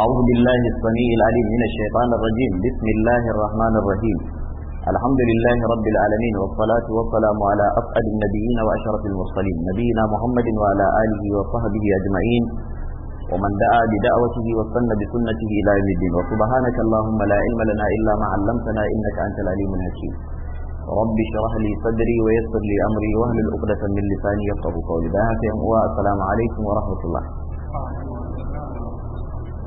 أعوذ بالله السميع العليم من الشيطان الرجيم بسم الله الرحمن الرحيم الحمد لله رب العالمين والصلاة والسلام على أسعد النبيين وأشرف المرسلين نبينا محمد وعلى آله وصحبه أجمعين ومن دعا بدعوته وسن بسنته إلى يوم الدين وسبحانك اللهم لا علم لنا إلا ما علمتنا إنك أنت العليم الحكيم رب اشرح لي صدري ويسر لي أمري واهل العقدة من لساني يفقه قولي ذهب السلام عليكم ورحمة الله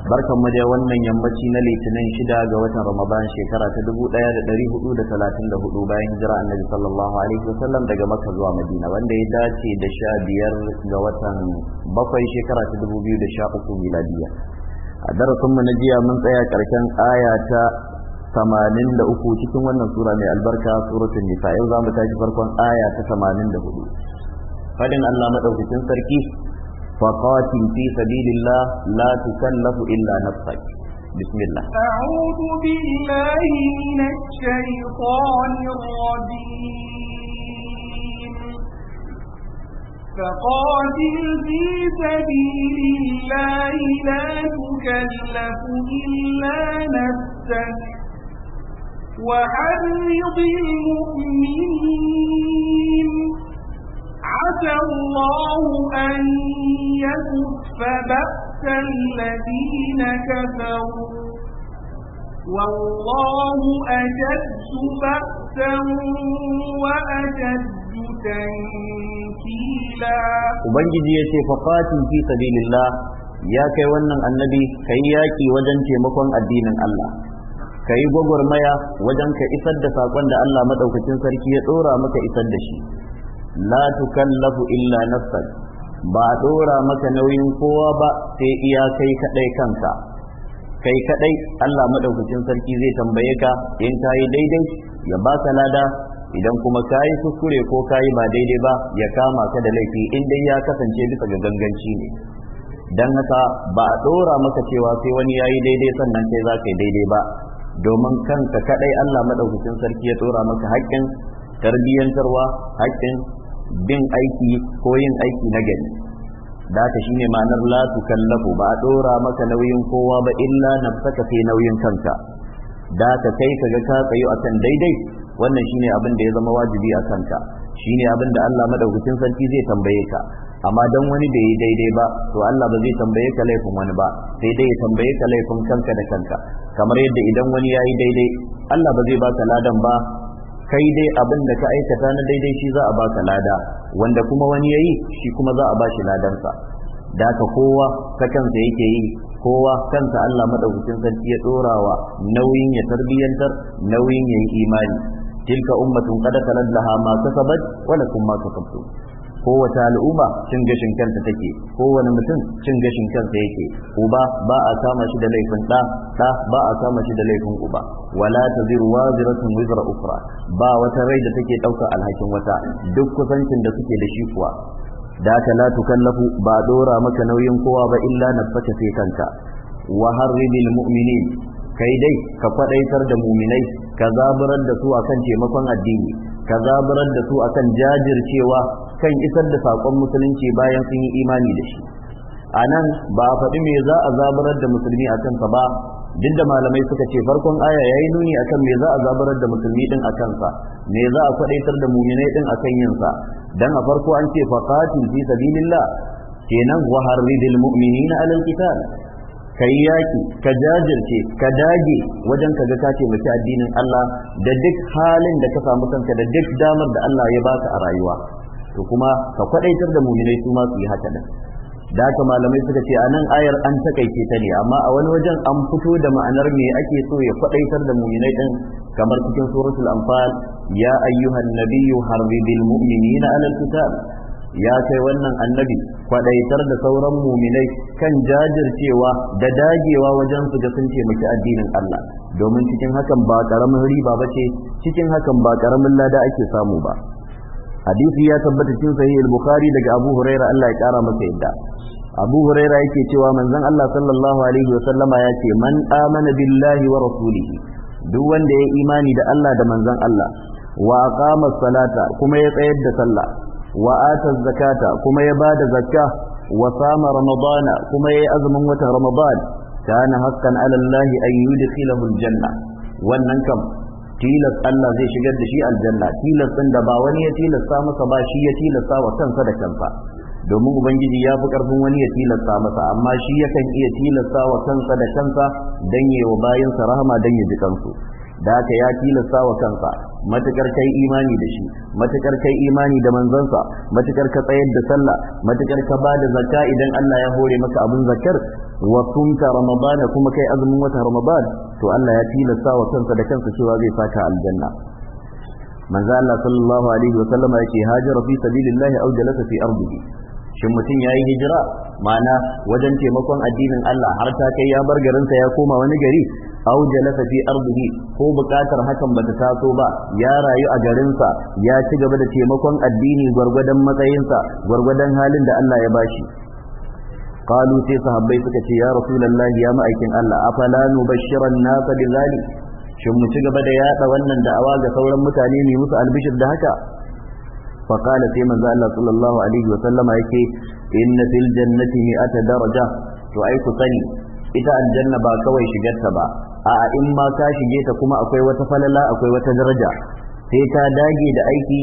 barkan mu dai wannan yammaci na litinin shida ga watan ramadan shekara ta dubu ɗaya da ɗari hudu da talatin da hudu bayan hijira annabi sallallahu alaihi wasallam daga maka zuwa madina wanda ya dace da sha biyar ga watan bakwai shekara ta dubu biyu da sha uku miladiya a darasin mu na jiya mun tsaya karshen aya ta samanin da uku cikin wannan sura mai albarka suratun nisa yau za mu tashi farkon aya ta samanin da hudu fadin allah maɗaukakin sarki فقاتل في سبيل الله لا تكلف إلا نفسك بسم الله أعوذ بالله من الشيطان الرجيم فقاتل في سبيل الله لا تكلف إلا نفسك وحرض المؤمنين عسى الله أن يكف بأس الذين كفروا والله أشد بأسا وأشد تنكيلا وبنجي يتي فقاتل في سبيل الله ya kai wannan annabi ka yi yaƙi wajen taimakon addinin Allah ka yi gwagwarmaya wajen ka isar da saƙon da Allah maɗaukacin sarki ya ɗora maka isar da shi la tukallafu illa nafsak ba a dora maka nauyin kowa ba sai iya kai kadai kanka kai kadai Allah madaukakin sarki zai tambaye ka in ka yi daidai ya ba ka lada idan kuma ka yi kuskure ko ka yi ba daidai ba ya kama ka da laifi in dai ya kasance bisa ga ganganci ne don haka ba a ɗora maka cewa sai wani ya yi daidai sannan sai za ka yi daidai ba domin kanka kaɗai Allah maɗaukacin sarki ya ɗora maka haƙƙin tarbiyyantarwa haƙƙin bin aiki ko yin aiki na gari da ta shine ma'anar la tukallafu ba a dora maka nauyin kowa ba illa nafsaka sai nauyin kanka da ta kai kaga ka tsayo akan daidai wannan shine abin da ya zama wajibi a kanka shine abin da Allah madaukakin sarki zai tambaye ka amma dan wani bai yi daidai ba to Allah ba zai tambaye ka laifin wani ba sai dai ya tambaye ka laifin kanka da kanka kamar yadda idan wani ya yi daidai Allah ba zai baka ladan ba kai dai abin da ka aikata na daidai shi za a baka lada wanda kuma wani yayi shi kuma za a bashi ladansa da ka kowa ka kansa yake yi kowa kansa Allah madaukakin sarki ya dorawa nauyin ya tarbiyantar nauyin ya yi imani tilka ummatun qad khalat laha ma kasabat wa lakum ma kasabtum kowace al'umma cin gashin kanta take kowane mutum cin gashin kansa yake uba ba a kama shi da laifin ɗa ɗa ba a kama shi da laifin uba wala taziru waziratun wizra ukra ba wata rai da take ɗaukar alhakin wata duk kusancin da suke da shi kuwa da ka la tukallafu ba dora maka nauyin kowa ba illa nafsaka sai kanka wa harribil mu'minin kai dai ka kwadaitar da muminai ka zaburar da su akan taimakon addini ka zaburar da su akan jajircewa kan isar da saƙon musulunci bayan sun yi imani da shi a nan ba a faɗi me za a zabarar da musulmi a kansa ba duk da malamai suka ce farkon aya yi nuni akan me za a zabarar da musulmi ɗin a kansa me za a kwadaitar da muminai a kan yinsa dan a farko an ce faqatil fi sabilillah kenan wa harridil mu'minina alal qital kai yaki ka jajirce ka dage wajen kaga ka ce addinin Allah da duk halin da ka samu kanka da duk damar da Allah ya baka a rayuwa to kuma ka kwadaitar da muminai su ma su yi haka nan. da haka malamai suka ce a nan ayar an takaice ta ne amma a wani wajen an fito da ma'anar me ake so ya kwadaitar da muminai din kamar cikin suratul anfal ya ayyuhan nabiyyu harbibil mu'minina ala kitab ya kai wannan annabi kwadaitar da sauran muminai kan jajircewa da dagewa wajen su ga sun ce miki addinin Allah domin cikin hakan ba karamin riba bace cikin hakan ba karamin lada ake samu ba hadisi ya tabbata cikin sahih al-bukhari daga abu huraira Allah ya kara masa yadda abu huraira yake cewa manzon Allah sallallahu alaihi wasallama ya ce man amana billahi wa rasulihi duk wanda ya imani da Allah da manzon Allah wa aqama salata kuma ya tsayar da sallah wa ata zakata kuma ya bada zakka wa sama ramadana kuma ya azumin watan ramadan kana hakkan ala Allah an yudkhilahu aljanna wannan kam tilas Allah zai shigar da shi aljanna tilas din da ba wani ya tilasta masa ba shi ya tilasta wa kansa da kansa domin ubangiji ya fi karfin wani ya tilasta masa amma shi yakan iya tilasta wa kansa da kansa dan yi wa bayansa rahama dan ya ji kansu da haka ya tilasta wa kansa matukar kai imani da shi matukar kai imani da manzansa matukar ka tsayar da sallah matukar ka bada zakka idan Allah ya hore maka abin zakkar wa kunta Ramadan kuma kai azumin wata ramadan to Allah ya tilasta wa kansa da kansa cewa zai saka aljanna manzo Allah sallallahu alaihi wa sallama yake hajara fi sabilillahi aw jalasa fi ardihi shin mutum ya yi hijira ma'ana wajen taimakon addinin Allah har ta kai ya bar garinsa ya koma wani gari aw jalasa fi ardihi ko bukatar hakan bata taso ba ya rayu a garinsa ya ci gaba da taimakon addini gwargwadon matsayinsa gwargwadon halin da Allah ya bashi qalu sai sahabbai suka ce ya rasulullahi ya ma'aikin Allah afala nubashshira an-nas bizalik shin mu ci gaba da yada wannan da'awa ga sauran mutane ne musu albishir da haka fa qala sai manzo Allah sallallahu alaihi wa sallama yake inna fil jannati mi'ata daraja to ai ku sani ita aljanna ba kawai ta ba a in ma ka shige ta kuma akwai wata falala akwai wata daraja sai ta dage da aiki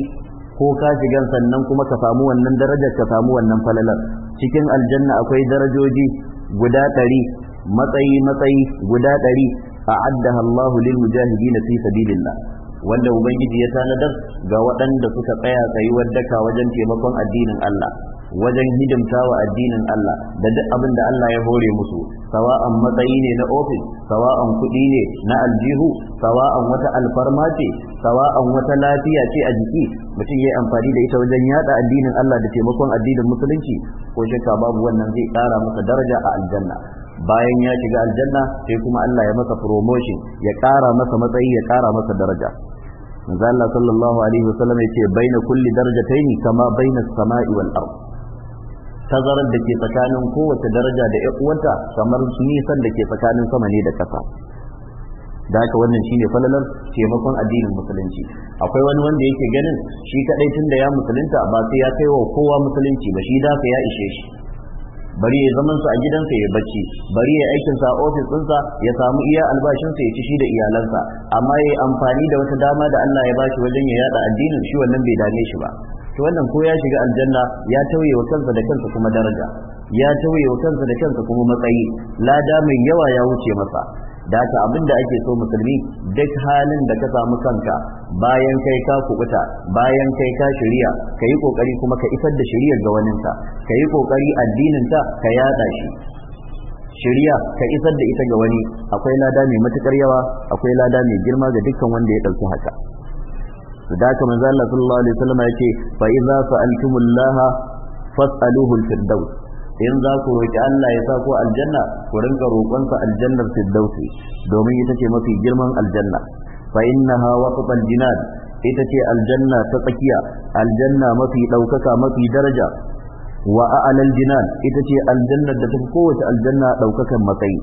ko ka shigan sannan kuma ka samu wannan darajar ka samu wannan falalar cikin aljanna akwai darajoji guda ɗari matsayi matsayi guda ɗari a addaha Allahu lil mujahidin fi sabilillah wanda ubangiji ya tanadar ga waɗanda suka tsaya wadda daka wajen taimakon addinin Allah wajen hidimta wa addinin Allah da duk abin da Allah ya hore musu sawa'an matsayi ne na ofis sawa'an kuɗi ne na aljihu sawa'an wata alfarma ce sawa'an wata lafiya ce a jiki mutum ya amfani da ita wajen yada addinin Allah da taimakon addinin musulunci ko shakka babu wannan zai ƙara masa daraja a aljanna bayan ya shiga aljanna sai kuma Allah ya masa promotion ya kara masa matsayi ya kara masa daraja manzo Allah sallallahu alaihi wasallam yake baina kulli darajataini kama baina samai wal ard tazarar da ke tsakanin kowace daraja da ƴan kamar nisan da ke tsakanin sama ne da ƙasa da haka wannan shine falalar taimakon addinin musulunci akwai wani wanda yake ganin shi kadai tunda ya musulunta ba sai ya kai wa kowa musulunci ba shi da ya ishe shi bari ya zaman sa a gidansa ya bacci bari ya aikin sa a ofis ɗinsa ya samu iya albashinsa ya ci shi da iyalansa amma ya amfani da wata dama da Allah ya bashi wajen ya yada addinin shi wannan bai dame shi ba to wannan ko ya shiga aljanna ya tauye wa kansa da kansa kuma daraja ya tauye wa kansa da kansa kuma matsayi lada mai yawa ya wuce masa da haka abin da ake so musulmi duk halin da ka samu kanka bayan kai ka kubuta bayan kai ka shirya ka yi kokari kuma ka isar da shiryar ga waninka ka yi kokari addinin ta ka yada shi shirya ka isar da ita ga wani akwai lada mai matukar yawa akwai lada mai girma ga dukkan wanda ya dauki haka da ka manzo Allah sallallahu alaihi wasallam yake fa idza fa'altumullaha fas'aluhu al-firdaus in za ku roƙi Allah ya sa ku aljanna ku rinka roƙonsa aljannar firdausi domin ita ce mafi girman aljanna fa innaha waqtal jinan ita ce aljanna ta tsakiya aljanna mafi ɗaukaka mafi daraja wa a'lal jinan ita ce aljannar da ta kowace aljanna ɗaukakan matsayi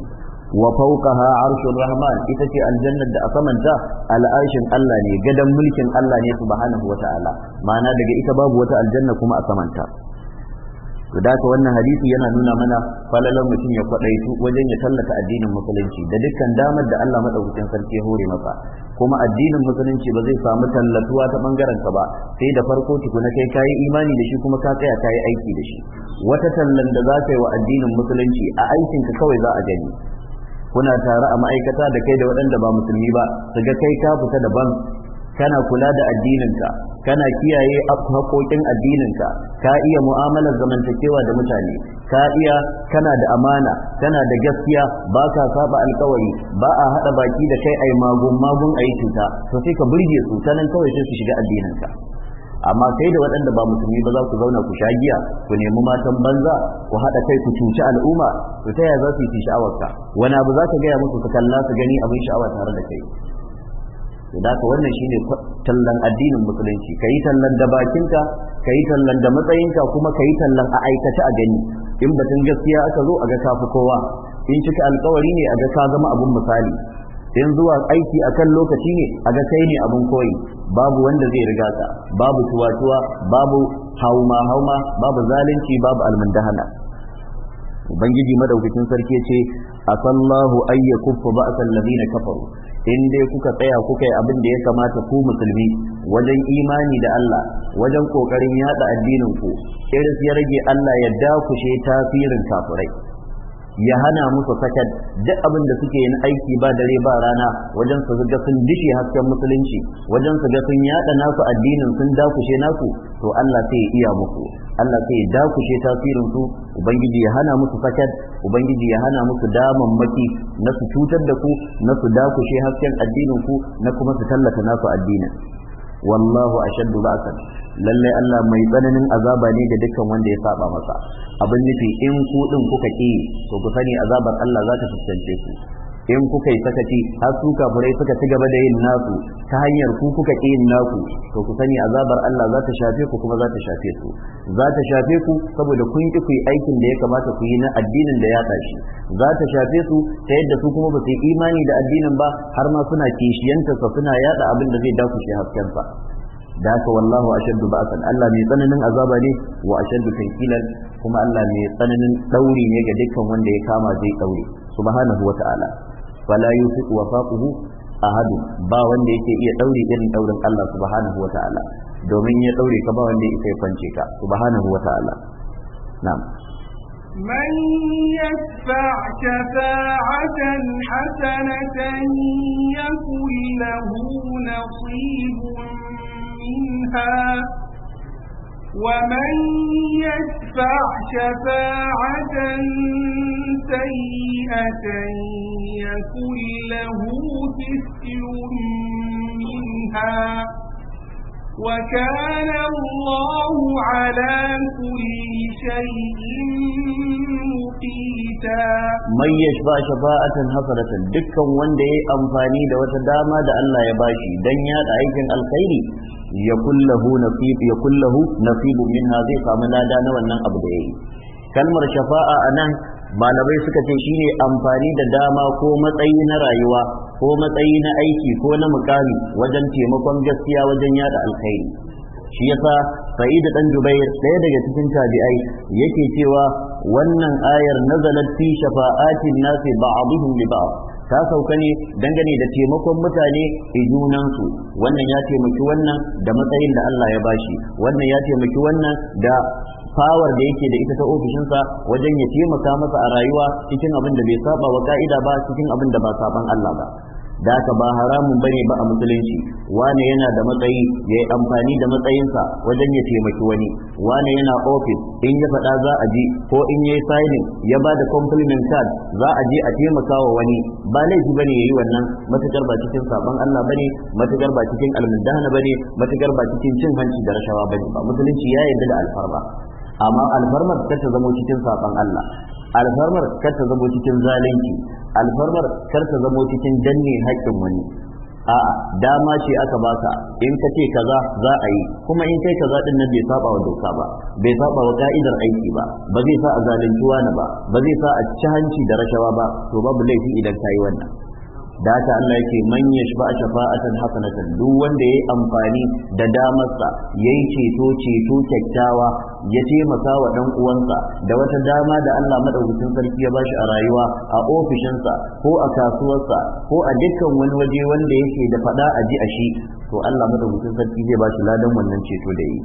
wa fawqaha arshur rahman ita ce aljannar da a samanta al'arshin Allah ne gadan mulkin Allah ne subhanahu wata'ala ma'ana daga ita babu wata aljanna kuma a samanta to da ka wannan hadisi yana nuna mana falalan mutum ya kwadaitu wajen ya tallata addinin musulunci da dukkan damar da Allah madaukakin sarki hore masa kuma addinin musulunci ba zai samu tallatuwa ta bangaren ka ba sai da farko tukuna kai kayi imani da shi kuma ka tsaya yi aiki da shi wata tallan da za ka yi wa addinin musulunci a aikin ka kawai za a gani kuna tare a ma'aikata da kai da waɗanda ba musulmi ba su ga kai ka fita daban kana kula da addininka kana kiyaye haƙoƙin addininka ka iya mu'amalar zamantakewa da mutane ka iya kana da amana kana da gaskiya ba ka saba alkawari ba a haɗa baki da kai ai magun magun yi cuta to sai ka burge su ta nan kawai sai su shiga addininka amma kai da waɗanda ba musulmi ba za ku zauna ku sha giya ku nemi matan banza ku haɗa kai ku cuci al'umma to ta yaya za su yi sha'awarka wani abu za ka gaya musu ka kalla su gani abin sha'awa tare da kai da haka wannan ne tallan addinin musulunci kayi tallan da bakinka kayi tallan da matsayinka kuma kayi tallan a aikace a gani in batun gaskiya aka zo a ga kafi kowa in cika alkawari ne a ga ka zama abun misali in zuwa aiki a kan lokaci ne a ga kai ne abin koyi babu wanda zai riga ka babu tuwatuwa babu hauma hauma babu zalunci babu almundahana ubangiji madaukakin sarki ce asallahu ayyakufa ba'sal ladina kafaru in dai kuka tsaya kuka yi abin da ya kamata ku musulmi wajen imani da Allah wajen ƙoƙarin yada addinin ku iris ya rage Allah ya dakushe tasirin kafirai ya hana musu sakat duk abin da suke yin aiki ba dare ba rana wajen su ga sun dishi hasken musulunci wajen su ga sun yada nasu addinin sun dakushe nasu to Allah sai ya iya muku Allah sai ya dakushe tasirin su ubangiji ya hana musu sakat ubangiji ya hana musu maki na su cutar da ku na su dakushe hasken addinin ku na kuma su tallata nasu addinin wallahu ashaddu ba'san lalle Allah mai tsananin azaba ne ga dukkan wanda ya saba masa abin nufi in ku din kuka ki to ku sani azabar Allah za ta fuskance ku in kuka yi sakaci har su kafirai suka ci gaba da yin nasu ta hanyar ku kuka ki yin naku to ku sani azabar Allah za ta shafe ku kuma za ta shafe su za ta shafe ku saboda kun ki ku yi aikin da ya kamata ku yi na addinin da ya tashi za ta shafe su ta yadda su kuma ba su yi imani da addinin ba har ma suna kishiyanta sa suna yada abin da zai dakushe hasken sa da haka wallahu ashaddu ba'san Allah mai tsananin azaba ne wa ashaddu tankilan kuma Allah mai tsananin dauri ne ga dukkan wanda ya kama zai daure subhanahu wa ta'ala fala yusiku faquhu ahad ba wanda yake iya daure irin daurin Allah subhanahu wa ta'ala domin ya daure ka ba wanda yake fance ka subhanahu wa ta'ala na'am من يشفع شفاعة حسنة يكن له نصيب منها ومن يشفع شفاعة سيئة يكن له كفل منها وكان الله على كل شيء مقيتا من يشفع شفاعة حسنة دكا وندي أنفاني دا وتداما دا الله يباشي دنيا دا أيكن الخير يكون له نصيب يكون له نصيب منها زي قامنا دانا ونن أبدعي كلمة شفاعة أنا malamai suka ce shine amfani da dama ko matsayi na rayuwa ko matsayi na aiki ko na mukami wajen taimakon gaskiya wajen yada alkhairi shi yasa sa'id dan jubair ɗaya daga cikin tabi'ai yake cewa wannan ayar nazalat fi shafa'atin nasi ba'dihim li ba'd ta sauka ne dangane da taimakon mutane junansu wannan ya taimaki wannan da matsayin da Allah ya bashi wannan ya taimaki wannan da fawar da yake da ita ta ofishinsa wajen ya taimaka masa a rayuwa cikin abin da bai saba wa ka'ida ba cikin abin da ba saban Allah ba da haka ba haramun bane ba a musulunci wane yana da matsayi ya yi amfani da matsayinsa wajen ya taimaki wani wane yana ofis in ya faɗa za a ji ko in ya yi signing ya ba da compliment card za a je a taimaka wa wani ba laifi bane ya yi wannan matukar ba cikin sabon Allah bane matukar ba cikin almundana bane matukar ba cikin cin hanci da rashawa bane ba musulunci ya yarda da alfarma amma alfarmar kar ta zamo cikin saban Allah alfarmar kar ta zamo cikin zalunci alfarmar kar ta zamo cikin danne haƙƙin wani a dama ce aka baka in ka ce kaza za a yi kuma in kai kaza din nan bai saba wa doka ba bai saba wa ka'idar aiki ba ba zai sa a zalunci wani ba ba zai sa a ci hanci da rashawa ba to babu laifi idan ka yi wannan da ta Allah yake man yashfa shafa'atan hasanatan duk wanda yayi amfani da damarsa yayi ceto ceto kyakkyawa ya taimaka wa dan uwansa da wata dama da Allah madaukakin sarki ya bashi a rayuwa a ofishinsa ko a kasuwarsa ko a dukkan wani waje wanda yake da fada a ji a shi to Allah madaukakin sarki zai bashi ladan wannan ceto da yi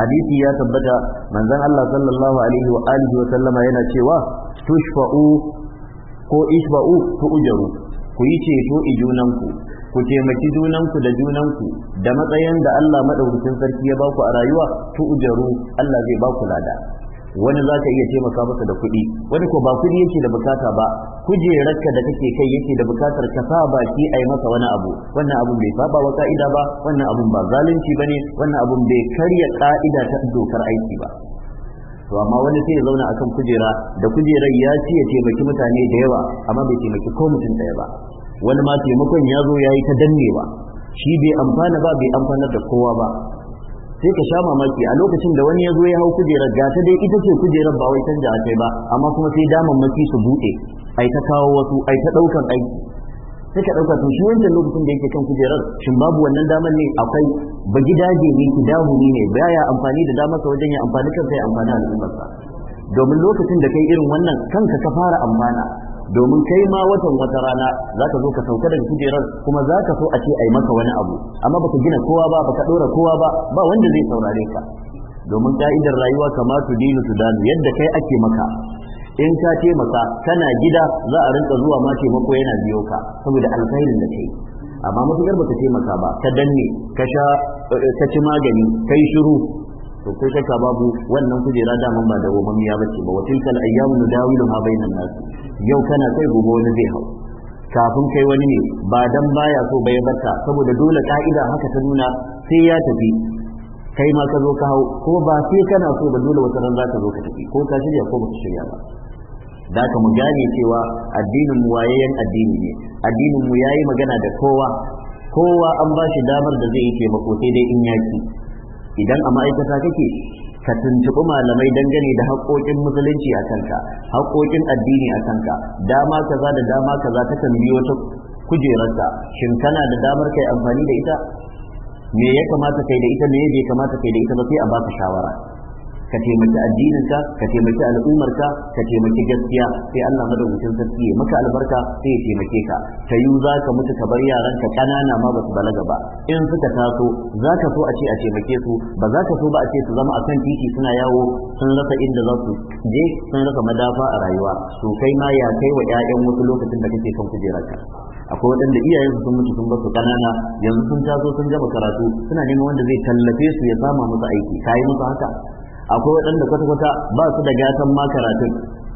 hadisi ya tabbata manzon Allah sallallahu alaihi wa alihi wa sallama yana cewa tushfa'u ko ishba'u tu'jaru ku yi ceto i junanku ku taimaki junanku da junanku da matsayin da Allah madaukakin sarki ya baku a rayuwa tu ujaru Allah zai baku lada wani za ka iya taimaka masa da kuɗi wani ko ba kuɗi yake da bukata ba kujerarka da kake kai yake da bukatar ka sa baki a yi masa wani abu wannan abun bai saba wa ka'ida ba wannan abun ba zalunci ba ne? wannan abun bai karya ka'ida ta dokar aiki ba to amma wani sai ya zauna akan kujera da kujerar ya ce ya taimaki mutane da yawa amma bai taimaki ko mutum ɗaya ba wani ma taimakon ya zo ya yi ta dannewa shi bai amfana ba bai amfanar da kowa ba sai ka sha mamaki a lokacin da wani ya zo ya hau kujerar ga ta dai ita ce kujerar ba wai canja a kai ba amma kuma sai damammaki su buɗe ai ta kawo wasu ai ta ɗaukan aiki sai ka ɗauka to shi wancan lokacin da yake kan kujerar shin babu wannan damar ne akwai ba gida ne ki damu ne baya amfani da damar sa wajen ya amfani kansa ya amfani al'ummarsa domin lokacin da kai irin wannan kanka ka fara amfana domin kai ma watan wata rana za ka zo ka sauka daga kujerar kuma za ka so a ce a yi maka wani abu amma baka gina kowa ba baka ɗora kowa ba ba wanda zai saurare ka domin ka'idar rayuwa kama su dinu su yadda kai ake maka in ka taimaka kana gida za a rinka zuwa ma taimako yana biyo ka saboda alkhairin da ka yi amma matukar ta taimaka ba ka danne ka sha eh, ka ci magani kai shiru to kai shakka babu wannan kujera daman ba da ya bace ba watilkal ayyamu ha bainan nas yau kana kai gobe wani zai hau kafin kai wani ne ba dan baya so bai barka saboda dole ka'ida haka ta nuna sai ya tafi kai ma ka zo ka hau ko ba sai kana so ba dole wata ran za ka zo ka tafi ko ka shirya ko ba ka shirya ba da ka mu gane cewa addinin mu wayayyen addini ne addinin mu yayi magana da kowa kowa an ba shi damar da zai yi taimako sai dai in yaki idan a ma'aikata kake ka tuntuɓi malamai dangane da haƙoƙin musulunci a kanka haƙoƙin addini a kanka dama kaza da dama kaza ta kan biyo ta kujerarta shin kana da damar kai amfani da ita me ya kamata kai da ita me ya kamata kai da ita ba sai a baka shawara ka taimaki addininka ka taimaki al'ummarka ka taimaki gaskiya sai Allah madaukakin sarki ya maka albarka sai ya taimake ka ta yi za ka mutu ka bar ka kanana ma ba su balaga ba in suka taso za ka so a ce a taimake su ba za ka so ba a ce su zama a kan titi suna yawo sun rasa inda za su je sun rasa madafa a rayuwa to kai ma ya kai wa 'ya'yan wasu lokacin da kake kan kujerarka akwai waɗanda iyayensu sun mutu sun ba su ƙanana yanzu sun taso sun gama karatu suna neman wanda zai tallafe su ya sama musu aiki kayi musu haka akwai waɗanda kwata-kwata ba su da gatan ma karatun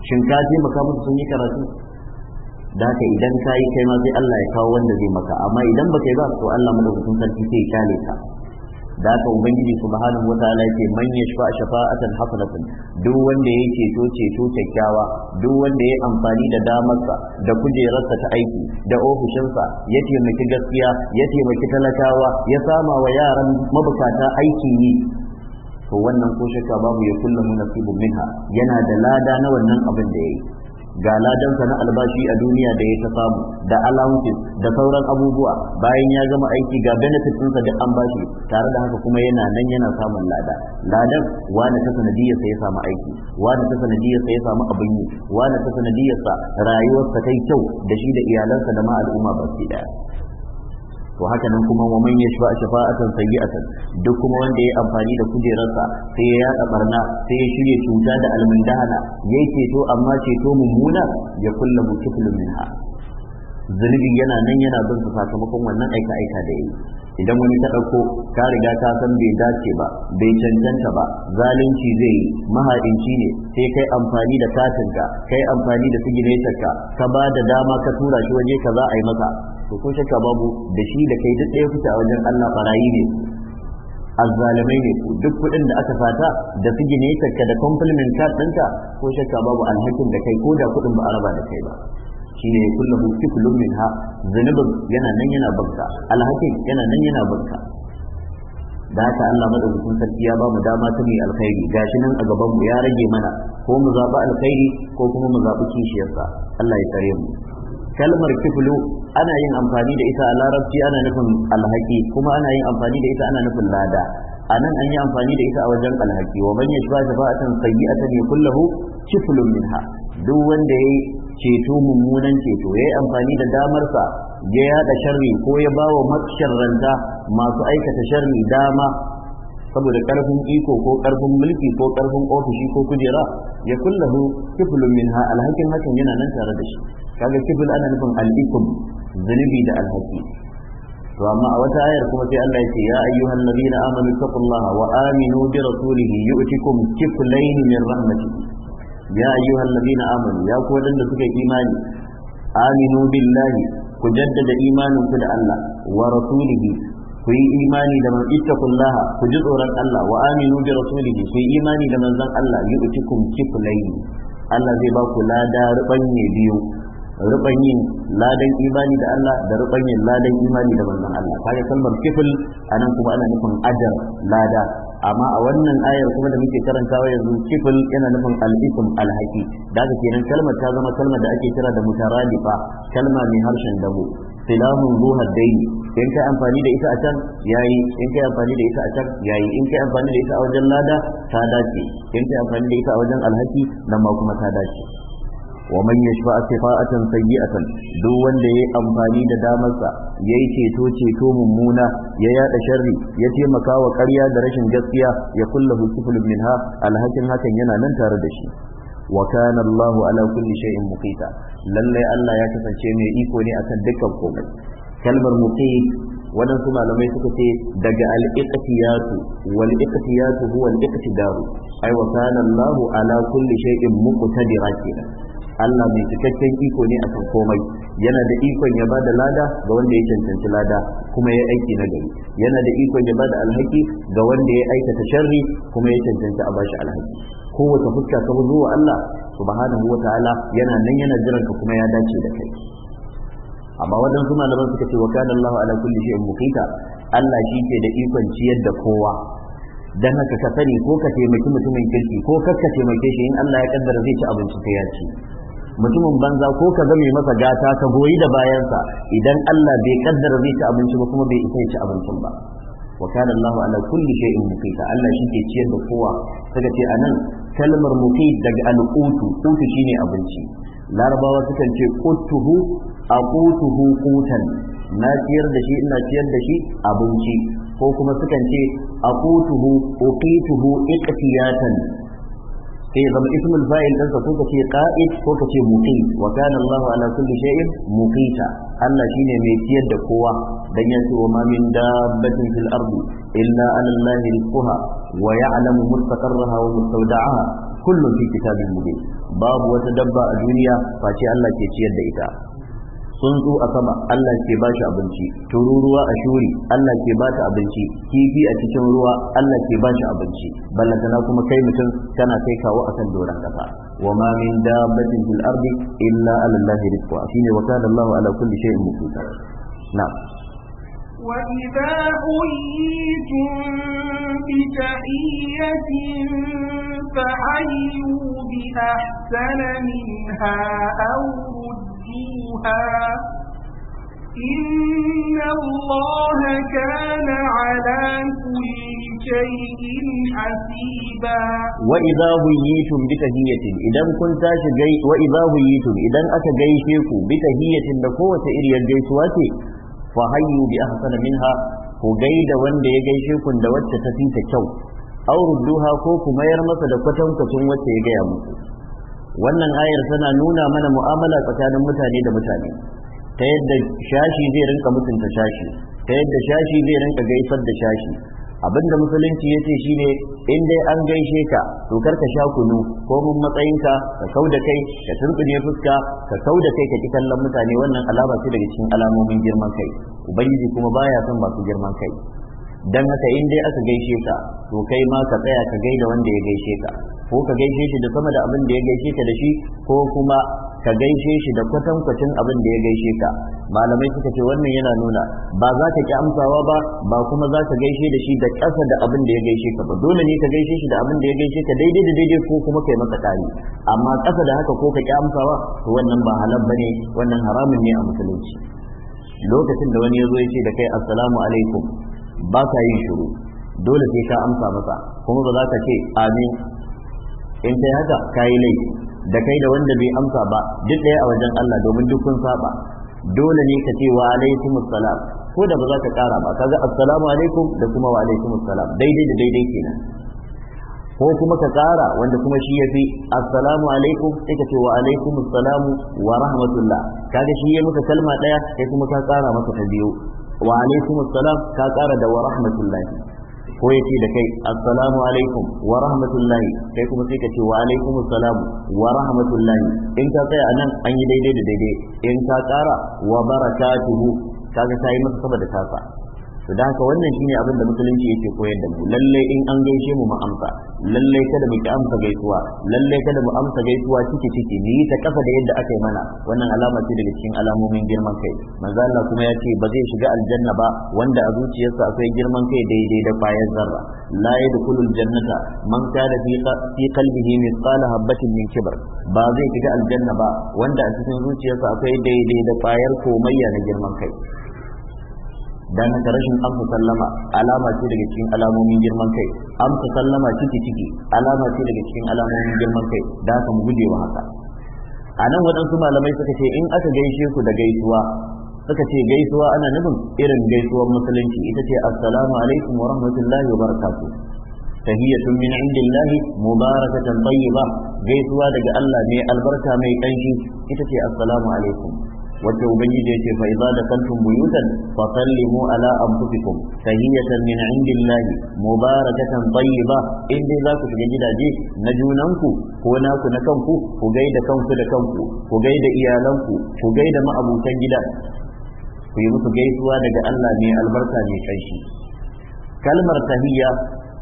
shin ka maka musu sun yi karatu da haka idan ka yi kai ma sai Allah ya kawo wanda zai maka amma idan baka yi ba to Allah sun sarki sai ya kyale ka da haka ubangiji subhanahu wataala yake man yashfa shafa'atan hasanatan duk wanda ya ceto ceto kyakkyawa duk wanda ya amfani da damarsa da kujerarsa ta aiki da ofishinsa ya taimaki gaskiya ya taimaki talakawa ya sama wa yaran mabukata aikin yi to wannan ko shakka babu ya kullum nasibun minha yana da lada na wannan abin da yayi ga ladansa na albashi a duniya da ya ta samu da allowances da sauran abubuwa bayan ya gama aiki ga benefit ɗinsa da an bashi tare da haka kuma yana nan yana samun lada ladan wani ta sanadiyar sa ya samu aiki wani ta sanadiyar sa ya samu abin yi wani ta sanadiyar sa rayuwarsa ta kyau da shi da iyalansa da ma al'umma baki daya to haka nan kuma wa man yashfa shafa'atan sayyi'atan duk kuma wanda ya amfani da kujerarsa sai ya yaɗa barna sai ya shirya cuta da ya yi ceto amma ceto mummuna ya kullu kiflun minha zunubi yana nan yana bin su sakamakon wannan aika aika da yi idan wani ta ɗauko ka riga ka san bai dace ba bai cancanta ba zalunci zai yi mahaɗinci ne sai kai amfani da katinka kai amfani da sigiletarka ka ba da dama ka tura shi waje ka za a yi maka, to ko shakka babu da shi da kai duk ɗaya fita a wajen Allah barayi ne azzalamai ne duk kuɗin da aka fata da sigiletarka da compliment card ɗinka ko shakka babu alhakin da kai ko da kuɗin ba a raba da kai ba shine kullahu fi minha zunubin yana nan yana banka alhakin yana nan yana banka da haka Allah madaukakin sarki ya ba mu dama ta mai alkhairi gashi nan a gaban mu ya rage mana ko mu zaɓi alkhairi ko kuma mu zaɓi kishiyarsa Allah ya tsare mu kalmar kiflu ana yin amfani da ita a larabci ana nufin alhaki kuma ana yin amfani da ita ana nufin lada a nan an yi amfani da ita a wajen alhaki wa man yashfa shafa'atan sayyi'atan yakullahu kiflun minha duk wanda yayi ceto mummunan ceto ya yi amfani da damarsa ya yada sharri ko ya ba wa masharranta masu aikata sharri dama saboda karfin iko ko karfin mulki ko karfin ofishi ko kujera ya kullahu kiflun minha alhakin hakan yana nan tare da shi kaga kiful ana nufin alikum zunubi da alhaki to amma a wata ayar kuma sai Allah ya ce ya ayyuhan nabiyina amanu taqullaha wa aminu bi rasulihi yu'tikum kiflayn min rahmatihi ya ayyuhal ladina amanu ya ku wadanda suka imani aminu billahi ku jaddada imanin ku da Allah wa rasulihi ku yi imani da man kullaha, ku ji tsoron Allah wa aminu bi rasulihi ku yi imani da manzan Allah yu'tikum kiflayn Allah zai ba ku lada rubanye biyu rubanyin ladan imani da Allah da rubanyin ladan imani da manzon Allah kaga kalmar kifl anan kuma ana nufin ajar lada amma a wannan ayar kuma da muke karantawa yanzu kifil yana nufin al alhaki al-haqi daga kenan kalmar ta zama kalmar da ake kira da mutaradifa kalma mai harshen dabo silamun ruhar daini in kai amfani da ita a can yayi in kai amfani da ita a can yayi in kai amfani da ita a wajen lada ta dace in kai amfani da ita a wajen alhaki nan ma kuma ta dace wa man yashfa shafa'atan sayyi'atan duk wanda yayi amfani da damarsa yayi ceto ceto mummuna ya yada sharri ya taimaka wa karya da rashin gaskiya ya kullahu sufulun minha alhakin hakan yana nan tare da shi wa kana Allahu ala kulli shay'in muqita lalle Allah ya kasance mai iko ne akan dukkan komai kalmar muqit waɗansu malamai suka ce daga al-iqtiyatu wal iqtiyatu huwa al-iqtidaru ay wa kana Allahu ala kulli shay'in muqtadira kenan Allah mai cikakken iko ne akan komai yana da ikon ya bada lada ga wanda ya cancanci lada kuma ya aiki na gari yana da ikon ya bada alhaki ga wanda ya aikata sharri kuma ya cancanci a bashi alhaki kowace fuska ka zo wa Allah subhanahu wataala yana nan yana jiran ka kuma ya dace da kai amma waɗansu malaman suka ce wa kana Allah ala kulli shay'in muqita Allah shi ke da ikon ciyar da kowa dan haka ka sani ko ka taimaki mutumin kirki ko kar ka taimake shi in Allah ya kaddara zai ci abinci sai ya ci mutumin banza ko ka zame masa gata ka goyi da bayansa idan Allah bai kaddara zai ci abinci ba kuma bai isa ya ci abincin ba wa kana Allahu ala kulli shay'in muqita Allah shi ke ciyar da kowa kaga ce anan kalmar muqit daga al-qutu qutu shine abinci larabawa sukan ce qutuhu aqutuhu qutan na ciyar da shi ina ciyar da shi abinci ko kuma sukan ce aqutuhu uqituhu iqtiyatan sai zama ismul fa'il ɗansa ko ka ce qa'id ko ce muqim wa kana Allahu ala kulli shay'in muqita Allah shine mai ciyar da kowa dan ya ce wa ma min dabbatin fil ardi illa ala Allahi rizquha wa ya'lamu mustaqarraha wa mustawda'aha kullum fi kitabin mubin babu wata dabba a duniya face Allah ke ciyar da ita Sun zo a sama Allah ke ba shi abinci tururuwa a shuri Allah ke ba ta abinci kifi a cikin ruwa Allah ke ba shi abinci ballantana kuma kai mutum kana kai kawo akan doron kasa wa ma min dabbatin fil ardi illa ala Allah rizquha shine wa kana Allah ala kulli shay'in muqtadar na'am وإذا حييتم بتحية فحيوا بأحسن منها أو رد فيها إن الله كان على كل شيء حسيبا وإذا هيتم بتهية إذا كنت جي وإذا هيتم إذا أتى جيشكم بتهية بقوة إريا الجيشوات فهيوا بأحسن منها وجيد وان دي جيشكم دوات تتفيت كو أو ردوها كوكو ما يرمس دكتهم كتم وتيجي wannan ayar tana nuna mana mu'amala tsakanin mutane da mutane ta yadda shashi zai rinka mutunta shashi ta yadda shashi zai rinka gaisar da shashi abinda musulunci ya ce shine in dai an gaishe ka to kar ka sha kunu ko mun matsayinka ka kau da kai ka turbine fuska ka kau da kai ka ki kallon mutane wannan alama ce daga cikin alamomin girman kai ubangiji kuma baya son masu girman kai dan haka in dai aka gaishe ka to kai ma ka tsaya ka gaida wanda ya gaishe ka ko ka gaishe shi da sama da abin da ya gaishe ka da shi ko kuma ka gaishe shi da kwatankwacin abin da ya gaishe ka malamai suka ce wannan yana nuna ba za ka ki amsawa ba ba kuma za ka gaishe da shi da ƙasa da abin da ya gaishe ka ba dole ne ka gaishe shi da abin da ya gaishe ka daidai da daidai ko kuma kai maka ƙari amma ƙasa da haka ko ka ki amsawa to wannan ba halal bane wannan haramun ne a musulunci lokacin da wani ya zo ya ce da kai assalamu alaikum ba ka yin shiru dole sai ka amsa masa kuma ba za ka ce amin in kai haka kayi laifi da kai da wanda bai amsa ba duk ɗaya a wajen Allah domin duk kun saba dole ne ka ce wa alaikum assalam ko da ba za ka kara ba kaga assalamu alaikum da kuma wa alaikum assalam daidai da daidai kenan ko kuma ka kara wanda kuma shi yafi assalamu alaikum sai ka ce wa alaikum assalamu wa rahmatullah kaga shi ya maka kalma daya sai kuma ka kara masa ta biyu wa alaikum assalam ka kara da wa rahmatullah ko ya ce da kai assalamu alaikum wa rahmatullahi kai kuma sai ka ce wa alaikum assalam wa rahmatullahi in ka tsaya anan an yi daidai da daidai in ka kara wa barakatuhu kaga ta yi masa saboda tasa to da haka wannan shine abin da musulunci yake koyar da mu lalle in an gaishe mu mu amsa lalle kada mu ki amsa gaisuwa lalle kada mu amsa gaisuwa ciki ciki ni ta kafa da yadda aka yi mana wannan alama ce daga cikin alamomin girman kai manzo Allah kuma ya ce ba zai shiga aljanna ba wanda a zuciyarsa akwai girman kai daidai da kwayar zarra la yadkhulul jannata man kana fi fi qalbihi mithqala habatin min kibr ba zai shiga aljanna ba wanda a cikin zuciyarsa akwai daidai da kwayar komayya na girman kai dan haka rashin amsa sallama alama ce daga cikin alamomin girman kai amsa sallama ciki ciki alama ce daga cikin alamomin girman kai da haka mu guje wa haka a nan waɗansu malamai suka ce in aka gaishe ku da gaisuwa suka ce gaisuwa ana nufin irin gaisuwar musulunci ita ce assalamu alaikum wa rahmatullahi wa barakatuh tahiyatun min indillahi mubarakatan tayyiba gaisuwa daga Allah ne albarka mai kanshi ita ce assalamu alaikum wacce ubangiji yake fa idza dakaltum buyutan fa sallimu ala anfusikum tahiyatan min indillahi mubarakatan tayyiba in dai za ku shiga gidaje na junanku ko naku na kanku ku gaida kanku da kanku ku gaida iyalanku ku gaida ma'abutan gida ku yi musu gaisuwa daga Allah ne albarka ne kanshi kalmar tahiyya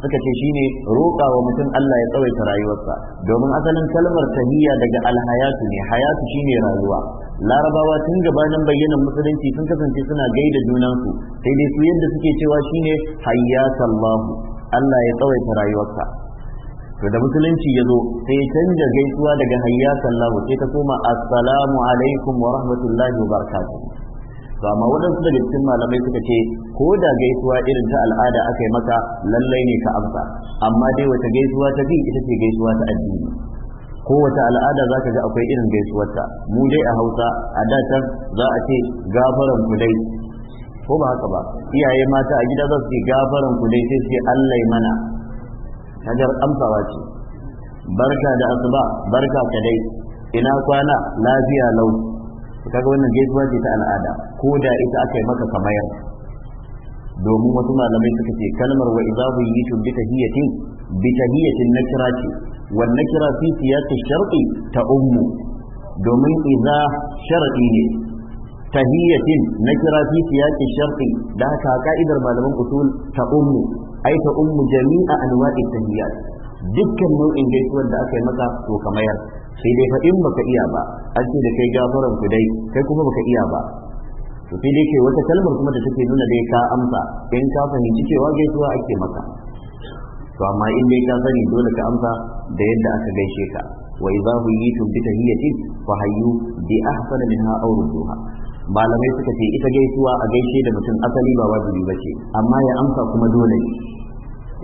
suka ce shine roƙa wa mutum Allah ya tsawaita rayuwarsa domin asalin kalmar tahiyya daga alhayatu ne hayatu shine rayuwa larabawa tun gabanin bayyanan musulunci sun kasance suna gaida junansu sai dai su yadda suke cewa shine hayya sallahu Allah ya tsawaita rayuwarsa." to da musulunci ya zo sai ya canja gaisuwa daga hayya sallahu sai ta koma assalamu alaikum wa rahmatullahi wa barakatuh to amma waɗansu daga cikin malamai suka ce ko da gaisuwa irin ta al'ada aka yi maka lallai ne ka amsa amma dai wata gaisuwa ta bi ita ce gaisuwa ta addini kowace al'ada za ka ga akwai irin gaisuwarta mu dai a hausa a datan za a ce gafaran ku dai ko ba haka ba iyaye mata a gida za su ce gafaran ku dai sai su allai mana hajar amsawa ce barka da asuba barka ka dai ina kwana lafiya lau kaga wannan gaisuwa ce ta al'ada ko da ita aka yi maka kamayar domin wasu malamai suka ce kalmar wa yi buyitu bi hiyatin بتهية النكرة والنكرة في سياق الشرط تأم دومين إذا شرطي تهية نكرة في سياق الشرط ده كاكائدر بعد أصول تأم أي تأم جميع أنواع التهيات dukkan nau'in gaisuwar da aka yi maka to ka mayar sai dai fa in baka iya ba an da kai gafaran ku dai kai kuma baka iya ba to sai wata kalmar kuma da take nuna dai ka amsa in ka fahimci cewa gaisuwa ake maka to amma in dai ka sani dole ka amsa da yadda aka gaishe ka wa idza huyitum bi tahiyatin fa hayyu bi ahsana minha aw rudduha malamai suka ce ita gaisuwa a gaishe da mutum asali ba wajibi ce amma ya amsa kuma dole ne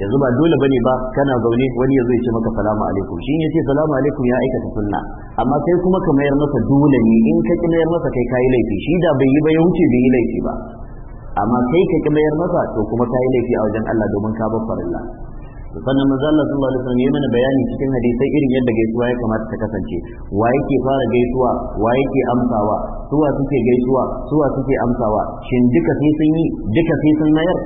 yanzu ba dole bane ba kana zaune wani ya zai ce maka salamu alaikum shi ya ce salamu alaikum ya aikata sunna amma sai kuma ka mayar masa dole ne in ka ki mayar masa kai kayi laifi shi da bai yi ba ya wuce bai yi laifi ba amma kai ka ki mayar masa to kuma kayi laifi a wajen Allah domin ka bar farilla sannan manzo Allah sallallahu alaihi wasallam ya mana bayani cikin hadisai irin yadda gaisuwa ya kamata ta kasance wa yake fara gaisuwa wa yake amsawa suwa suke gaisuwa suwa suke amsawa shin duka sai sun yi duka sai sun mayar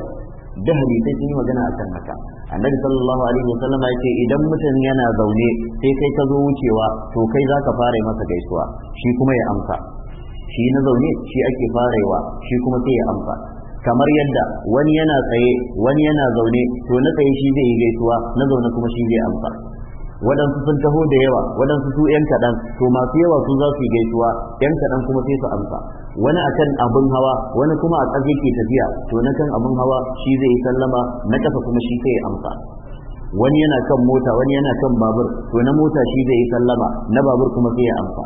da hadisai sun yi magana akan haka annabi sallallahu alaihi wasallam ya ce idan mutum yana zaune sai kai ka zo wucewa to kai zaka fara masa gaisuwa shi kuma ya amsa shi na zaune shi ake farewa shi kuma sai ya amsa kamar yadda wani yana tsaye wani yana zaune to na tsaye shi zai yi gaisuwa na zaune kuma shi zai amsa waɗansu sun taho da yawa waɗansu su yan kaɗan to masu yawa su za su yi gaisuwa yan kaɗan kuma sai su amsa wani kan abin hawa wani kuma a ƙasa yake tafiya to na kan abin hawa shi zai yi sallama na ƙasa kuma shi sai ya amsa wani yana kan mota wani yana kan babur to na mota shi zai yi sallama na babur kuma sai ya amsa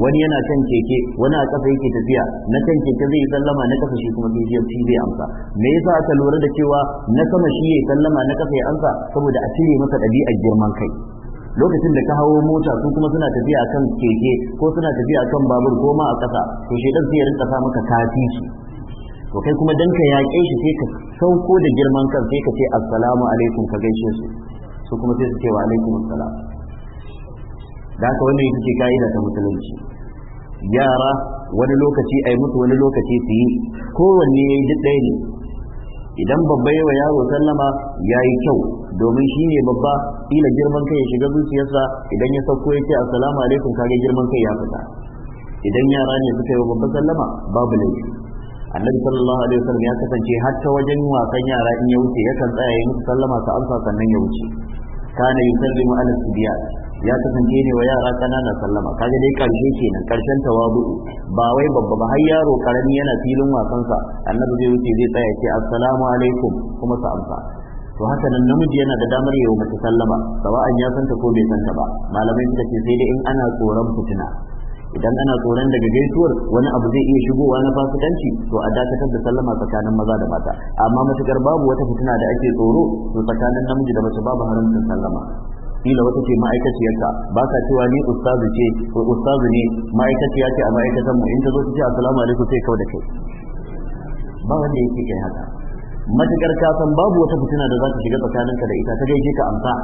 wani yana kan keke wani a kasa yake tafiya na kan keke zai yi sallama na kasa shi kuma bishiyar shi zai amsa me yasa aka lura da cewa na sama shi ya sallama na kasa ya amsa saboda a cire masa ɗabi'ar girman kai lokacin da ka hawo mota su kuma suna tafiya a kan keke ko suna tafiya a kan babur ko ma a ƙasa, to shedan sai ya sa maka kafici to kai kuma dan ka yaƙe shi sai ka sauko da girman kan sai ka ce assalamu alaikum ka gaishe su su kuma sai su ce wa alaikum assalam da haka wannan yake ka'ida ta musulunci yara wani lokaci ai mutu wani lokaci su yi kowanne ya yi duk ɗaya ne idan babba yawa yaro sallama ya yi kyau domin shi ne babba ila girman kai ya shiga zuciyarsa idan ya sauko ya ce assalamu alaikum kage girman kai ya fita idan yara ne suka yi wa babba sallama babu laifi annabi sallallahu alaihi wasallam ya kasance har ta wajen wasan yara in ya wuce yakan tsaya ya musu sallama ta amsa sannan ya wuce kana yusallimu ala sibiyat ya kasance ne wa yara kanana sallama kaga dai karshe kenan karshen tawabu ba wai babba ba har yaro karami yana filin wasan sa. annabi zai wuce zai tsaya ce assalamu alaikum kuma sa amsa to haka nan namiji yana da damar yau mace sallama sawa'an ya santa ko bai santa ba malamai suka ce sai dai in ana tsoron fitina idan ana tsoron daga gaisuwar wani abu zai iya shigowa na fasikanci to a dakatar da sallama tsakanin maza da mata amma matukar babu wata fitina da ake tsoro to tsakanin namiji da mace babu haramcin sallama kila wata ce ma'aikaciyarta ba ka cewa ni ustazu ce ko ustazu ne ma'aikaciya ce a ma'aikatan mu in ta zo ta ce assalamu alaikum sai kawai da kai ba wanda yake kai haka matukar ka san babu wata fitina da za ta shiga tsakaninka da ita ta gaishe ka amsa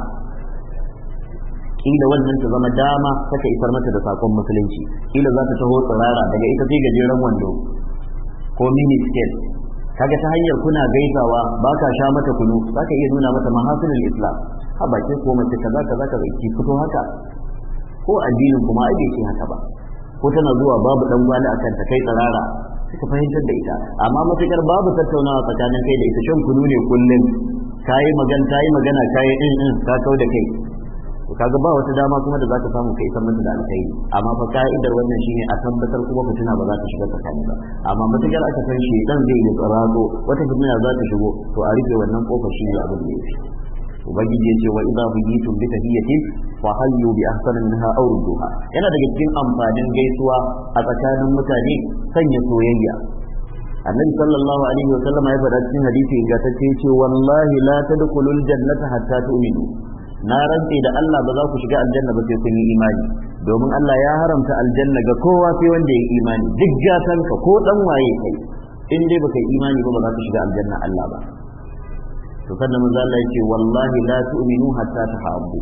kila wannan ta zama dama saka isar mata da sakon musulunci kila za ta taho tsirara daga ita sai gajeren wando ko mini scale kaga ta hanyar kuna gaisawa ba ka sha mata kunu za ka iya nuna mata mahasilul islam ha bakin ko mace kaza kaza kaza ki fito haka ko addinin kuma ai bai haka ba ko tana zuwa babu dan gwali akan ta kai tsarara suka fahimtar da ita amma matukar babu tattaunawa tsakanin kai da ita shan kunu ne kullum kayi magana kayi magana kayi din din ka kau da kai to kaga ba wata dama kuma da za zaka samu kai san mata da alkai amma fa ka'idar wannan shine a tabbatar kuma fitina ba za ta shiga tsakani ba amma matukar aka san shi dan zai yi tsararo wata fitina za ta shigo to a rufe wannan kofar shine abin da yake ubangiji yace wa idza buyitum bi tahiyatin fa hayyu bi ahsanin minha aw rudduha yana daga cikin amfanin gaisuwa a tsakanin mutane sanya soyayya annabi sallallahu alaihi wa sallam ya faɗa cikin hadisi ingantacce yace wallahi la tadkhulul jannata hatta tu'minu na rantse da Allah ba za ku shiga aljanna ba sai kun yi imani domin Allah ya haramta aljanna ga kowa sai wanda ya yi imani duk gatanka ko dan waye kai in dai baka yi imani ba ba za ka shiga aljanna Allah ba to sannan manzo Allah yake wallahi la tu'minu hatta tahabbu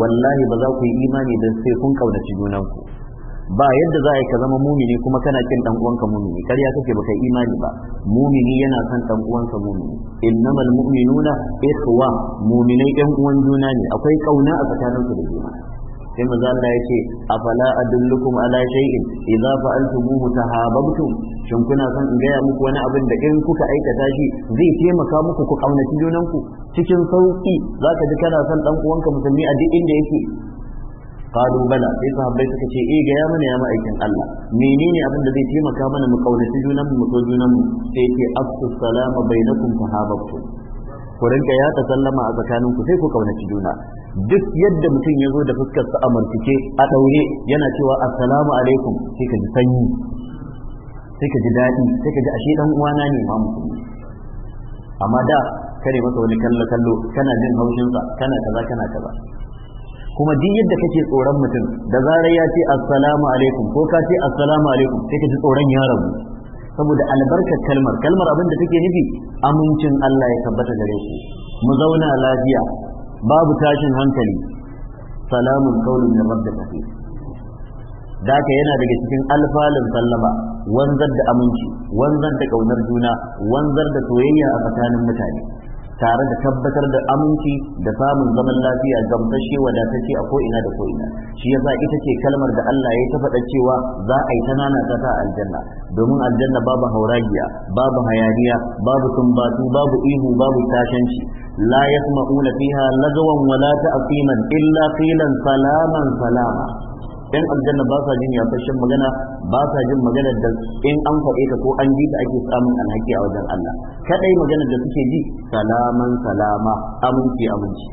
wallahi ba za ku yi imani dan sai kun kaunaci junanku ba yadda za a yi ka zama mumini kuma kana kin dan uwanka mumini karya kake baka imani ba mumini yana san dan uwansa mumini innamal mu'minuna ikhwa muminai yan uwan juna ne akwai kauna a tsakaninsu da juna sai manzo Allah yake afala adullukum ala shay'in idza fa'altumuhu tahabbtum shin kuna son in gaya muku wani abin da in kuka aikata shi zai taimaka muku ku kaunaci junanku cikin sauki zaka ji kana son dan uwanka musulmi a duk inda yake qalu bala sai sahabbai suka ce eh gaya mana ya ma'aikin Allah menene abin da zai taimaka mana mu kaunaci junanmu mu so mu? sai yake afsus salama bainakum tahabbtum ku rinka yaɗa sallama a tsakaninku sai ku kaunaci juna duk yadda mutum ya zo da fuskar sa amurtike a ɗaure yana cewa assalamu alaikum sai ka ji sanyi sai ka ji daɗi sai ka ji ashe dan uwana ne ma musulmi amma da kare masa wani kallo kallo kana jin haushinsa kana kaza kana kaza kuma duk yadda kake tsoron mutum da zarar ya ce assalamu alaikum ko ka ce assalamu alaikum sai ka ji tsoron ya rabu saboda albarkar kalmar kalmar abin da take nufi amincin Allah ya tabbata gare shi mu zauna lafiya babu tashin hankali salamun qaulun min rabbil rahim daka yana daga cikin alfalin sallama wanzar da aminci wanzar da kaunar juna wanzar da soyayya a tsakanin mutane tare da tabbatar da aminci da samun zaman lafiya gamsashe wadatacce a ko'ina da ko'ina shi yasa ita ce kalmar da Allah ya ta faɗa cewa za a yi ta nana ta ta aljanna domin aljanna babu hauragiya babu hayaniya babu sumbatu babu ihu babu tashanci la yasma'una fiha lagawan wala ta'fiman illa qilan salaman salama yan aljanna ba sa jin yasashen magana ba sa jin magana da in an faɗe ka ko an ji ta ake samun alhaki a wajen Allah kadai magana da suke ji salaman salama aminci aminci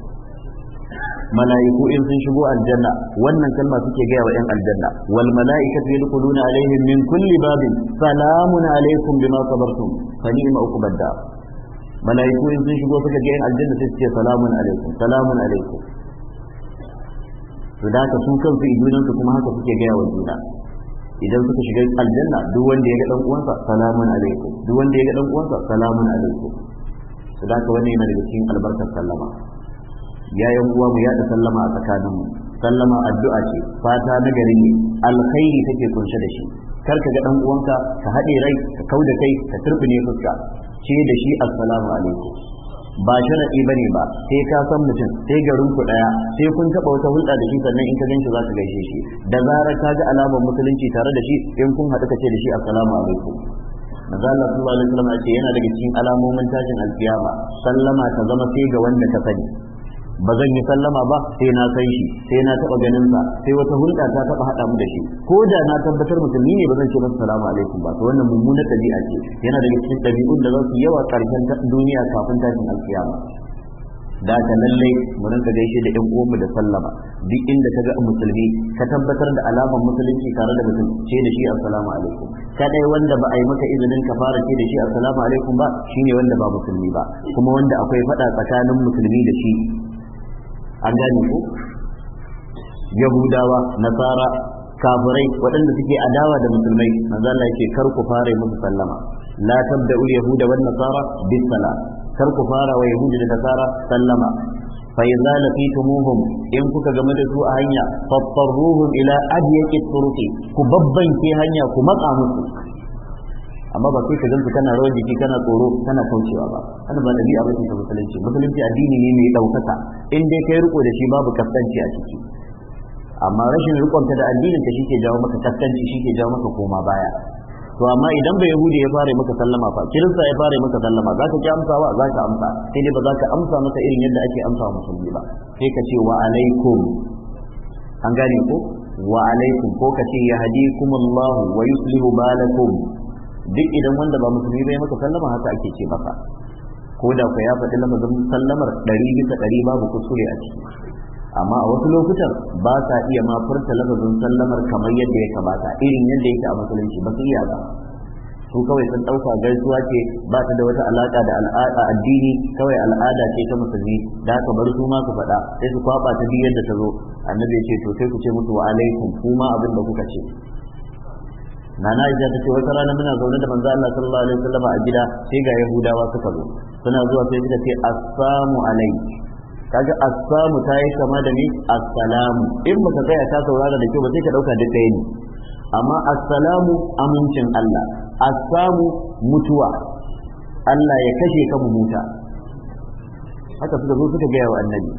mala'iku in sun shigo aljanna wannan kalma suke gaya wa 'yan aljanna wal mala'ikatu yadkhuluna alaihim min kulli babin salamun alaikum bima sabartum fa ni'ma uqbad mala'iku in sun shigo suka ga 'yan aljanna sai su salamun alaikum salamun alaikum to da haka sun kansu junansu kuma haka suke gaya wa juna idan suka shiga aljanna duk wanda ya ga dan uwansa salamun alaikum duk wanda ya ga dan uwansa salamun alaikum to da haka wanne yana daga cikin albarkar sallama ya yan uwa mu yada sallama a tsakanin mu sallama addu'a ce fata na gari ne alkhairi take kunshe da shi kar ka ga dan uwanka ka haɗe rai ka kauda kai ka turbine fuska ce da shi assalamu alaikum ba sharaɗi ba ne ba sai ka san mutum sai garin ku ɗaya sai kun taɓa wata hulɗa da shi sannan in ka za ka gaishe shi da zarar ka ji alamar musulunci tare da shi in kun haɗu ka ce da shi assalamu alaikum manzo Allah sallallahu alaihi wasallam ce yana daga cikin alamomin tashin alkiyama sallama ta zama sai ga wanda ta sani ba zan yi sallama ba sai na san shi sai na taba ganin sa sai wata hulɗa ta taba hada mu da shi ko da na tabbatar musulmi ne ba zan ce masa salamu alaikum ba to wannan mummunar dabi'a ce yana daga cikin dabi'un da za su yawa karshen duniya kafin tashin alkiyama da ta lallai mu rinka gaishe da ɗan uwanmu da sallama duk inda ka ga musulmi ka tabbatar da alaman musulunci tare da mutum ce da shi assalamu alaikum dai wanda ba a yi maka izinin ka fara ce da shi assalamu alaikum ba shine wanda ba musulmi ba kuma wanda akwai faɗa tsakanin musulmi da shi an gane ko yahudawa nasara kafirai waɗanda suke adawa da musulmai manzo Allah yake kar ku fara musu sallama la tabda'ul yahuda wan nasara bis kar ku fara wa yahudi da nasara sallama fa idza laqitumuhum in kuka game da su a hanya fattaruhum ila adyaqi turuqi ku babbanke hanya ku matsa musu amma ba sai ka ganta kana rawar jiki kana tsoro kana kaucewa ba kana ba dabi'a ba ce musulunci musulunci addini ne mai ɗaukaka in dai kai riko da shi babu kaskanci a ciki amma rashin rikonta da addinin ta shike jawo maka kaskanci shike jawo maka koma baya to amma idan bai yahudi ya fara maka sallama fa kirista ya fara maka sallama za ka ki amsawa za ka amsa sai dai ba za ka amsa masa irin yadda ake amsa musulmi ba sai ka ce wa alaikum an gane ko wa alaikum ko ka ce ya hadikum Allah wa yuslihu balakum duk idan wanda ba musulmi bai maka sallama haka ake ce maka ko da ku ya faɗi lafazin sallamar ɗari bisa ɗari babu kuskure a ciki amma a wasu lokutan ba sa iya ma furta lafazin sallamar kamar yadda ya kamata irin yadda yake a musulunci ba su iya ba su kawai sun ɗauka gaisuwa ce ba ta da wata alaƙa da al'ada addini kawai al'ada ce ta musulmi da aka bar su ma su faɗa sai su kwaɓa ta duk yadda ta zo annabi ya ce to sai ku ce musu wa alaikum kuma abin da kuka ce nana Aisha ta ce wata rana muna zaune da manzo Allah sallallahu alaihi wasallam a gida sai ga Yahudawa suka zo suna zuwa sai suka ce assalamu alaikum kaga assalamu ta yi kama da ni assalamu in baka tsaya ta saurara da kyau ba sai ka dauka duka ne amma assalamu amincin Allah assalamu mutuwa Allah ya kashe ka mu muta haka suka zo suka gaya wa annabi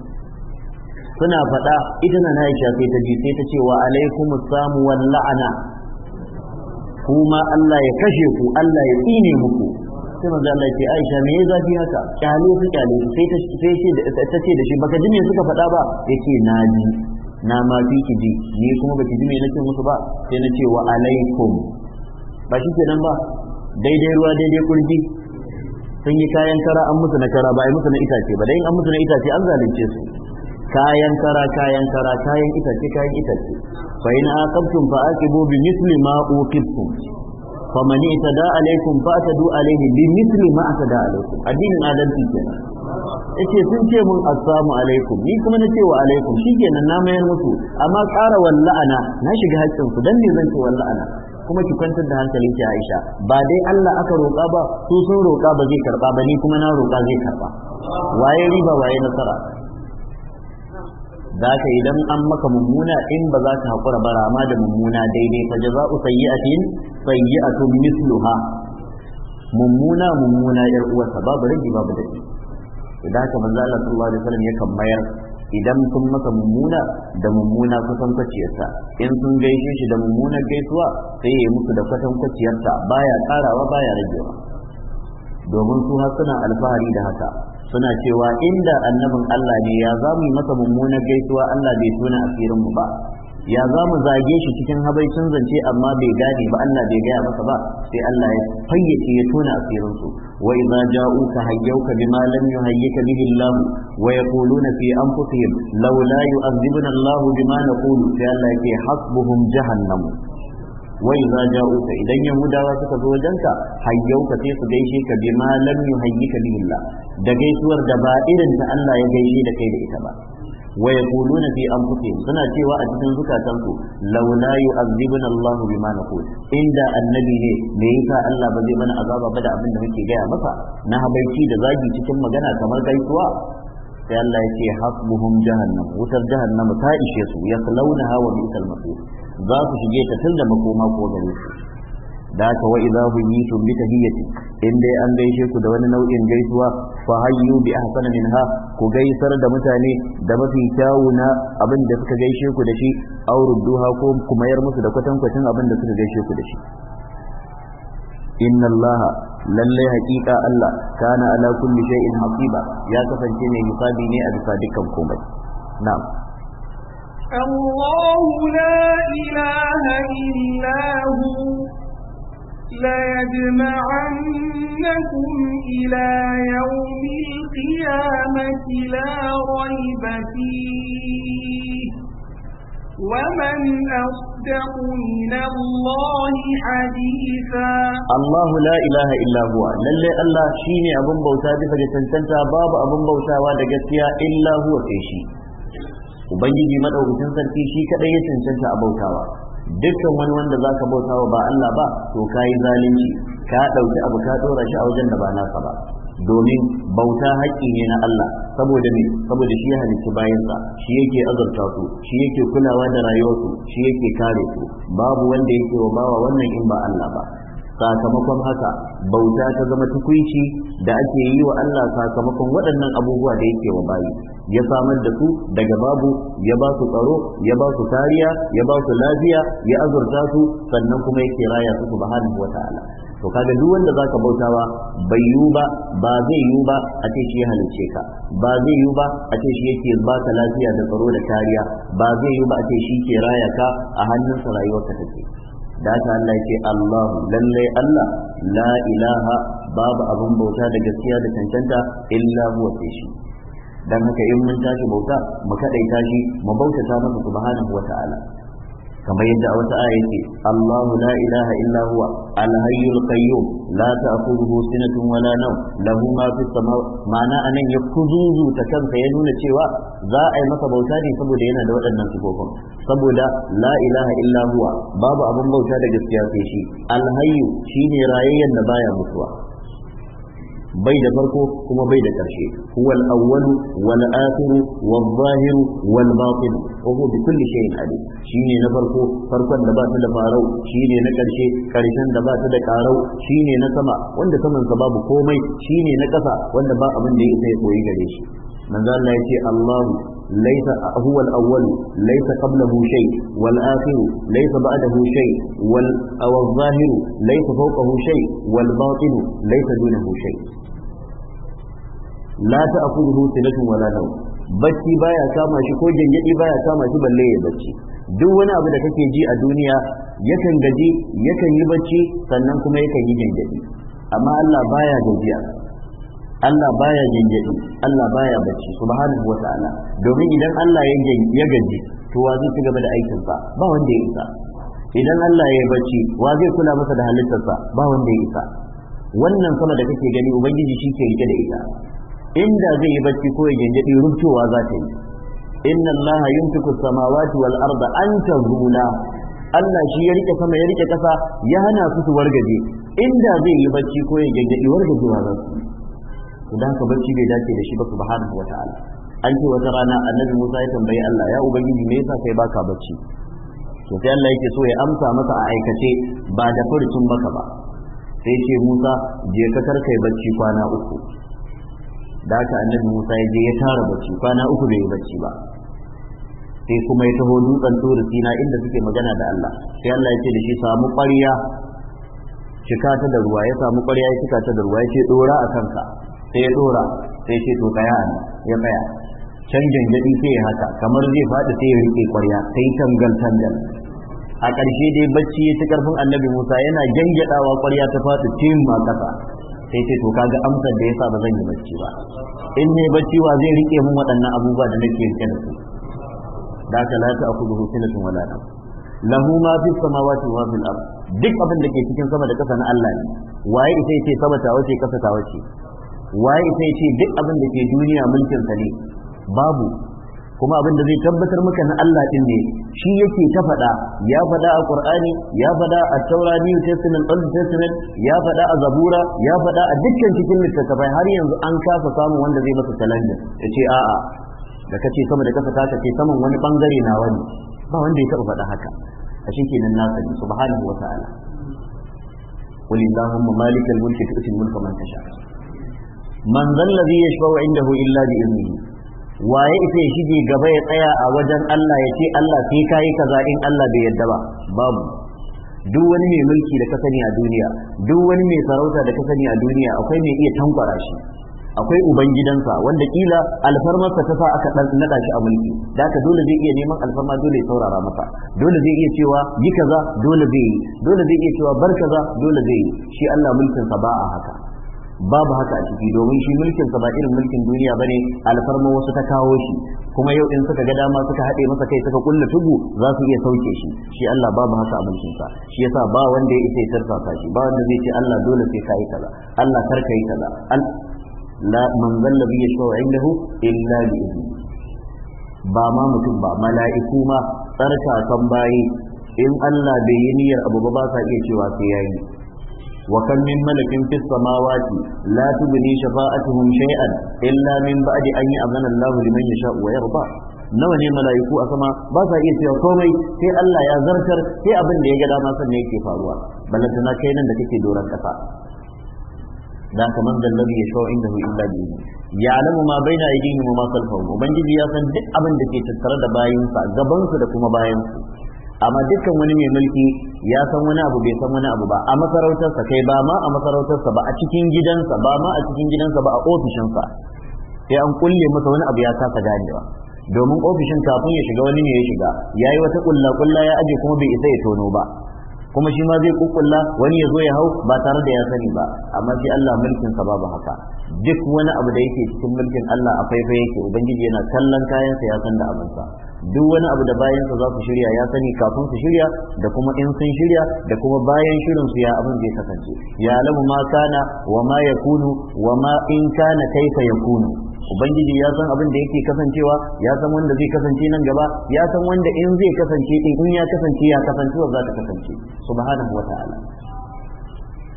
suna faɗa ita na Aisha sai ta ji sai ta ce wa alaikumus samu wal la'ana kuma Allah ya kashe ku Allah ya tsine muku sai manzo Allah ce Aisha me ya zafi haka kyale su kyale sai ta sai ta ce da shi baka ji me suka faɗa ba yake na ji na ma fi ki ji ni kuma baki ji me nake musu ba sai na ce wa alaikum ba shi kenan ba daidai ruwa daidai kurji sun yi kayan kara an musu na kara ba ai musu na itace ba dai in an musu na itace an zalunce su kayan kara kayan kara kayan itace kayan itace fa in aqabtum fa aqibu bi misli ma uqibtum fa man itada alaikum fa atadu alaihi bi misli ma atada alaikum addinin adalci kenan yace sun ce mun assalamu alaikum ni kuma na ce wa alaikum shikenan na mayar musu amma ƙara walla'ana na shiga haƙƙin ku dan ne zan ce walla'ana kuma ki kwantar da hankalin ki Aisha ba dai Allah aka roƙa ba su sun roƙa ba zai karba ba ni kuma na roƙa zai karba waye riba waye nasara za ka idan an maka mummuna in ba za ka haƙura ba rama da mummuna daidai fa jaza'u sayyi'atin sayyi'atun misluha mummuna mummuna yar uwarsa babu rage babu dadi idan ka manzo Allah sallallahu alaihi wasallam yakan mayar idan sun maka mummuna da mummuna kusan kwaciyarsa in sun gaishe shi da mummuna gaisuwa sai ya musu da kusan kwaciyarsa baya karawa baya ragewa domin su har suna alfahari da haka suna cewa inda annabin Allah ne ya za mu yi masa mummunar gaisuwa Allah bai tona asirin mu ba ya za mu zage shi cikin habaicin zance amma bai gane ba Allah bai gaya masa ba sai Allah ya fayyace ya tona asirin su wa idza ja'uka hayyuka bima lam yuhayyika bihi Allah wa yaquluna fi anfusihim law la yu'adhibuna Allah bima naqulu sai Allah yake hasbuhum jahannam wai za ja'uka idan yahudawa suka zo wajenka hayyauka sai su gaishe ka bi ma lam yuhayyika billah da gaisuwar da ba irin ta Allah ya gaishe da kai da ita ba wa yaquluna fi anfusihim suna cewa a cikin zukatansu law la yu'adhibuna Allah bima naqul inda annabi ne me yasa Allah ba zai mana azaba ba da abin da muke gaya masa na habaici da zagi cikin magana kamar gaisuwa sai Allah ya ce hasbuhum jahannam wutar jahannam ta ishe su yaslaunaha wa bi'sal masir za su shige ta tun da makoma ko gare su da ka wa idza huyitum bi tahiyyati in dai an gaishe ku da wani nau'in gaisuwa fa hayyu bi ahsana minha ku gaisar da mutane da mafi kyawu na abin da suka gaishe ku da shi aw rudduha ko kuma yar musu da kwatankwacin abin da suka gaishe ku da shi inna allaha lallai haƙiƙa Allah kana ala kulli shay'in hasiba ya kasance mai hisabi ne a bisa dukkan komai na'am الله لا إله إلا هو ليجمعنكم إلى يوم القيامة لا ريب فيه ومن أصدق من الله حديثا الله لا إله إلا هو للي الله شيني أبن بوتا بفجة تنتنتا باب أبن بوتا ودقتيا إلا هو تيشي ubangiji madaukakin sarki shi kadai ya cancanta a bautawa dukkan wani wanda za zaka bautawa ba Allah ba to kai zalunci ka ɗauki abu ka dora shi a wajen da ba nasa ba domin bauta haƙƙi ne na Allah saboda me saboda shi ya halicci bayansa shi yake azurta su shi yake kulawa da rayuwarsu shi yake kare su babu wanda yake wa bawa wannan in ba Allah ba sakamakon haka bauta ta zama tukunci da ake yi wa Allah sakamakon waɗannan abubuwa da yake wa bayi ya samar da su daga babu ya ba su tsaro ya ba su kariya ya ba su lafiya ya azurta su sannan kuma yake raya su subhanahu wata'ala to kaga duk wanda zaka bautawa bai yiwu ba ba zai yiwu ba a ce shi ya halice ka ba zai yiwu ba a ce shi yake baka lafiya da tsaro da kariya ba zai yiwu ba a ce shi ke raya ka a hannunsa rayuwarka take da haka Allah ke allahu lallai Allah la ilaha babu abin bauta da gaskiya da cancanta illa huwa sai shi dan haka in mun tashi bauta mu kadaita shi mu bautata masa subhanahu wataala kamar yadda a wata aya ce Allahu la ilaha illa huwa alhayyul hayyul qayyum la ta'khudhuhu sinatun wala nawm lahu ma fis samawati ma'ana anan ya kuzuzu ta kansa ya nuna cewa za a yi masa bauta ne saboda yana da waɗannan sifofin saboda la ilaha illa huwa babu abin bauta da gaskiya sai shi alhayyu shine rayayyen da baya mutuwa bai da farko kuma bai da ƙarshe huwal awwalu wal akhiru wal zahiru wal batin wa huwa bi kulli shay'in alim shine na farko farkon da ba ta da farau shine na ƙarshe ƙarshen da ba ta da karau shine na sama wanda saman sa babu komai shine na ƙasa wanda ba abin da yake sai koyi gare shi manzo Allah ya ce Allahu ليس هو الأول ليس قبله شيء والآخر ليس بعده شيء والظاهر ليس فوقه شيء والباطن ليس دونه شيء لا تأخذه سنة ولا نوم bacci baya kama shi ko jangadi baya kama shi balle ya bacci duk wani abu da kake ji a duniya yakan gaji yakan yi bacci sannan kuma yakan yi jangadi amma Allah baya gajiya Allah baya gyangyaɗi Allah baya bacci subhanahu wa ta'ala domin idan Allah ya gaji to wa zai ci gaba da aikin sa ba wanda ya isa idan Allah ya bacci wa zai kula masa da halittarsa ba wanda ya isa wannan sama da kake gani ubangiji shi ke rike da ita inda zai yi bacci ko ya gyangyaɗi rubtowa za ta yi inna Allah yumtiku samawati wal arda an tazula Allah shi ya rike sama ya rike kasa ya hana su su wargaje inda zai yi bacci ko ya gyangyaɗi wargajewa za su idan ka barci bai dace da shi ba subhanahu wataala an ce wata rana annabi Musa ya tambayi Allah ya ubangiji me yasa kai baka barci to sai Allah yake so ya amsa masa a aikace ba da furcin maka ba sai ce Musa je ka kai barci kwana uku da haka annabi Musa ya je ya tara barci kwana uku bai yi ba sai kuma ya taho dutsen turu sina inda suke magana da Allah sai Allah ya ce da shi samu kwariya cika ta da ruwa ya samu kwariya ya cika ta da ruwa ya ce dora a kanka sai ya dora sai ce to tsaya ne ya tsaya can gangadi sai ya haka kamar zai faɗi sai ya rike kwarya sai tangal tangal a ƙarshe dai bacci ya ci ƙarfin annabi musa yana gangadawa kwarya ta faɗi tim ma ƙasa sai ce to kaga amsar da ya sa ba zan yi bacci ba in ne bacci wa zai rike mun waɗannan abubuwa da nake rike da su da ka la ta akudu sun wala nam lahu ma fi samawati wa fil ard duk abin da ke cikin sama da ƙasa na Allah ne waye ita ce sama ta wace ƙasa ta wace waye sai ce duk abin da ke duniya mulkin sa ne babu kuma abin da zai tabbatar maka na Allah din ne shi yake ta faɗa ya faɗa a Qur'ani ya faɗa a Taura New Testament Old Testament ya faɗa a Zabura ya faɗa a dukkan cikin littattafai har yanzu an kasa samun wanda zai masa challenge ya ce a'a da kace sama da kasa ta ce saman wani bangare na wani ba wanda ya taɓa faɗa haka a shi kenan nasa subhanahu wa ta'ala قل اللهم مالك الملك تؤتي الملك من تشاء man zallazi ya shafa indahu illa bi iznihi waye ita ya shige gaba ya tsaya a wajen Allah ya ce Allah sai ka yi kaza in Allah bai yadda ba babu duk wani mai mulki da ka sani a duniya duk wani mai sarauta da ka sani a duniya akwai mai iya tankwara shi akwai ubangidansa wanda kila alfarmarsa ta sa aka naɗa shi a mulki da haka dole zai iya neman alfarma dole ya saurara masa dole zai iya cewa yi kaza dole zai yi dole zai iya cewa bar kaza dole zai yi shi Allah mulkinsa ba a haka babu haka a ciki domin shi mulkin sa ba irin mulkin duniya bane alfarma wasu ta kawo shi kuma yau in suka ga dama suka haɗe masa kai suka kulla tugu za su iya sauke shi shi Allah babu haka a mulkin sa shi yasa ba wanda ya isa ya tarsa shi ba wanda zai ce Allah dole sai kai kaza Allah kar kai kaza la man zalla bi yashfa'u indahu illa bi idni ba ma mutum ba mala'iku ma tsarka san bayi in Allah bai yi niyyar abu ba ba sa iya cewa sai yayi وكم من ملك في السماوات لا تغني شفاعتهم شيئا إلا من بعد أن يأذن الله لمن يشاء ويرضى nawa ne mala'iku a sama ba sa iya cewa komai sai Allah ya zartar sai abin da ya ga dama sannan yake faruwa balantana kai nan da kake doron kasa da ka man dallabi ya shawo inda illa bi ya alamu ma baina aidihim wa ma khalfahum ubangiji ya san duk abin da ke tattare da bayinsa gaban su da kuma bayansu. amma dukkan wani mai mulki ya san wani abu bai san wani abu ba a masarautarsa kai ba ma a masarautarsa ba a cikin gidansa ba ma a cikin gidansa ba a ofishinsa sai an kulle masa wani abu ya kasa ganewa domin ofishin kafin ya shiga wani ne ya shiga yayi wata kulla kulla ya aje kuma bai isa ya tono ba kuma shi ma zai kukulla wani ya zo ya hau ba tare da ya sani ba amma sai Allah mulkin sa babu haka duk wani abu da yake cikin mulkin Allah a faifai yake ubangiji yana kallon kayan sa ya san da abin sa duk wani abu da bayan sa za su shirya ya sani kafin su shirya da kuma in sun shirya da kuma bayan shirin su ya abin zai kasance ya alamu ma kana wa ma yakunu wa ma in kana kaifa yakunu ubangiji ya san abin da yake kasancewa ya san wanda zai kasance nan gaba ya san wanda in zai kasance in ya kasance ya kasance za ta kasance subhanahu wata'ala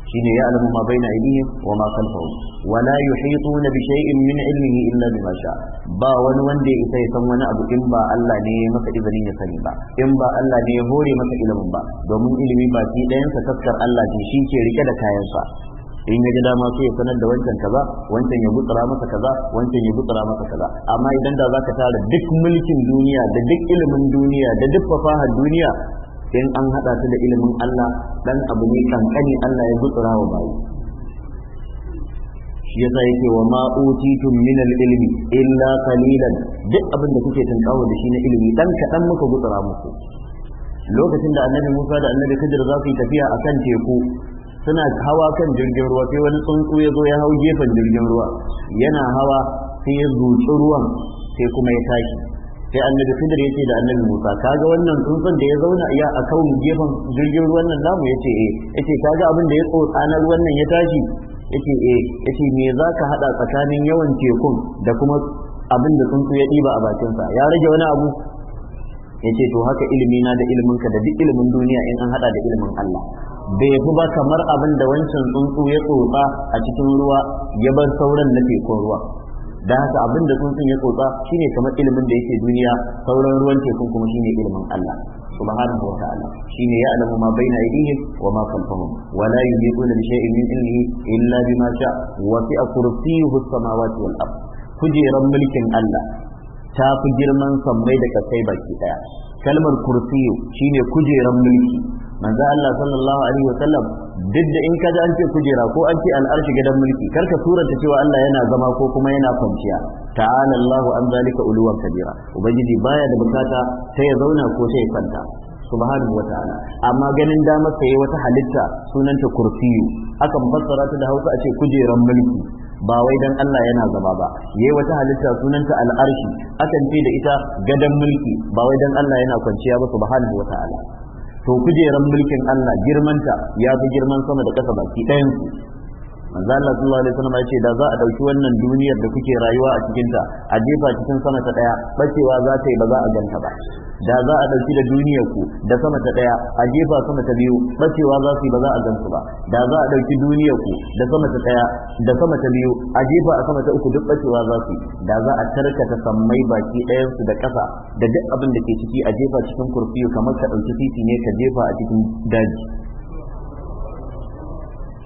shine ya alamu ma baina aydihim wa ma khalfahum wa la yuhituna bi shay'in min ilmihi illa bima sha ba wani wanda ya isa ya san wani abu in ba Allah ne masa izinin ya sani ba in ba Allah ne ya hore masa ilimin ba domin ilimi ba shi dayan sa taskar Allah ce shi ke rike da kayansa in ya ji dama sai ya sanar da wancan kaza wancan ya gutsara masa kaza wancan ya gutsara masa kaza amma idan da zaka tara duk mulkin duniya da duk ilimin duniya da duk fasahar duniya in an hada ta da ilimin Allah dan abu ne kankani Allah ya gutsara wa bayi shi yasa yake wa ma utitum min al-ilmi illa qalilan duk abin da kuke tunkawo da shi na ilimi dan kadan muka gutsara muku lokacin da annabi Musa da annabi Khidir za su yi tafiya akan teku suna hawa kan jirgin ruwa sai wani tsuntsu ya zo ya hau gefen jirgin ruwa yana hawa sai ya zuci ruwan sai kuma ya tashi sai annabi ya yake da annabi Musa kaga wannan tsuntsun da ya zauna iya a kan gefen jirgin ruwan nan namu ce eh ce kaga abin da ya tsotsa na ruwan nan ya tashi yace eh ce me ka hada tsakanin yawan tekun da kuma abin da tsuntsu ya ɗiba a bakinsa ya rage wani abu ya ce to haka ilimi na da iliminka da duk ilimin duniya in an hada da ilimin Allah bai yabu ba kamar abin da wancan tsuntsu ya tsotsa a cikin ruwa ya bar sauran na tekun ruwa da haka abin da tsuntsun ya tsotsa shine kamar ilimin da yake duniya sauran ruwan tekun kuma shine ilimin Allah subhanahu wa ta'ala shine ya alamu ma baina aydihim wa ma khalfahum wa la yuhituna bi shay'in min ilmihi illa bima sha wa fi kursiyyihi as-samawati wal ard kujeran mulkin Allah ta fi girman sammai da kasai baki daya kalmar kursiyu shine kujeran mulki manzo Allah sallallahu alaihi wa sallam duk da in ka ji an ce kujera ko an ce al'arshi gidan mulki tura surata cewa Allah yana zama ko kuma yana kwanciya ta'ala Allah an zalika uluwan kabira ubangiji baya da bukata sai ya zauna ko sai ya kwanta subhanahu wa ta'ala amma ganin damar sai wata halitta sunanta kurfiyu akan fassara ta da Hausa a ce kujeran mulki ba wai dan Allah yana zama ba yayi wata halitta sunanta al'arshi akan ce da ita gadan mulki ba wai dan Allah yana kwanciya ba subhanahu wa ta'ala to kujeran mulkin Allah girmanta ya fi girman sama da ƙasa baki ɗayan su manzo Allah sallallahu alaihi wasallam yace da za a dauki wannan duniyar da kuke rayuwa a cikin ta a jefa cikin sama ta daya bacewa za ta yi ba za a ganta ba da za a dauki da duniyar ku da sama ta daya a jefa sama ta biyu bacewa za su yi ba za a ganta ba da za a dauki duniyar ku da sama ta daya da sama ta biyu a jefa a sama ta uku duk bacewa za su yi da za a tarkata sammai baki ɗayan su da ƙasa da duk abin da ke ciki a jefa cikin kurfiyu kamar ka dauki titi ne ka jefa a cikin daji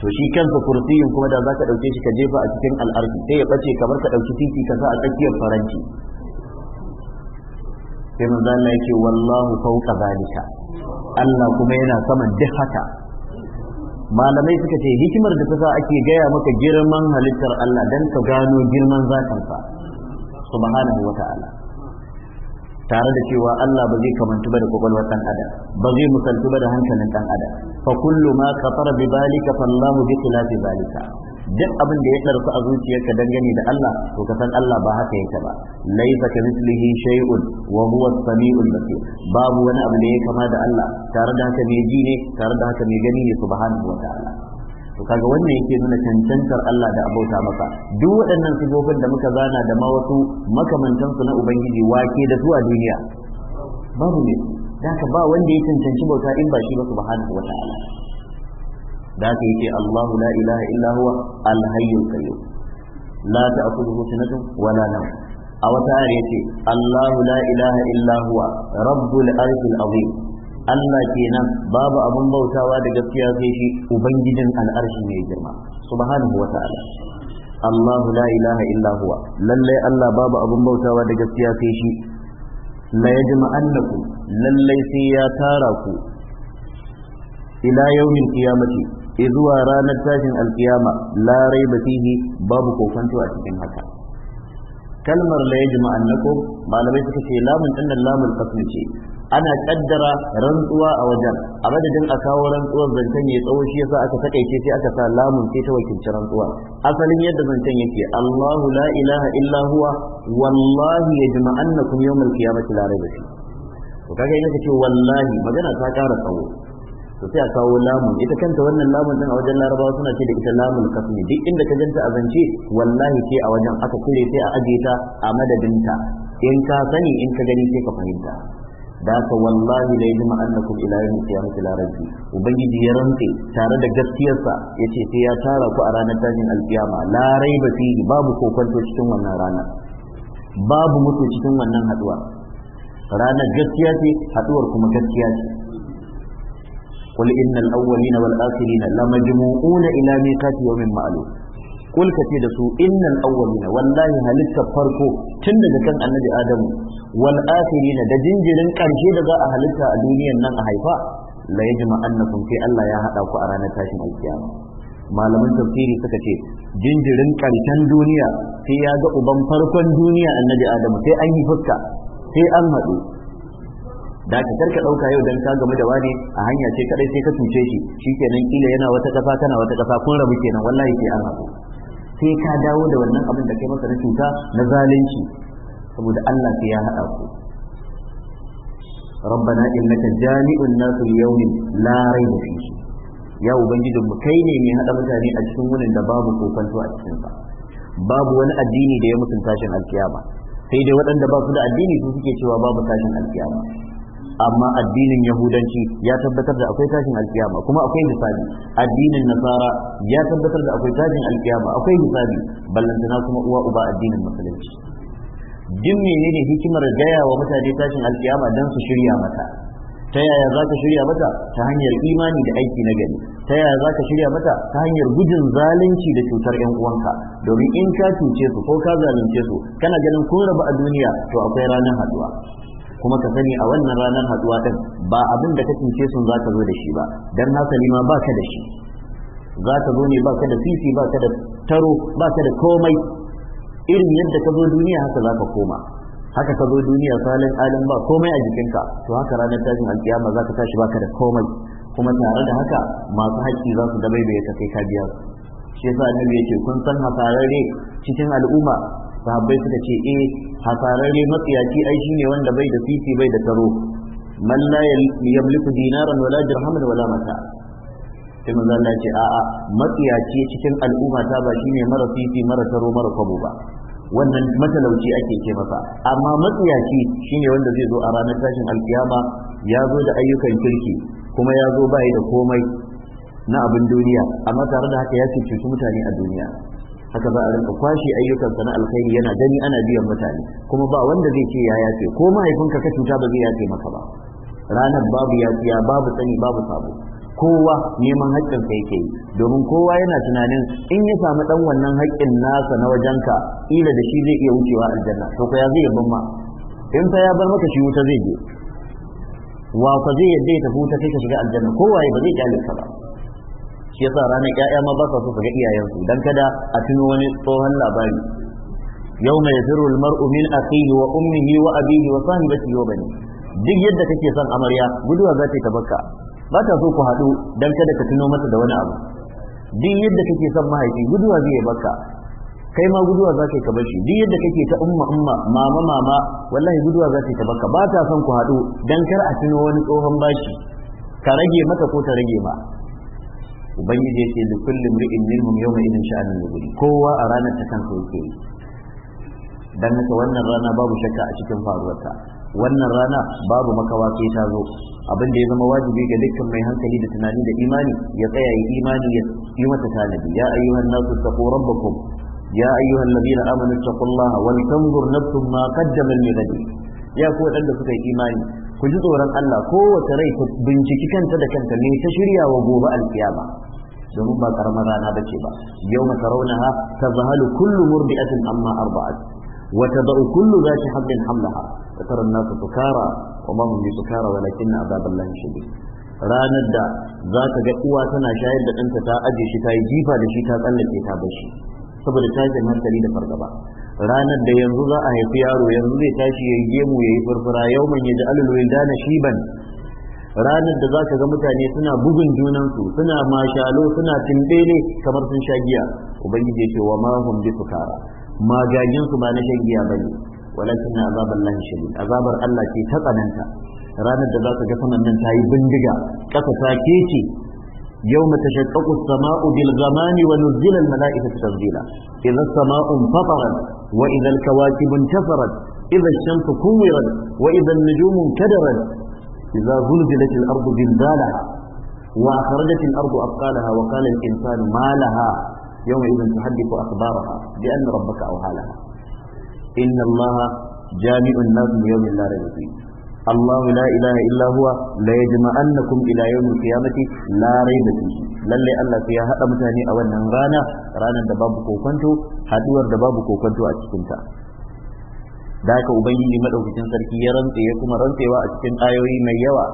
to shi kansa kursiyin kuma da zaka dauke shi ka jefa a cikin al'adu, sai ya bace kamar ka dauki titi ka sa a tsakiyar faranti sai manzo zanna yake wallahu fawqa zalika Allah kuma yana saman duk haka malamai suka ce hikimar da ta sa ake gaya maka girman halittar Allah dan ka gano girman zakansa subhanahu wata'ala tare da cewa Allah ba zai kamantu ba da kwakwalwar ɗan adam ba zai musaltu ba da hankalin ɗan adam fa kullu ma kafara bi zalika fallahu bi khilafi balika duk abin da ya tsarsu a zuciyarka dangane da Allah to ka san Allah ba haka yake ba laysa ka mislihi shay'un wa huwa as-sami'ul basir babu wani abu da ya kama da Allah tare da haka mai ji ne tare da haka mai gani ne subhanahu wa ta'ala to kaga wannan yake nuna cancantar Allah da abota maka duk waɗannan sifofin da muka zana da ma wasu makamantansu na ubangiji wake da su a duniya babu ne haka ba wanda ya cancanci bauta in ba shi ba subhanahu wata'ala da haka yake Allahu la ilaha illa huwa al-hayyul qayyum la ta'khudhuhu sinatun wa la nawm a wata yace Allahu la ilaha illa huwa rabbul arshil azim Allah kenan babu abin bautawa da gaskiya sai shi ubangijin al'arshi mai girma subhanahu wa ta'ala Allahu la ilaha illa huwa lalle Allah babu abin bautawa da gaskiya sai shi la yajma'annakum lalle sai ya tara ku ila yawmin qiyamati izuwa ranar tashin alkiyama la raiba fihi babu kokonto a cikin haka kalmar la yajma annakum malamai suka ce lamun din lamun fasl ce ana kaddara rantsuwa a wajen a madadin a kawo rantsuwar zancen ya tsawo shi yasa aka takaice sai aka sa lamun sai ta wakilci rantsuwa asalin yadda zancen yake Allahu la ilaha illa huwa wallahi yajma'annakum yawmal qiyamati la rayba fihi to kaga idan kace wallahi magana ta kara tsawo to sai a kawo lamun ita kanta wannan lamun din a wajen larabawa suna ce da ita lamun kasmi duk inda ka janta a zance wallahi sai a wajen aka kure sai a ajiyeta ta a madadinta in ka sani in ka gani sai ka fahimta da ka wallahi la yajma annakum ila yawm qiyamati la rabbi ubangiji ya rantse tare da gaskiyarsa yace sai ya tara ku a ranar tashin alkiyama la raiba fihi babu kokonto cikin wannan rana babu mutu cikin wannan haduwa ranar gaskiya ce haduwar kuma gaskiya ce قل إن الأولين والآخرين لمجموعون إلى ميقات يوم معلوم قل كتير سو إن الأولين والله هل فرقو تند كان النبي آدم والآخرين دا جنجرن كرشي دا أهلك الدنيا نان أهيفا لا يجمع أنكم في الله يا هذا وأرانا تاشم القيامة malaman tafsiri suka ce jinjirin karshen duniya sai ya ga uban farkon duniya annabi adamu sai an yi fuska sai an haɗu da ka karka dauka yau dan ka game da wani a hanya ce kadai sai ka cuce shi shi shikenan kila yana wata kafa kana wata kafa kun rabu kenan wallahi sai an sai ka dawo da wannan abin da kai masa na cuta na zalunci saboda Allah sai ya hada ku rabbana innaka jami'un الناس اليوم la rayba فيه ya ubangijin mu kai ne mai hada mutane a cikin wurin da babu kokanto a cikin ba babu wani addini da ya mutunta tashin alkiyama sai dai waɗanda ba su da addini su suke cewa babu tashin alkiyama amma addinin yahudanci ya tabbatar da akwai tashin alkiyama kuma akwai misali. addinin nasara ya tabbatar da akwai tashin alkiyama akwai hisabi ballantana kuma uwa uba addinin musulunci duk menene hikimar gaya wa mutane tashin alkiyama dan su shirya mata ta yaya za ka shirya mata ta hanyar imani da aiki na gari ta yaya za ka shirya mata ta hanyar gujin zalunci da cutar yan uwanka domin in ka cuce su ko ka zalunce su kana ganin kun raba a duniya to akwai ranar haduwa kuma ka sani a wannan ranar haduwa din ba abin da ka cince sun za ka zo da shi ba dan sani ma ba ka da shi za ka zo ne ba ka da sisi ba ka da taro ba ka da komai irin yadda ka zo duniya haka za ka koma haka ka zo duniya salin alin ba komai a jikinka to haka ranar tashin alkiyama za ka tashi ba ka da komai kuma tare da haka masu haƙƙi za su bai ka kai ka biya shi yasa annabi yake kun san hasarare cikin al'umma sahabbai suka ce eh hasararre matsiyaci ai shine wanda bai da fifi, bai da taro man la yamliku dinaran wala dirhaman wala mata sai manzo Allah ce a'a matsiyaci cikin al'umma ta ba shine mara fifi, mara taro mara kwabo ba wannan matalauci ake ce masa amma matsiyaci shine wanda zai zo a ranar tashin alkiyama ya zo da ayyukan kirki kuma ya zo bai da komai na abin duniya amma tare da haka ya cuci mutane a duniya haka za a rinka kwashe ayyukansa na alkhairi yana gani ana biyan mutane kuma ba wanda zai ce ya yace ko mahaifinka ka cuta ba zai yace maka ba ranar babu yafiya babu sani babu sabo kowa neman haƙƙinsa yake yi domin kowa yana tunanin in ya samu ɗan wannan haƙƙin nasa na wajenka ila da shi zai iya wucewa aljanna to ko ya zai yabban ma in fa ya bar maka shi wuta zai je wa fa zai yadda ya tafi wuta sai ka shiga aljanna kowa ba zai kyale ka ba shi yasa ranar ƴaƴa ma ba sa so su ga iyayensu dan kada a tuno wani tsohon labari Yau mai yafiru almar'u min akhihi wa ummihi wa abihi wa sahibatihi wa bani duk yadda kake son amarya guduwa za ta baka ba ta so ku haɗu dan kada ka tuno mata da wani abu duk yadda kake son mahaifi guduwa zai baka kai ma guduwa za ka ka bashi duk yadda kake ta umma umma mama mama wallahi guduwa za ta baka ba ta son ku haɗu dan kar a tuno wani tsohon bashi ka rage mata ko ta rage ma ubangiji ya ce da kullum ri'in minhum yawma idin sha'anin yubri kowa a ranar ta kansa yake dan haka wannan rana babu shakka a cikin faruwarta wannan rana babu makawa sai ta zo abin da ya zama wajibi ga dukkan mai hankali da tunani da imani ya tsaya ya imani ya yi mata tanadi ya ayyuhan nasu taqu rabbakum ya ayyuhan ladina amanu taqullaha wal tanzur nafsum ma qaddamat li ya ku wadanda suka yi imani ku ji tsoron Allah kowace rai ta binciki kanta da kanta ne ta shirya wa gobe alkiyama domin ba karamar rana ba ce ba yau mata raunaha ta zahalu kullu murbi'atin amma arba'at wa tadau kullu zati habbin hamlaha wa tara an-nasu sukara wa ma hum bi na walakinna azaballahi shadid ranar da za ka ga uwa tana shayar da ɗanta ta aje shi ta yi jifa da shi ta tsallake ta bashi saboda tashin hankali da fargaba ranar da yanzu za a haifi yaro yanzu zai tashi ya gemu ya yi furfura yau man ya ji na dana shiban ranar da za ka ga mutane suna bugun junansu suna mashalo suna timbele kamar sun sha giya ubangiji ce wa mahum bi sukara magagin su ba na shan giya bane walakin azabar Allah shadid azabar Allah ce ta tsananta ranar da za ka ga saman nan tayi bindiga kasa ta keke yawma tashaqqaqu as-sama'u bil ghamami wa nuzila al-mala'ikatu tanzila idza as-sama'u fatarat وإذا الكواكب انتفرت إذا الشمس كورت وإذا النجوم انكدرت إذا زلزلت الأرض زلزالها وأخرجت الأرض أبقالها وقال الإنسان ما لها يومئذ تحدث أخبارها بأن ربك أوحى لها إن الله جامع الناس ليوم لا ريب فيه الله لا إله إلا هو لا يجمعنكم إلى يوم القيامة لا Allah sai ya haɗa mutane a wannan rana ranar da babu kokonto haduwar da babu kokonto a cikinta da haka ubangiji maɗaukacin sarki ya rantse ya kuma rantsewa a cikin ayoyi mai yawa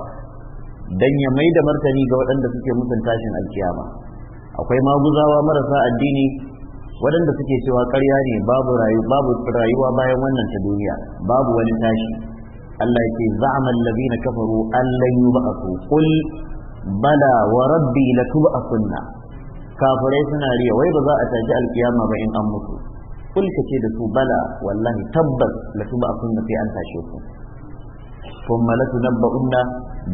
dan ya mai da martani ga waɗanda suke mutun tashin alkiyama akwai maguzawa marasa addini waɗanda suke cewa ƙarya ne babu babu rayuwa bayan wannan ta duniya babu wani tashi Allah yake za'ama allazina kafaru allan yub'athu qul bala wa rabbi latub'athunna kafirai suna riya wai ba za a tashi alkiyama ba in an mutu kul kace da su bala wallahi tabbas latub'athunna sai an tashe ku kuma latunabba'unna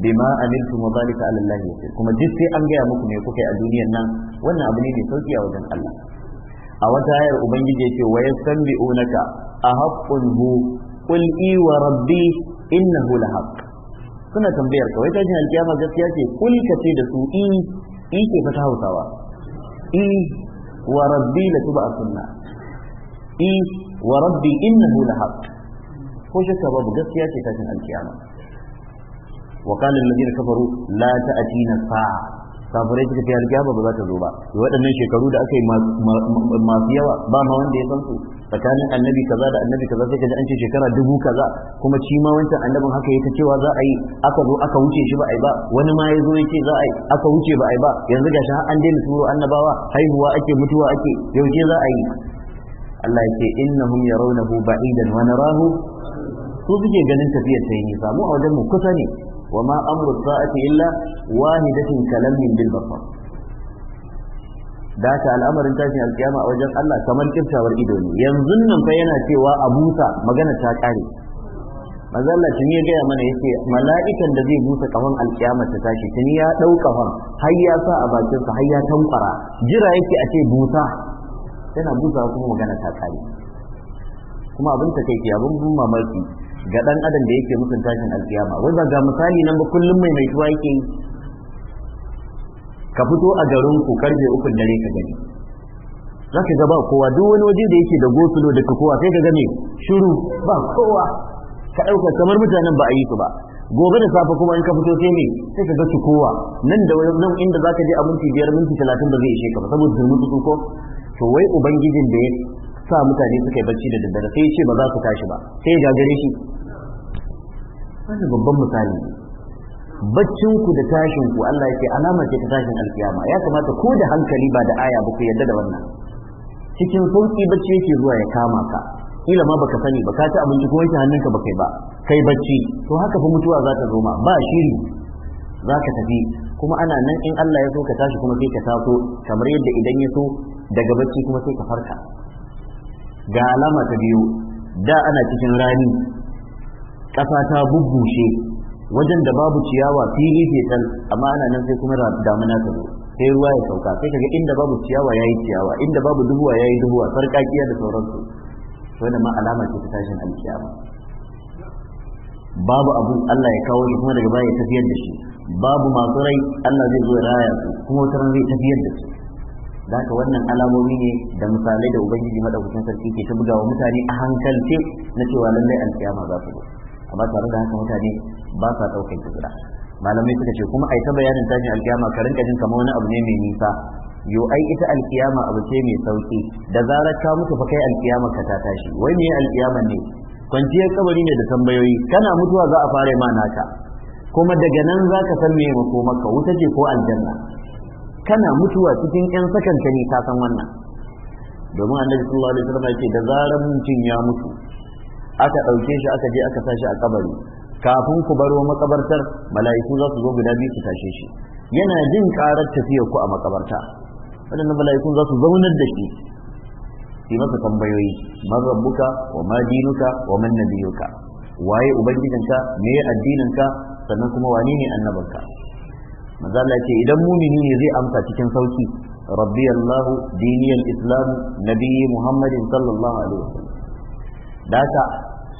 bima amiltum wa zalika ala Allah yasir kuma duk sai an gaya muku me kuka yi a duniyar nan wannan abu ne mai sauki a wajen Allah a wata hayar ubangiji yake wa yastanbi'unaka ahaqqun hu qul i wa rabbi innahu lahaq suna tambayar kawai ta jin alkiyama gaskiya ce kul ka ce da su i e, i e ke fata hausawa i e, wa rabbi la tuba sunna i wa rabbi innahu lahaq ko shakka babu gaskiya ce ta jin alkiyama وقال الذين كفروا لا تأتينا الساعة kafirai suka ce alkiyama ba za ta zo ba waɗannan shekaru da aka yi masu yawa ba ma wanda ya san su tsakanin annabi kaza da annabi kaza sai kaji an ce shekara dubu kaza kuma shi ma wancan annabin haka yake cewa za a yi aka zo aka wuce shi ba a yi ba wani ma ya zo ya ce za a yi aka wuce ba a yi ba yanzu gashi har an daina turo annabawa haihuwa ake mutuwa ake yaushe za a yi Allah ya ce innahum yarawnahu ba'idan wa narahu su suke ganin tafiyar ta yi nisa mu a wajen mu kusa ne wa ma amru sa'ati illa wahidatin kalamin bil da ta al'amarin tashin alkiyama a wajen Allah kamar kirtawar ido ne yanzu nan fa yana cewa a busa magana ta kare Mazalla tuni ya gaya mana yace mala'ikan da zai busa kafan alkiyama ta tashi tuni ya dau kafan har ya sa a bakin sa har ya tankwara jira yake a ce busa yana busa kuma magana ta kare kuma abin ta kai abin mamaki ga dan adam da yake mutun tashin alkiyama ba ga misali nan ba kullum mai mai tuwa yake ka fito a garin ku karfe uku dare ka gani za ka ga ba kowa duk wani waje da yake da gosulo da kowa sai ka gane shiru ba kowa ka ɗauka kamar mutanen ba a yi su ba gobe da safe kuma in ka fito sai me sai ka ga su kowa nan da nan inda za ka je a minti biyar minti talatin da zai ishe ka ba saboda sun mutu ko to wai ubangijin da ya sa mutane suka yi bacci da daddare sai ce ba za su tashi ba sai ga gare shi wannan babban misali baccin ku da tashin ku Allah yake alama ce ta tashin alkiyama ya kamata ko da hankali ba da aya ba ku yadda da wannan cikin sauki bacci yake zuwa ya kama ka kila ma baka sani ba ka ci abinci ko wanke hannunka ba kai ba kai bacci to haka fa mutuwa za ta zo ma ba shiri za ka tafi kuma ana nan in Allah ya so ka tashi kuma sai ka taso kamar yadda idan ya so daga bacci kuma sai ka farka ga alama ta biyu da ana cikin rani ƙasa ta bubbushe wajen da babu ciyawa fili can amma ana nan sai kuma damuna ta zo sai ruwa ya sauka sai kaga inda babu ciyawa ya yi ciyawa inda babu duhuwa ya yi duhuwa sarƙaƙiya da sauransu sai da ma alama ce ta tashin alkiyama babu abun Allah ya kawo shi kuma daga baya ya tafiyar da shi babu masu rai Allah zai zo ya raya su kuma wata zai tafiyar da su da haka wannan alamomi ne da misalai da ubangiji madaukakin sarki ke ta wa mutane a hankalce na cewa lallai alkiyama za su zo amma tare da haka mutane ba sa ɗaukar hijira malamai suka ce kuma yi ta bayanin tashin alkiyama ka rinka jin kamar wani abu ne mai nisa yo ai ita alkiyama abu ce mai sauki da zarar ka mutu fa kai alkiyama ka ta tashi wai me alkiyama ne kwanciyar kabari ne da tambayoyi kana mutuwa za a fara ma naka kuma daga nan za ka san me makomaka wuta ce ko aljanna kana mutuwa cikin yan sakanta ne ka san wannan domin annabi sallallahu alaihi wasallam ce da zarar mutum ya mutu aka ɗauke shi aka je aka tashi a kabari kafin ku baro makabartar mala'iku za su zo guda biyu su tashe shi yana jin karar tafiyar ku a makabarta waɗannan mala'ikun za su zaunar da shi yi masa tambayoyi man rabbuka wa ma dinuka wa man nabiyuka waye ubangijinka me addininka sannan kuma wane ne annabinka manzo ce idan mumini ne zai amsa cikin sauki rabbi Allah diniyal islam nabi muhammadin sallallahu alaihi wasallam da haka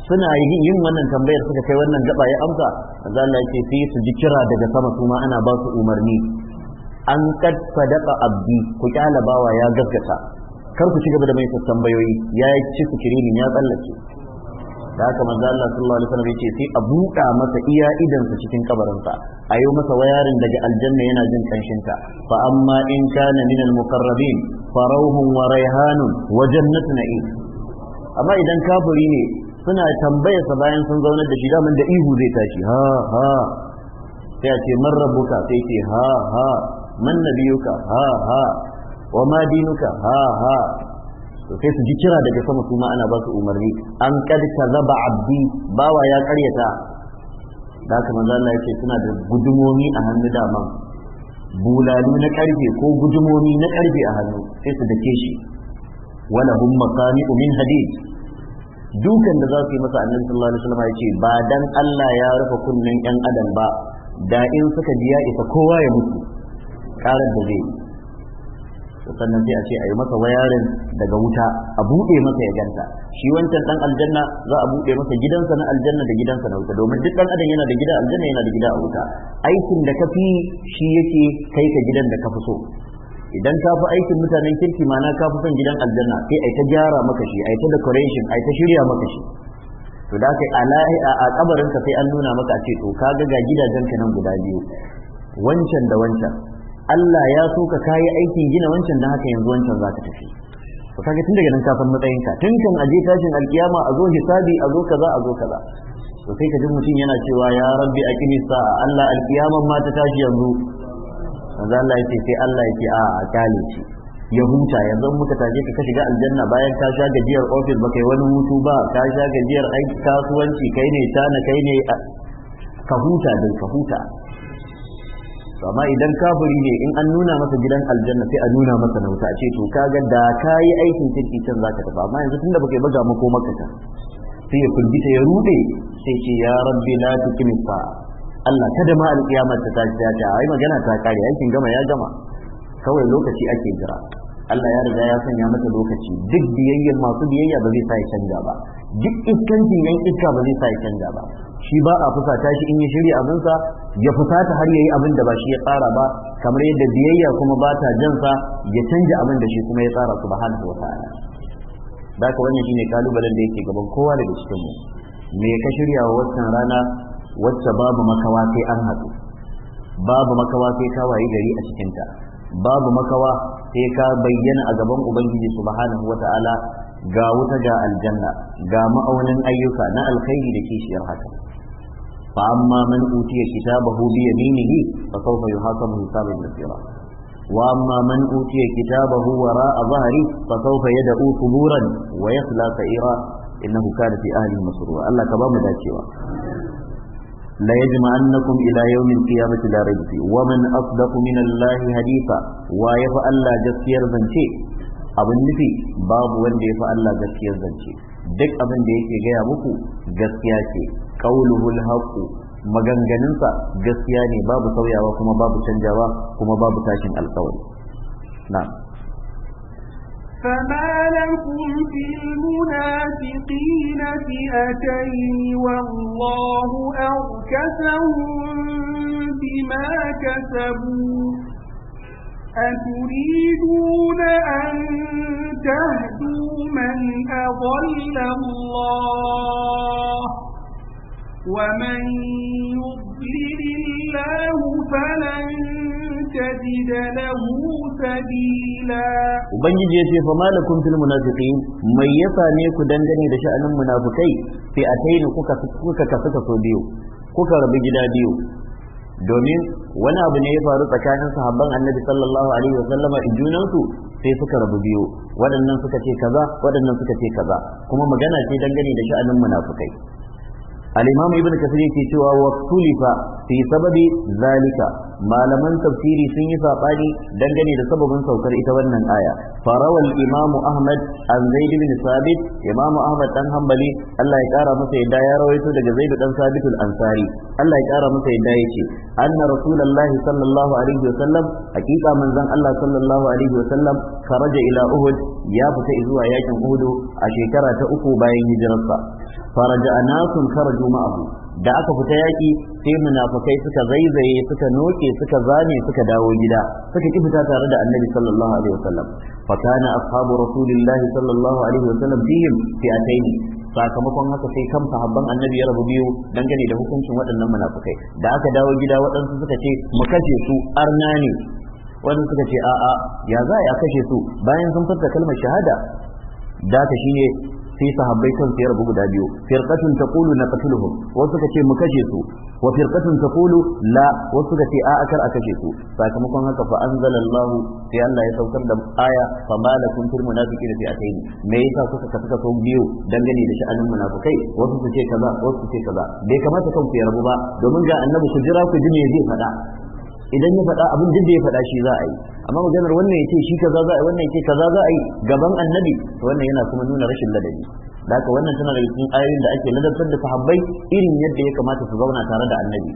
suna yin wannan tambayar suka kai wannan gaba ya amsa manzo ce sai su ji kira daga sama su ma ana ba su umarni an kad sadaqa abdi ku kyala bawa ya gaskata kar ku ci gaba da mai tambayoyi ya ci ku kirini ya tsallake da haka manzo Allah sallallahu alaihi wasallam yace sai a buɗa masa iya idansa cikin kabarinsa a yi masa wayarin daga aljanna yana jin kanshin ta fa amma in kana min al muqarrabin fa rawhun wa rayhanun wa jannatu na'im amma idan kafiri ne suna tambayarsa bayan sun zaunar da shi daman da ihu zai tashi ha ha sai ce man rabbuka sai ce ha ha man nabiyuka ha ha wa ma dinuka ha ha sai su ji kira daga sama su ma ana ba su umarni an kad raba abdi bawa ya karyata da haka manzo Allah yake suna da gudumomi a hannu dama bulalu na karfe ko gudumomi na karfe a hannu sai su dake shi wala hum maqami'u min hadid dukan da za su yi masa annabi sallallahu alaihi wasallam yace ba dan Allah ya rufe kunnen yan adam ba da in suka biya isa kowa ya mutu karar da zai sannan sai a ce a yi masa wayarin daga wuta a buɗe masa ya ganta shi wancan ɗan aljanna za a buɗe masa gidansa na aljanna da gidansa na wuta domin duk ɗan adam yana da gida aljanna yana da gida a wuta aikin da ka fi shi yake kai ka gidan da ka fi so idan ka fi aikin mutanen kirki na ka fi son gidan aljanna sai yi ta gyara maka shi yi ta decoration yi ta shirya maka shi to da kai a kabarinka sai an nuna maka a ce to kaga ga gidajenka nan guda biyu wancan da wancan Allah ya so ka kayi aikin gina wancan da haka yanzu wancan za ka tafi ka kaga tun daga nan ka san matsayinka tun kan aje tashin alkiyama a zo hisabi a zo kaza a zo kaza to sai ka ji mutum yana cewa ya rabbi aqimi sa Allah alkiyama ma ta tashi yanzu manzo Allah yake sai Allah yake a kale ce ya huta yanzu muka taje ka shiga aljanna bayan ka sha gajiyar office baka yi wani hutu ba ka sha gajiyar aiki kasuwanci kai ne tana kai ne ka huta da ka huta amma idan kafiri ne in an nuna masa gidan aljanna sai a nuna masa na wuta a ce to kaga da kayi aikin kirki can zaka tafi amma yanzu tunda baka yi baga mako maka ta sai ya kulbita ya rude sai ce ya rabbi la tuqimi fa Allah kada ma alƙiyamar ta tashi ta ai magana ta kare aikin gama ya gama kawai lokaci ake jira Allah ya riga ya sanya mata lokaci duk biyayyar masu biyayya ba zai sa ya canja ba duk iskancin yan iska ba zai sa ya canja ba shi ba a fusata shi in ya shirya abinsa ya fusata har yayi abin da ba shi ya tsara ba kamar yadda biyayya kuma ba ta jansa ya canja abin da shi kuma ya tsara subhanahu wa ta'ala da ka wannan shine kalubalen da yake gaban kowa daga cikin mu me ka shirya wa wannan rana wacce babu makawa sai an haɗu babu makawa sai ka waye gari a cikinta babu makawa sai ka bayyana a gaban ubangiji subhanahu wata'ala ga wuta ga aljanna ga ma'aunin ayyuka na alkhairi da kishiyar haka fa amma man utiya kitabahu bi yaminihi fa sawfa yuhasabu hisaban yasira wa amma man utiya kitabahu wara'a dhahri fa sawfa yad'u thuburan wa yasla sa'ira innahu kana fi ahli masrura Allah ka ba mu dacewa لا يجمعنكم إلى يوم القيامة لا ريب فيه ومن أصدق من الله حديثا ويف الله جسير زنشي abin nufi babu wanda ya fi Allah gaskiyar zance duk abin da yake gaya muku gaskiya ce qauluhul haqu maganganunsa gaskiya ne babu sauyawa kuma babu canjawa kuma babu tashin alƙawari na'am فما لكم في المنافقين فئتين والله أركسهم بما كسبوا أتريدون أن تهدوا من أضل الله ومن يضلل الله فلن تجد له سبيلا ubangiji yace fa malakum fil munafiqin mai yasa ne ku dangane da sha'anin munafikai fi ataini kuka kuka kasu kaso biyu kuka rabu gida biyu domin wani abu ne ya faru tsakanin sahabban annabi sallallahu alaihi wasallama junansu sai suka rabu biyu waɗannan suka ce kaza waɗannan suka ce kaza kuma magana ce dangane da sha'anin munafikai al-imam ibn kasir yake cewa wa tulifa fi sababi zalika malaman tafsiri sun yi saɓani dangane da sababin saukar ita wannan aya farawal imamu ahmad an zaid bin sabit imamu ahmad dan hanbali Allah ya kara masa yadda ya rawaito daga zaid dan sabit al-ansari Allah ya kara masa yadda yace anna rasulullah sallallahu alaihi wasallam hakika manzon Allah sallallahu alaihi wasallam kharaja ila uhud ya fita zuwa yakin uhud a shekara ta uku bayan hijirarsa faraja anasun kharaju ma'ahu da aka fita yaƙi sai munafukai suka zaizaye suka noke suka zane suka dawo gida suka ki fita tare da annabi sallallahu alaihi wasallam fa kana ashabu rasulillahi sallallahu alaihi wasallam fihim fi'ataini sakamakon haka sai kan sahabban annabi ya rabu biyu dangane da hukuncin waɗannan munafukai da aka dawo gida waɗansu suka ce mu kashe su arna ne waɗansu suka ce a'a ya za a kashe su bayan sun furta kalmar shahada da ta shine sai sahabbai kan su rabu guda biyu firqatun taqulu naqtuluhum wasu suka ce mu kashe su wa firqatun taqulu la wasu suka ce a akar a kashe su sakamakon haka fa anzalallahu sai Allah ya saukar da aya fa malakum fil munafiqin fi ataini me yasa kuka kasu kaso biyu dangane da sha'anin munafikai wasu su ce kaza wasu su ce kaza bai kamata kan ba domin ga annabi ku jira ku ji me zai faɗa idan ya faɗa abin duk da ya faɗa shi za a yi amma maganar wannan ya ce shi kaza za a yi wannan ya ce kaza za a yi gaban annabi to wannan yana kuma nuna rashin ladabi da haka wannan tana daga cikin ayoyin da ake ladabtar da sahabbai irin yadda ya kamata su zauna tare da annabi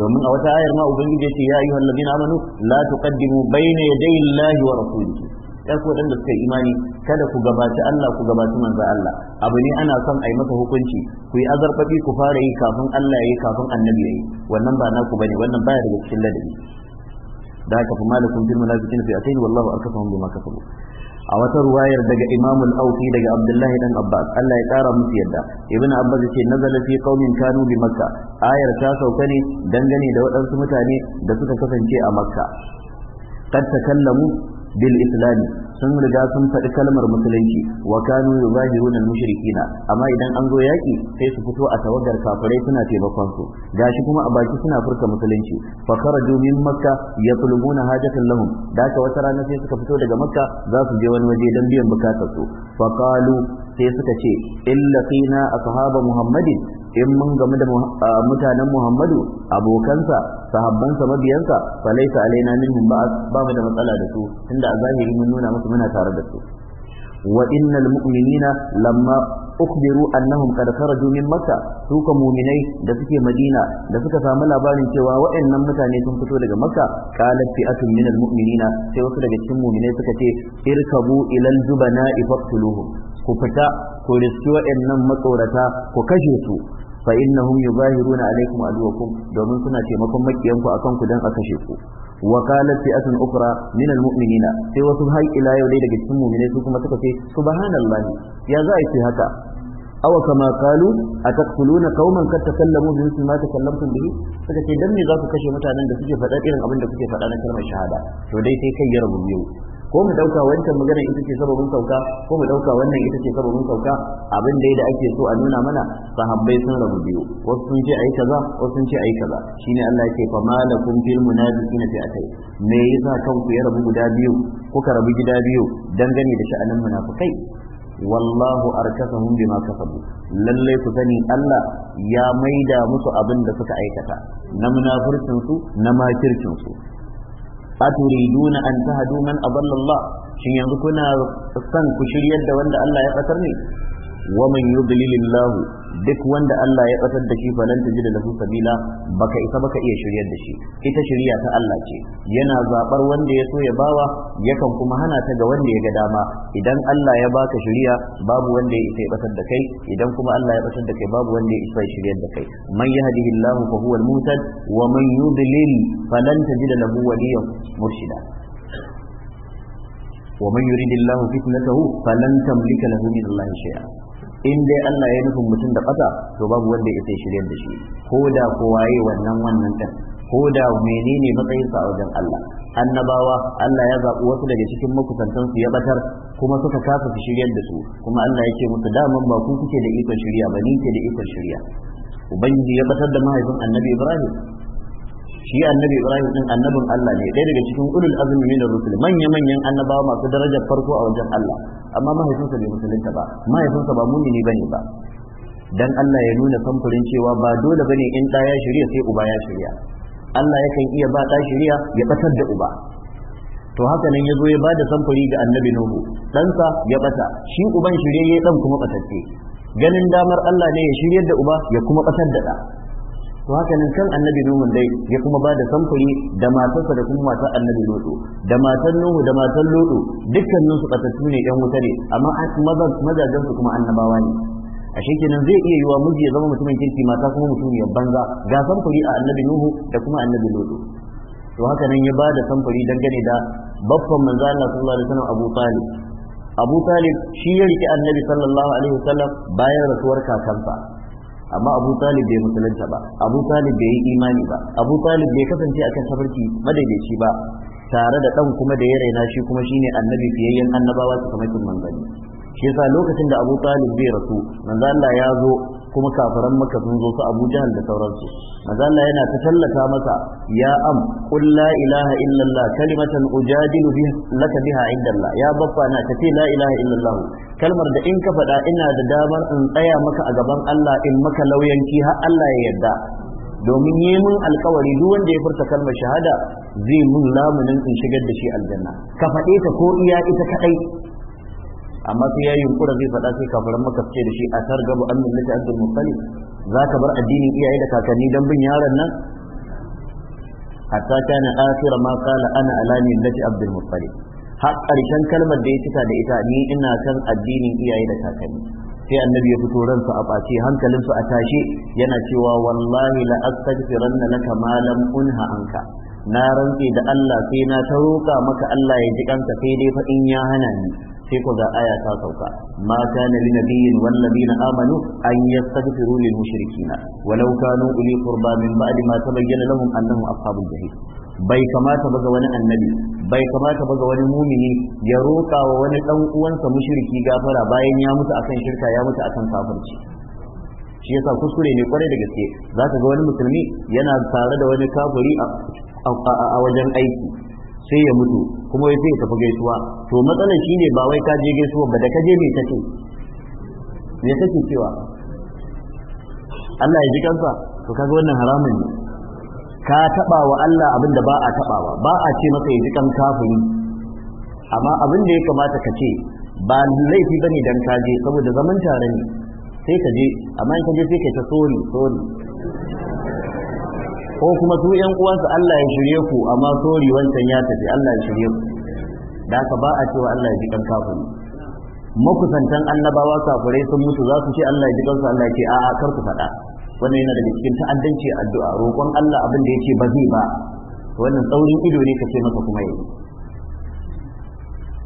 domin a wata ayar ma ubangiji ya ce ya ayyuhal ladina amanu la tuqaddimu bayna yaday Allahi wa rasulihi ya ku suka yi imani kada ku gabaci Allah ku gabaci manzo Allah abu ne ana son a yi masa hukunci ku yi azarfafi ku fara yi kafin Allah ya yi kafin annabi ya yi wannan ba naku bane wannan baya daga cikin ladabi da aka fi malikun bil munafiqina fi ataini wallahu arkasahum bima kasabu a wata ruwayar daga Imam al-Aufi daga Abdullahi dan Abbas Allah ya kara musu yadda Ibn Abbas ce nazala fi qaumin kanu bi Makka ayar ta sauka ne dangane da waɗansu mutane da suka kasance a Makka kad takallamu bil islami sun riga sun faɗi kalmar musulunci wa kanu yuzahiruna mushrikina amma idan an zo yaki sai su fito a tawagar kafirai suna taimakon su gashi kuma a baki suna furta musulunci fa kharaju min makka yatlubuna hajatan lahum da ka wata rana sai suka fito daga makka za su je wani waje dan biyan bukatar su fa qalu sai suka ce illaqina ashaba muhammadin in mun gamu da mutanen muhammadu abokansa sahabbansa mabiyansa falaita alaina minhum ba'as ba mu da matsala da su tunda a zahiri mun nuna musu muna tare da su wa innal mu'minina lamma ukhbiru annahum qad kharaju min makka su ka mu'minai da suke madina da suka samu labarin cewa waɗannan mutane sun fito daga makka qalat fi'atun minal mu'minina sai wasu daga cikin mu'minai suka ce irkabu ilal ifa faqtuluhum ku fita ku riski waɗannan matsorata ku kashe su fa innahum yuzahiruna alaikum aduwakum domin suna taimakon makiyanku akan ku dan a kashe ku wa qalat fi'atun ukhra min almu'minina sai wasu hai ila yau dai daga cikin mu'mine su kuma suka ce subhanallah ya za a ce haka aw kama qalu ataqtuluna qauman kad takallamu bi mithli ma takallamtum bihi suka ce dan me za ku kashe mutanen da suke faɗa irin abin da kuke faɗa na kalmar shahada to dai sai kai ya rabu biyu ko mu dauka wancan magana ita ce sababin sauka ko mu dauka wannan ita ce sababin sauka abin da da ake so a nuna mana sahabbai sun rabu biyu wasu sun ce ai kaza wasu sun ce ai kaza shine Allah yake fa malakum fil munafiqina fi atai me yasa kanku ya rabu guda biyu kuka rabu gida biyu dangane da sha'anin munafikai wallahu arkasahum bima kasabu lalle ku sani Allah ya maida musu abin da suka aikata na munafurcin su na makircin su aturiduna an tahdu man adalla Allah shin yanzu kuna son ku shiryar da wanda Allah ya fatar ne wa man yudlilillahu duk wanda Allah ya batar da shi falan tajid lahu sabila baka isa baka iya shiryar da shi ita shiriya ta Allah ce yana zabar wanda ya so ya bawa yakan kuma hana ta ga wanda ya ga dama idan Allah ya baka shiriya babu wanda ya isa ya batar da kai idan kuma Allah ya batar da kai babu wanda ya isa ya shiryar da kai man yahdihillahu fa huwa al-muhtad wa man yudlil falan tajid lahu waliyan murshida ومن يريد الله فتنته فلن تملك له من الله شيئا in dai Allah ya nufin mutum da ƙasa to babu wanda ya sai shiryar da shi ko da kowa yi wannan wannan ɗin ko da menene matsayinsa a wajen Allah annabawa Allah ya zaɓi wasu daga cikin su ya batar kuma suka kasa su shiryar da su kuma Allah ya ce musu daman ba ku kuke da ikon shirya ba ni ke da ikon shirya ubangiji ya batar da mahaifin annabi Ibrahim shi annabi ibrahim din annabin Allah ne ɗaya daga cikin ulul azumi min rusul manya manyan annabawa masu darajar farko a wajen Allah amma mahaifinsa bai musulunta ba mahaifinsa ba mumini bane ba dan Allah ya nuna samfurin cewa ba dole bane in ɗa ya shirya sai uba ya shirya Allah yakan iya ba ɗa shirya ya ɓatar da uba to haka nan ya zo ya bada samfuri ga annabi nuhu ɗansa ya bata shi uban shirye ya kuma ɓatacce, ganin damar Allah ne ya shiryar da uba ya kuma ɓatar da ɗa to haka nan kan annabi nuhu dai ya kuma ba da samfuri da matarsa da kuma matar annabi lutu da matar nuhu da matar lutu dukkanin su batattu ne yan wuta ne amma mazajen su kuma annabawa ne ashe kenan zai iya yiwa miji ya zama mutumin kirki mata kuma mutumiyar banza ga samfuri a annabi nuhu da kuma annabi lutu to haka nan ya ba da samfuri dangane da babban manzo Allah sallallahu alaihi wasallam Abu Talib Abu Talib shi ya riƙe annabi sallallahu alaihi wasallam bayan rasuwar kakansa amma abu talib bai musulunta ba abu talib bai yi imani ba abu talib bai kasance a kan tafarki madaidaici ba tare da dan kuma da ya raina shi kuma shine annabi fiyayyen annabawa su kamar manzali shi yasa lokacin da abu talib bai rasu manzo Allah ya zo kuma kafiran maka sun zo su abu jahal da sauransu mazalla yana ta tallata masa ya am qul la ilaha illallah kalimatan ujadilu bi laka biha indallah ya babba na ta ce la ilaha illallah kalmar da in ka faɗa ina da damar in tsaya maka a gaban Allah in maka lauyanci har Allah ya yarda domin yi mun alkawari duk wanda ya furta kalmar shahada zai mun lamunin in shigar da shi aljanna ka faɗe ta ko iya ita kaɗai amma sai ya yunkura zai faɗa sai kafaran maka ce da shi a targabu an millata abdul muttalib za ka bar addinin iyaye da kakanni don bin yaron nan hatta kana akhira ma qala ana ala millati abdul muttalib har karshen kalmar da ya cika da ita ni ina kan addinin iyaye da kakanni sai annabi ya fito ransa a ɓace su a tashe yana cewa wallahi la astaghfiranna laka ma lam unha anka na rantse da Allah sai na ta roƙa maka Allah ya ji kanka sai dai fa in ya hana ni sai ku ga aya ta sauka ma kana lin nabiyyin wal ladina amanu an yastaghfiru lil mushrikina walau kanu uli qurba min ba'di ma tabayyana lahum annahum ashabul jahim bai kamata ba ga wani annabi bai kamata ba ga wani mumini ya roka wa wani dan uwansa mushriki gafara bayan ya mutu akan shirka ya mutu akan kafirci shi yasa kuskure ne kwarai da gaske za ka ga wani musulmi yana tare da wani kafiri a wajen aiki sai ya mutu kuma ya sai ya tafi gaisuwa to matsalar ne ba wai ka je gaisuwa ba da ka je mai take me take cewa Allah ya ji kansa to kaga wannan haramun ne ka taba wa Allah abin da ba a tabawa ba a ce masa ya ji kan kafiri amma abin da ya kamata ka ce ba laifi bane dan ka je saboda zaman tare ne sai ka je amma in ka je sai ka ta sori sori ko kuma su yan uwansa Allah ya shirye ku amma sori wancan ya tafi Allah ya shirye ku da ka ba a cewa Allah ya ji kan kafin makusantan annabawa kafirai sun mutu za su ce Allah ya ji kansu Allah ya ce a'a kar ku faɗa wannan yana daga cikin ta'addanci addu'a roƙon Allah abin da ce ba zai ba wannan tsaurin ido ne kace masa kuma yi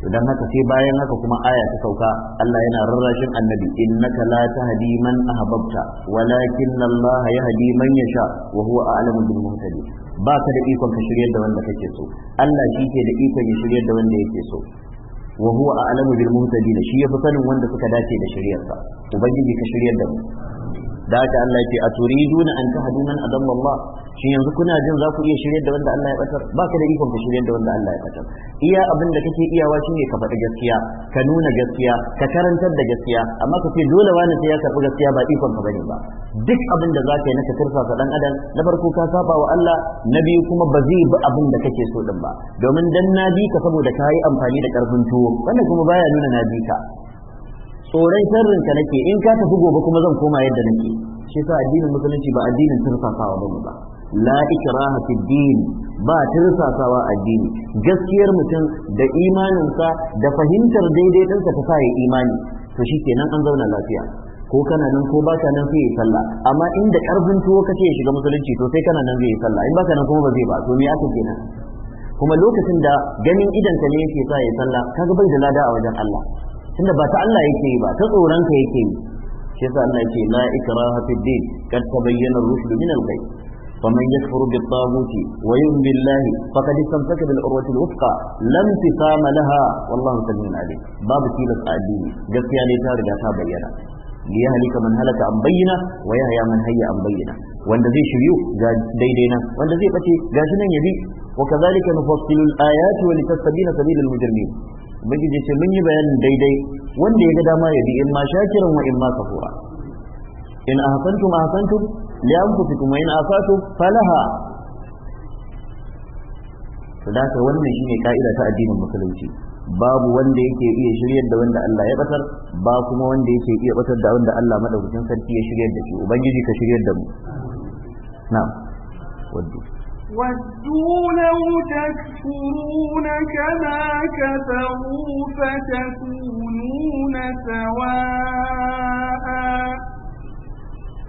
idan haka sai bayan haka kuma aya ta sauka Allah yana rarrashin annabi innaka la tahdi man ahbabta walakin Allah yahdi man yasha wa huwa a'lamu bil muhtadi ba ka da ikon ka shiryar da wanda kake so Allah shi ke da ikon ya shiryar da wanda yake so wa huwa a'lamu bil muhtadin shi ya fi sanin wanda suka dace da shiryar shiryarsa ubangiji ka shiryar da mu da haka Allah ya ce a turiduna an tahdu man adalla Allah shin yanzu kuna jin za ku iya shirya da wanda Allah ya batar baka da ikon ka shirye da wanda Allah ya batar iya abin da kake iyawa shine ka faɗi gaskiya ka nuna gaskiya ka karantar da gaskiya amma ka ce dole wani sai ya karɓi gaskiya ba ikon ka bane ba duk abin da za ka yi na ka turfasa dan adam na farko ka saba wa Allah na biyu kuma ba zai bi abin da kake so din ba domin dan na bika ka saboda ka yi amfani da karfin tuwo wannan kuma baya nuna na bika. ka tsoron sharrin ka nake in ka tafi gobe kuma zan koma yadda nake shi yasa addinin musulunci ba addinin turfafawa bane ba la ikraha fi din ba turfafawa addini gaskiyar mutum da imaninsa da fahimtar daidai ɗinsa ta sa ya imani to shikenan an zauna lafiya ko kana nan ko baka nan sai yi sallah amma inda karfin tuwo kace ya shiga musulunci to sai kana nan zai yi sallah in baka nan kuma ba zai ba to me aka kenan kuma lokacin da ganin idan ka ne yake sa ya sallah kaga bai da lada a wajen Allah tunda ba ta Allah yake yi ba ta tsoron ka yake yi shi yasa Allah yake la ikraha fid din kad tabayyana ar-rushd min al-ghayb faman yakfuru bit taghuti wa yu'min billahi faqad istamsaka bil urwati al-wuthqa lam tisama laha wallahu samiun alim babu tilas addini gaskiya ne ta riga ta bayyana li yahlika man halaka an bayyana wa yahya man hayya an bayyana wanda zai shiryu ga daidai nan wanda zai bace gashi nan yabi wa kadhalika nufassilu al-ayati wa litastabina sabilal mujrimin ubangiji ce mun yi bayanin daidai wanda ya ga dama ya bi in ma shakiran wa in ma kafura in ahsantum ahsantum li anfusikum wa in asatum falaha sadaka wannan shine ka'ida ta addinin musulunci babu wanda yake iya shiryar da wanda Allah ya batar ba kuma wanda yake iya batar da wanda Allah madaukakin sarki ya shiryar da shi ubangiji ka shiryar da mu na'am wadda ودوا لو تكفرون كما كفروا فتكونون سواء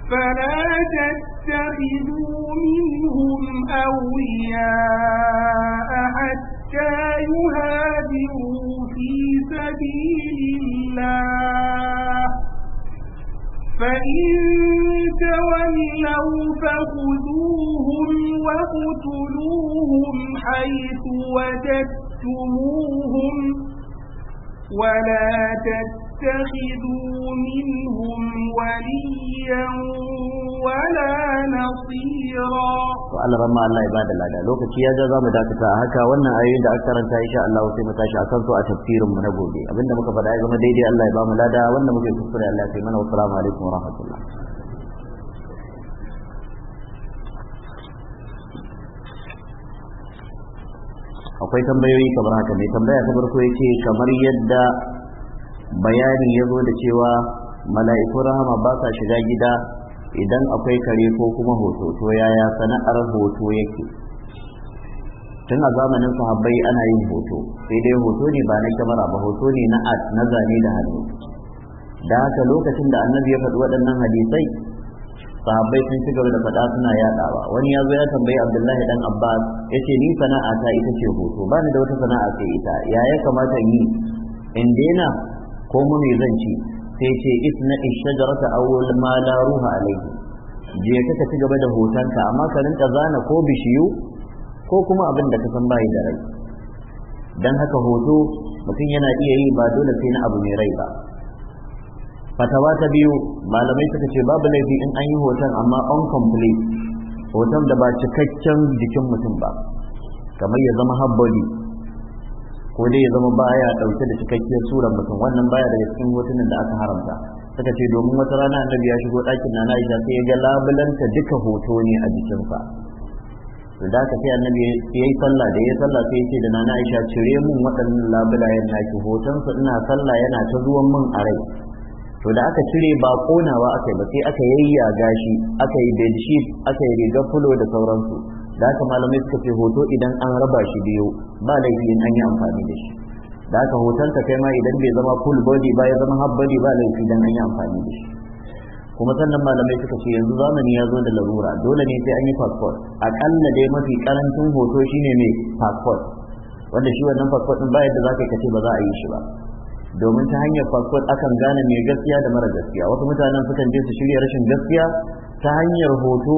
فلا تتخذوا منهم أولياء حتى يهاجروا في سبيل الله فإن تولوا فخذوهم وقتلوهم حيث وجدتموهم ولا تتبعوا تَتَّخِذُوا مِنْهُمْ وَلِيًّا وَلَا نَصِيرًا فَأَنَّ مَا اللَّهُ عِبَادَ اللَّهِ لَوْكِ يَا جَزَا مُدَكَّتَا هَكَا وَنَّ آيَةَ دَ أَكْرَنْتَا إِنْ شَاءَ اللَّهُ سَيْمَتَا شَاءَ كَنْتُ أَتَفْسِيرُ مِنْ نَبُوِّي أَبِنْدَ مُكَ فَدَا يَا جَمَا دَيْدِي اللَّهُ يَبَا مُلَادَا وَنَّ مُكَ يَكُفُرُ اللَّهُ سَيْمَنَا وَالسَّلَامُ عَلَيْكُمْ وَرَحْمَةُ اللَّهِ akwai tambayoyi kamar haka ne tambaya ta farko yace kamar yadda bayani ya zo da cewa mala'ikun rahama ba sa shiga gida idan akwai kare ko kuma hoto to yaya sana'ar hoto yake tun a zamanin sahabbai ana yin hoto sai dai hoto ne ba na kyamara ba hoto ne na art na zane da hannu da haka lokacin da annabi ya faɗi waɗannan hadisai sahabbai sun ci da faɗa suna yaɗawa wani ya zo ya tambayi abdullahi dan abbas ya ni sana'a ta ita ce hoto ba ni da wata sana'a ce ita ya ya kamata yi in daina ko mai me zan ci sai ce isna ishajarata awwal ma la ruha alayhi je ka ka ci gaba da hotonka amma ka rinka zana ko bishiyu ko kuma abin da ka san bai da rai dan haka hoto mutum yana iya yi ba dole sai na abu mai rai ba fatawa ta biyu malamai suka ce babu laifi in an yi hoton amma on complete hoton da ba cikakken jikin mutum ba kamar ya zama habbali ko dai ya zama baya dauke da cikakkiyar surar mutum wannan baya daga cikin hotunan da aka haramta suka ce domin wata rana annabi ya shigo ɗakin na Aisha sai ya ga labulanta duka hoto ne a jikinsa to da aka sai annabi ya yi sallah da ya sallah sai ya ce da nana Aisha cire mun waɗannan labulayen naki hotonsa ina sallah yana ta zuwan mun a rai to da aka cire ba konawa aka yi ba sai aka yayya gashi aka yi bedsheet aka yi rigar fulo da sauransu da haka malamai suka ce hoto idan an raba shi biyu ba laifi in an yi amfani da shi da haka hoton ka kai ma idan bai zama full body ba ya zama half body ba laifi dan an yi amfani da shi kuma sannan malamai suka ce yanzu zamani ya zo da larura dole ne sai an yi passport akalla dai mafi karancin hoto shine mai passport wanda shi wannan passport ɗin ba yadda za ka yi kace ba za a yi shi ba domin ta hanyar passport akan gane mai gaskiya da mara gaskiya wasu mutanen sukan je su shirya rashin gaskiya ta hanyar hoto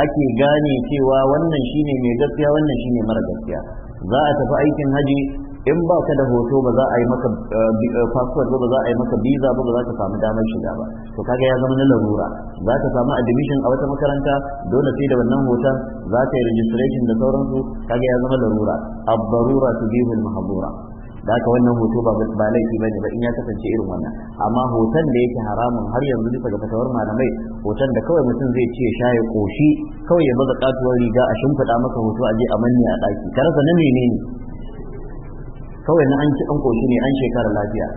ake gane cewa wannan shine mai gaskiya wannan shine mara gaskiya za a tafi aikin haji in ba ka da hoto ba za a yi maka eh, eh, passport ba za a yi maka visa ba za ka samu damar shiga ba to kaga ya zama na larura za ka samu admission a wata makaranta dole sai da wannan hoton za ka yi registration da sauransu kaga ya zama larura abbarura bihul mahdura da haka wannan hoto ba laifi ba ne ba in ya kasance irin wannan amma hoton da yake haramun har yanzu duka ga fatawar malamai hoton da kawai mutum zai ce sha ya koshi kawai ya baza katuwar riga a shimfiɗa maka hoto a je a manni a ɗaki ka rasa na menene kawai na an ci koshi ne an shekara lafiya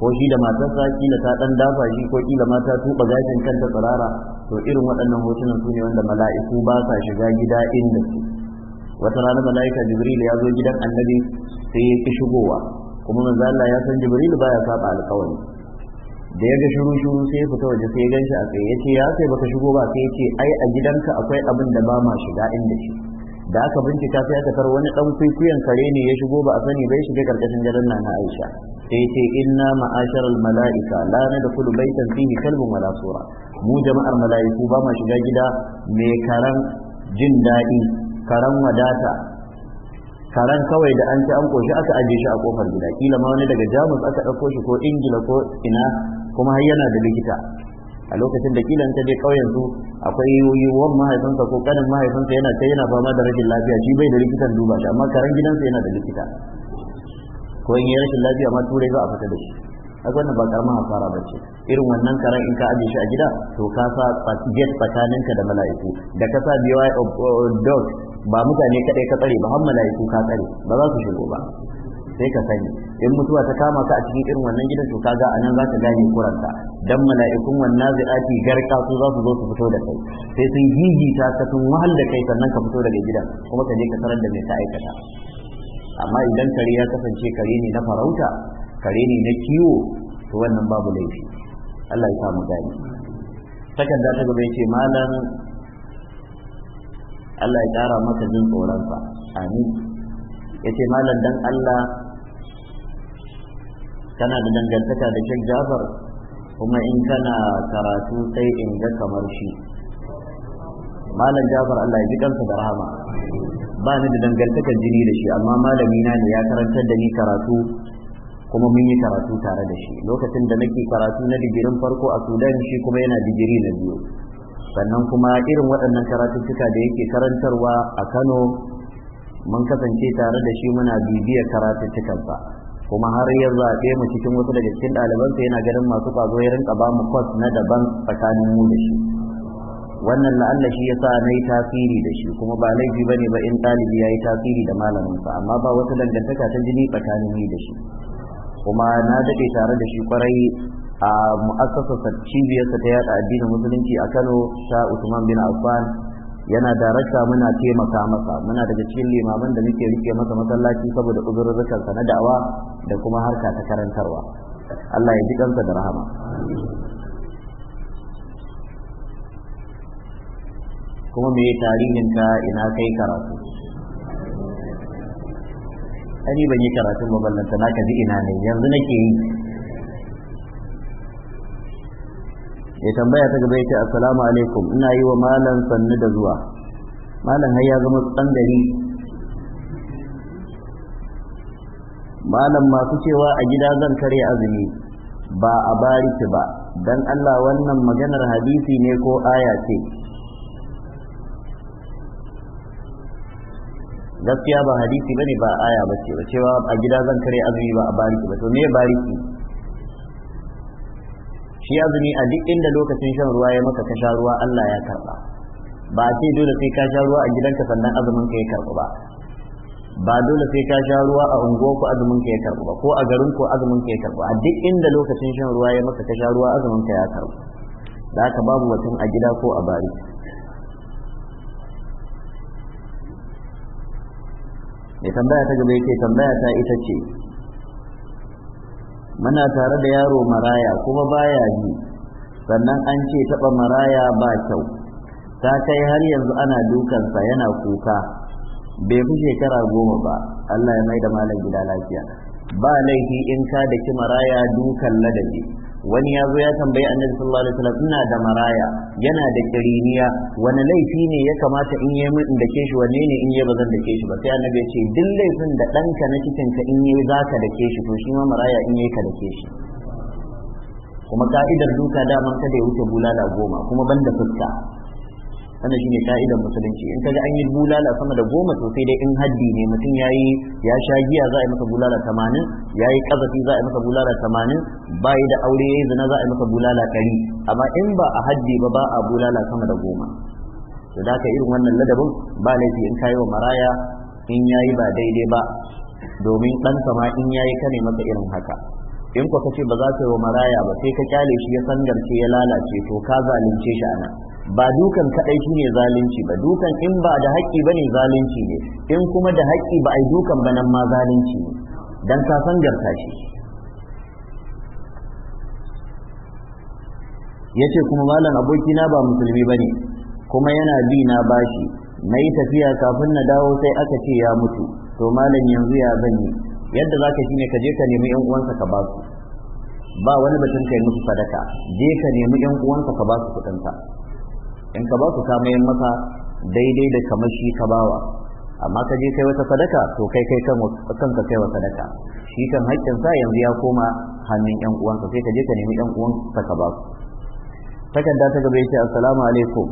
ko shi da matarsa kila ta dan dafa shi ko kila ma ta tuba gashin kanta tsirara to irin waɗannan hotunan su ne wanda mala'iku ba sa shiga gida inda su wata rana mala'ika jibril ya zo gidan annabi sai ya fi shigowa kuma manzo Allah ya san jibril baya saba alƙawari da ya ga shiru shiru sai ya fita waje sai ya ganshi a tsaye yace ya sai baka shigo ba sai yace ai a gidanka akwai abin da ba ma shiga inda shi da aka bincika sai aka kar wani dan kwaikwayon kare ne ya shigo ba a sani bai shiga karkashin gadon na Aisha sai yace inna ma'asharar mala'ika la nadkhulu baitan fihi kalbun wala sura mu jama'ar mala'iku ba ma shiga gida mai karan jin daɗi karan wadata karan kawai da an ci an koshi aka aje shi a kofar gida kila ma wani daga jamus aka ɗauko shi ko ingila ko ina kuma har yana da likita a lokacin da kila ta je kauyen su akwai yiwuwan mahaifinsa ko kanin mahaifinsa yana ta yana fama da rashin lafiya shi bai da likitan duba shi amma karan gidansa yana da likita ko in yi rashin lafiya ma turai za a fita da shi haka wannan ba karamin hasara ba ce irin wannan karan in ka aje shi a gida to ka sa get tsakaninka da mala'iku da ka sa biyawa dog ba mutane kadai ka tsare ba har mala'iku ka tsare ba za su shigo ba sai ka sani in mutuwa ta kama ka a cikin irin wannan gidan to kaga anan za ka gane kuranta dan mala'ikun wannan zati garka su za su zo su fito da kai sai sun ta ka sun wahal da kai sannan ka fito daga gidan kuma ka je ka tarar da mai ka aikata amma idan kare ya kasance kare ne na farauta kare ne na kiwo to wannan babu laifi Allah ya samu gani sakan da ta gaba yace malam Allah ya ƙara maka jin tsoronsa amin ya ce malam dan Allah kana da dangantaka da Sheikh Jafar kuma in kana karatu sai in ga kamar shi malam Jafar Allah ya ji kansa da rahama ba ni da dangantakar jini da shi amma malami na ne ya karantar da ni karatu kuma mun yi karatu tare da shi lokacin da nake karatu na digirin farko a Sudan shi kuma yana digiri na biyu sannan kuma irin waɗannan karatuttuka da yake karantarwa a kano mun kasance tare da shi muna bibiyar karatuttukansa kuma har ya zaɓe mu cikin wasu daga cikin ɗalibansa yana ganin masu ƙwazo ya rinka ba mu kwas na daban tsakanin mu da shi wannan la'alla shi sa na yi tasiri da shi kuma ba laifi ne ba in ɗalibi ya yi tasiri da malaminsa amma ba wasu dangantaka ta jini tsakanin ni da shi kuma na daɗe tare da shi ƙwarai. a mu'assasa cibiyarsa ta yada addinin musulunci a Kano ta Usman bin Affan yana darakta muna taimaka masa muna daga cikin limaman da muke rike masa masallaci saboda uzurrukansa na da'awa da kuma harka ta karantarwa Allah ya ji kansa da rahama kuma me tarihin ka ina kai karatu ani ban yi karatun ba ballanta na ka ji ina ne yanzu nake yi ya tambaya ta gaba ya ce assalamu alaikum ina yi wa malam sannu da zuwa malam har ya zama gari malam masu cewa a gida zan kare azumi ba a bariki ba dan Allah wannan maganar hadisi ne ko aya ce gaskiya ba hadisi bane ba aya ba ce cewa a gida zan kare azumi ba a bariki ba to me bariki shi azumi a duk inda lokacin shan ruwa ya maka ka sha ruwa Allah ya karba ba sai dole sai ka sha ruwa a gidanka sannan azumin ka ya karbu ba ba dole sai ka sha ruwa a unguwarku azumin ka ya karbu ba ko a garin ku azumin ka ya karbu a duk inda lokacin shan ruwa ya maka ka sha ruwa azumin ka ya karbu da haka babu mutum a gida ko a bari ya tambaya ta gaba yake tambaya ta ita ce muna tare da yaro maraya kuma baya ji sannan an ce taɓa maraya ba kyau ta kai har yanzu ana dukansa yana kuka bai fi shekara goma ba Allah ya mai da malam gida lafiya ba laifi in ka da ki maraya dukan ladabi wani ya zo ya tambayi annabi sallallahu alaihi wasallam ina da maraya yana da kiriniya wani laifi ne ya kamata in yi min da ke shi ne in yi bazan da ke shi ba sai annabi ya ce duk laifin da ɗanka na cikin ka in yi za ka da ke shi to shi ma maraya in yi ka da ke shi kuma ka'idar duka daman kada ya wuce bulala goma kuma banda fuska wannan shine ka'idar musulunci in kaga an yi bulala sama da goma to sai dai in haddi ne mutum ya yi ya sha giya za a yi masa bulala tamanin ya yi kazafi za a yi masa bulala tamanin ba yi da aure ya yi zina za a yi masa bulala ɗari amma in ba a haddi ba ba a bulala sama da goma to da ka irin wannan ladabin ba laifi in ka yi wa maraya in ya yi ba daidai ba domin dan sama in ya yayi kane masa irin haka in ka ce ba za ka yi wa maraya ba sai ka kyale shi ya sangarce ya lalace to ka zalunce shi a nan. ba dukan kadai ne zalunci ba dukan in ba da haƙƙi ne zalunci ne in kuma da haƙƙi ba ai dukan ba nan ma zalunci ne dan ka san garta shi yace kuma malam abokina ba musulmi bane kuma yana bi na bashi na yi tafiya kafin na dawo sai aka ce ya mutu to malam yanzu ya zan yi yadda za ka shine ka je ka nemi yan uwansa ka ba su ba wani batun kai musu sadaka je ka nemi yan uwansa ka ba su kuɗinsa in ka ba su ka mayan daidai da kamar shi ka bawa amma ka je kai wata sadaka to kai kai kanka kai wa sadaka shi kan haƙƙin sa yanzu ya koma hannun yan uwansa sai ka je ka nemi yan uwansa ka ba su takarda ta gaba yace assalamu alaikum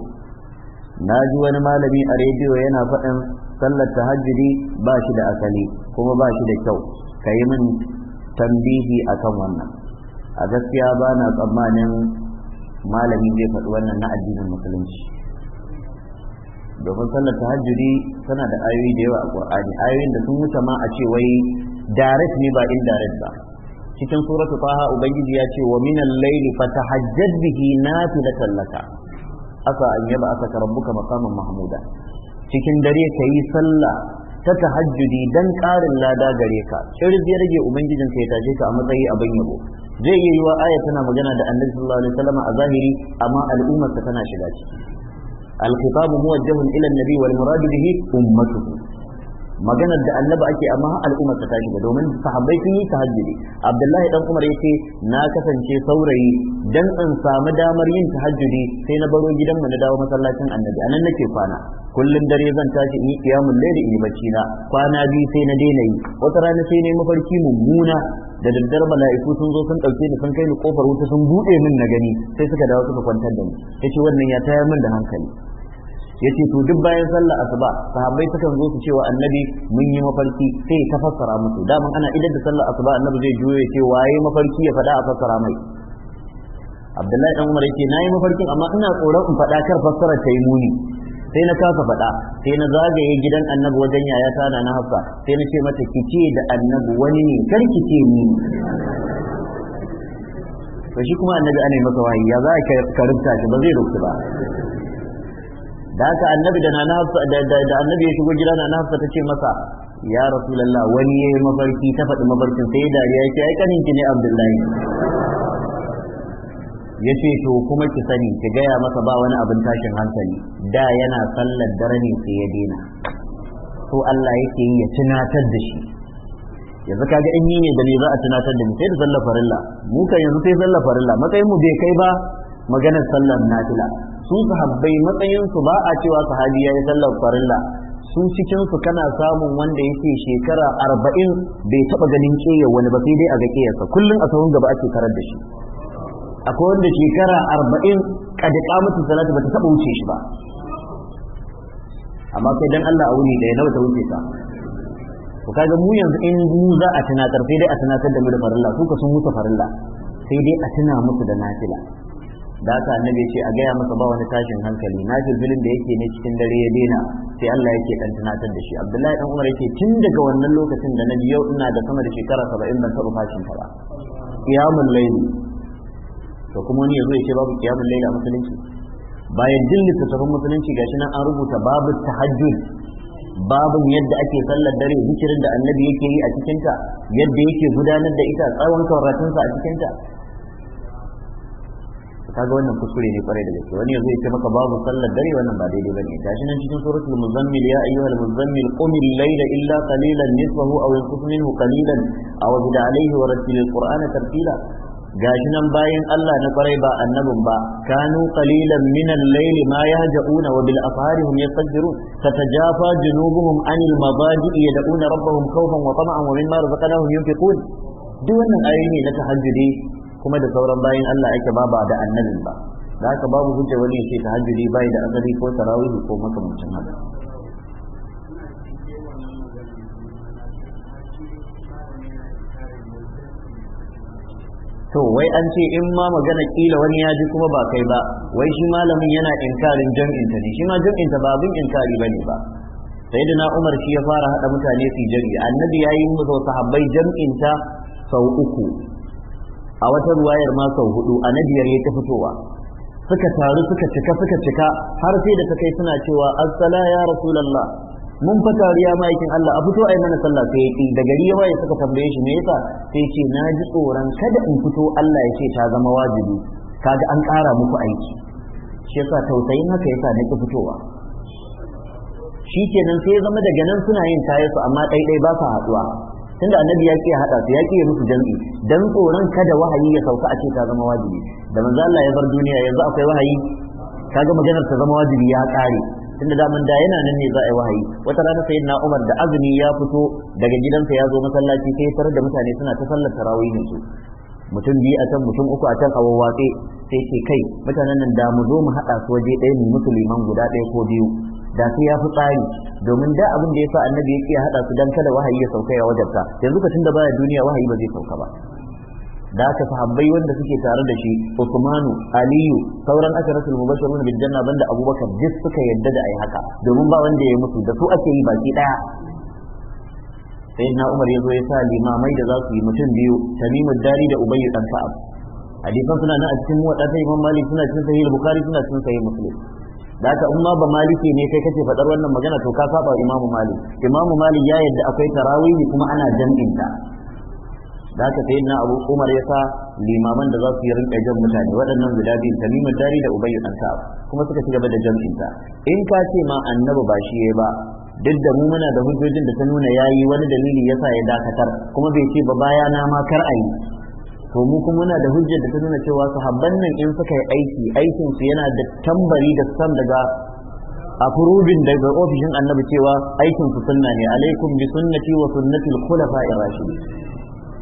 na ji wani malami a rediyo yana faɗin sallar tahajjudi ba shi da asali kuma ba shi da kyau ka yi min tambihi akan wannan a gaskiya ba na tsammanin malami zai faɗi wannan na addinin musulunci domin sallar tahajjudi tana da ayoyi da yawa a qur'ani ayoyin da sun wuce ma a ce wai direct ne ba in indirect ba cikin suratu taha ubangiji ya ce wa minal layli fatahajjad bihi nafilatan laka asa an yaba aka rabbuka maqaman mahmuda cikin dare kayi sallah ta tahajjudi dan ƙarin lada gare ka kirz ya rage ubangijin ka ya tashe ka a matsayi abin yabo zai iya yiwa aya tana magana da annabi sallallahu alaihi wasallam a zahiri amma al'ummar tana shiga ciki الخطاب موجه الى wal والمراد به امته maganar da allaba ake amma al'ummar ta tashi domin sahabbai sun yi tahajjudi abdullahi dan umar yace na kasance saurayi dan in samu damar yin tahajjudi sai na baro gidan mu na dawo masallacin annabi anan nake kwana kullum dare zan tashi in yi qiyamul layli in yi bacci na kwana biyu sai na daina yi wata rana sai ne mafarki mummuna da daddare mala'iku sun zo sun ɗauke ni sun kai ni kofar wuta sun buɗe min na gani sai suka dawo suka kwantar da ni yace wannan ya tayar min da hankali yace to duk bayan sallar asuba sahabbai sukan zo su ce wa annabi mun yi mafarki sai ta fassara musu da ana idan da sallar asuba annabi zai juyo ya ce waye mafarki ya fada a fassara mai Abdullahi dan Umar yace nayi mafarkin amma ina tsoron in faɗa kar fassara ta yi muni sai na kasa fada sai na zagaye gidan annabi wajen yaya tana na hafsa sai na ce mata ce da annabi wani ne kar ki ce ni to shi kuma annabi ana masa wahayi ya za ka karanta shi ba zai rubuta ba da haka annabi da annabi ya shigo gida nana hafsa ta ce masa ya rasu rasulullah wani yayi mafarki ta faɗi mafarkin sai dariya ya ce ai kanin ki ne abdullahi ya ce to kuma ki sani ki gaya masa ba wani abin tashin hankali da yana sallar dare ne sai ya daina to Allah yake yi ya tunatar da shi yanzu kaga in yi ne da za a tunatar da mu sai da sallar farilla mu kan yanzu sai sallar farilla matsayin mu bai kai ba maganar sallar nafila su sahabbai matsayin su ba a cewa sahabi ya yi sallar farilla sun cikin su kana samun wanda yake shekara arba'in bai taba ganin keya wani ba sai dai a ga keyarsa kullum a sahun gaba ake karar da shi akwai wanda shekara arba'in kadika mutum salatu ba ta taba wuce shi ba amma sai dan Allah a wuni da ya nawa ta wuce ka ku kaga mu yanzu in mu za a tunatar sai dai a tunatar da mu da farilla su ka sun mutu farilla sai dai a tuna musu da nafila da haka annabi ce a gaya masa ba wani tashin hankali na bilin da yake ne cikin dare ya daina sai Allah yake dan tunatar da shi Abdullahi dan Umar yake tun daga wannan lokacin da nabi yau ina da sama da shekara 70 ban taɓa fashin ta ba qiyamul layl to kuma wani yazo ya ce babu qiyamul layl a musulunci bayan jin littattafan musulunci gashi nan an rubuta babu tahajjud babin yadda ake sallar dare zikirin da annabi yake yi a cikinta yadda yake gudanar da ita tsawon kawaratunsa a cikinta kaga wannan kuskure ne kwarai da gaske wani yanzu ya ce maka babu sallar dare wannan ba daidai bane shi nan cikin suratul muzammil ya ayyuhal muzammil qum al-layla illa qalilan nisfahu aw yanqus minhu qalilan aw zid alayhi wa rattilil qur'ana tartila shi nan bayan Allah na kwarai ba annabin ba kanu qalilan min al-layl ma yahja'una wa bil asharihim yastajirun tatajafa junubuhum anil madaji yad'una rabbahum khawfan wa tama'an wa mimma razaqnahum yunfiqun duk wannan ayoyi ne na tahajjudi kuma da sauran bayan Allah yake ba ba da annabin ba da haka babu hujja wani ya ce hajjuri bai da asali ko tarawih ko makamancin haka to wai an ce in ma magana kila wani ya ji kuma ba kai ba wai shi malamin yana inkarin jam'in ta ne shi ma jam'in ta ba abin inkari bane ba sayyidina Umar shi ya fara hada mutane su jami'i annabi yi musu sahabbai jam'in ta sau uku a wata ruwayar ma sau hudu a na biyar yake fitowa suka taru suka cika suka cika har sai da ta kai suna cewa assala ya rasulallah mun fa tariya ma'aikin Allah a fito ai mana sallah sai yaki da gari ya waye suka tambaye shi me yasa sai ce na ji tsoron kada in fito Allah ya ce ta zama wajibi kaga an ƙara muku aiki shi yasa tausayin haka yasa na ki fitowa shi kenan sai ya zama daga nan suna yin su amma ɗaiɗai ba sa haɗuwa tunda annabi ya ce hada su ya ce musu jam'i dan tsoron kada wahayi ya sauka a ce ta zama wajibi da manzo Allah ya bar duniya yanzu akwai wahayi kaga maganar ta zama wajibi ya kare tunda daman da yana nan ne za a yi wahayi wata rana sai na Umar da azumi ya fito daga gidansa ya zo masallaci sai tare da mutane suna ta sallar tarawihin su mutum biyu a can mutum uku a can a wawwatse sai ce kai mutanen nan da mu zo mu haɗa su waje ɗaya mu musulman guda ɗaya ko biyu da sai ya fi tsari domin da abin da ya sa annabi yake ya hada su dan kada wahayi ya sauka ya wajabta yanzu ka tunda baya duniya wahayi ba zai sauka ba da aka sahabbai wanda suke tare da shi Usmanu Aliyu sauran asharatul mubashirun bil janna banda Abubakar duk suka yadda da ai haka domin ba wanda ya musu da su ake yi baki daya sai na Umar ya zo ya sa limamai da za su yi mutum biyu Tamimu Dari da Ubayyu dan Ka'ab hadisan suna nan a cikin wadata Imam Malik suna cikin sahih Bukhari suna cikin sahih Muslim da ka Umma ba maliki ne sai kace faɗar wannan magana to ka saba imamu malik imamu malik ya yadda akwai tarawihi kuma ana jam'in ta da ka sai na abu umar ya sa limaman da za su yi rinka jan mutane waɗannan guda biyu tamimar dari da ubayyu an kuma suka ci gaba da jam'in ta in ka ce ma annabi ba shi ba duk da mu muna da hujjojin da ta nuna yayi wani dalili yasa ya dakatar kuma bai ce ba baya na ma kar ayi to mu kuma muna da hujjar da ta nuna cewa sahabban nan in suka yi aiki aikin su yana da tambari da san daga afurubin daga ofishin annabi cewa aikin su sunna ne alaikum bi sunnati wa sunnati al-khulafa'ir rashidin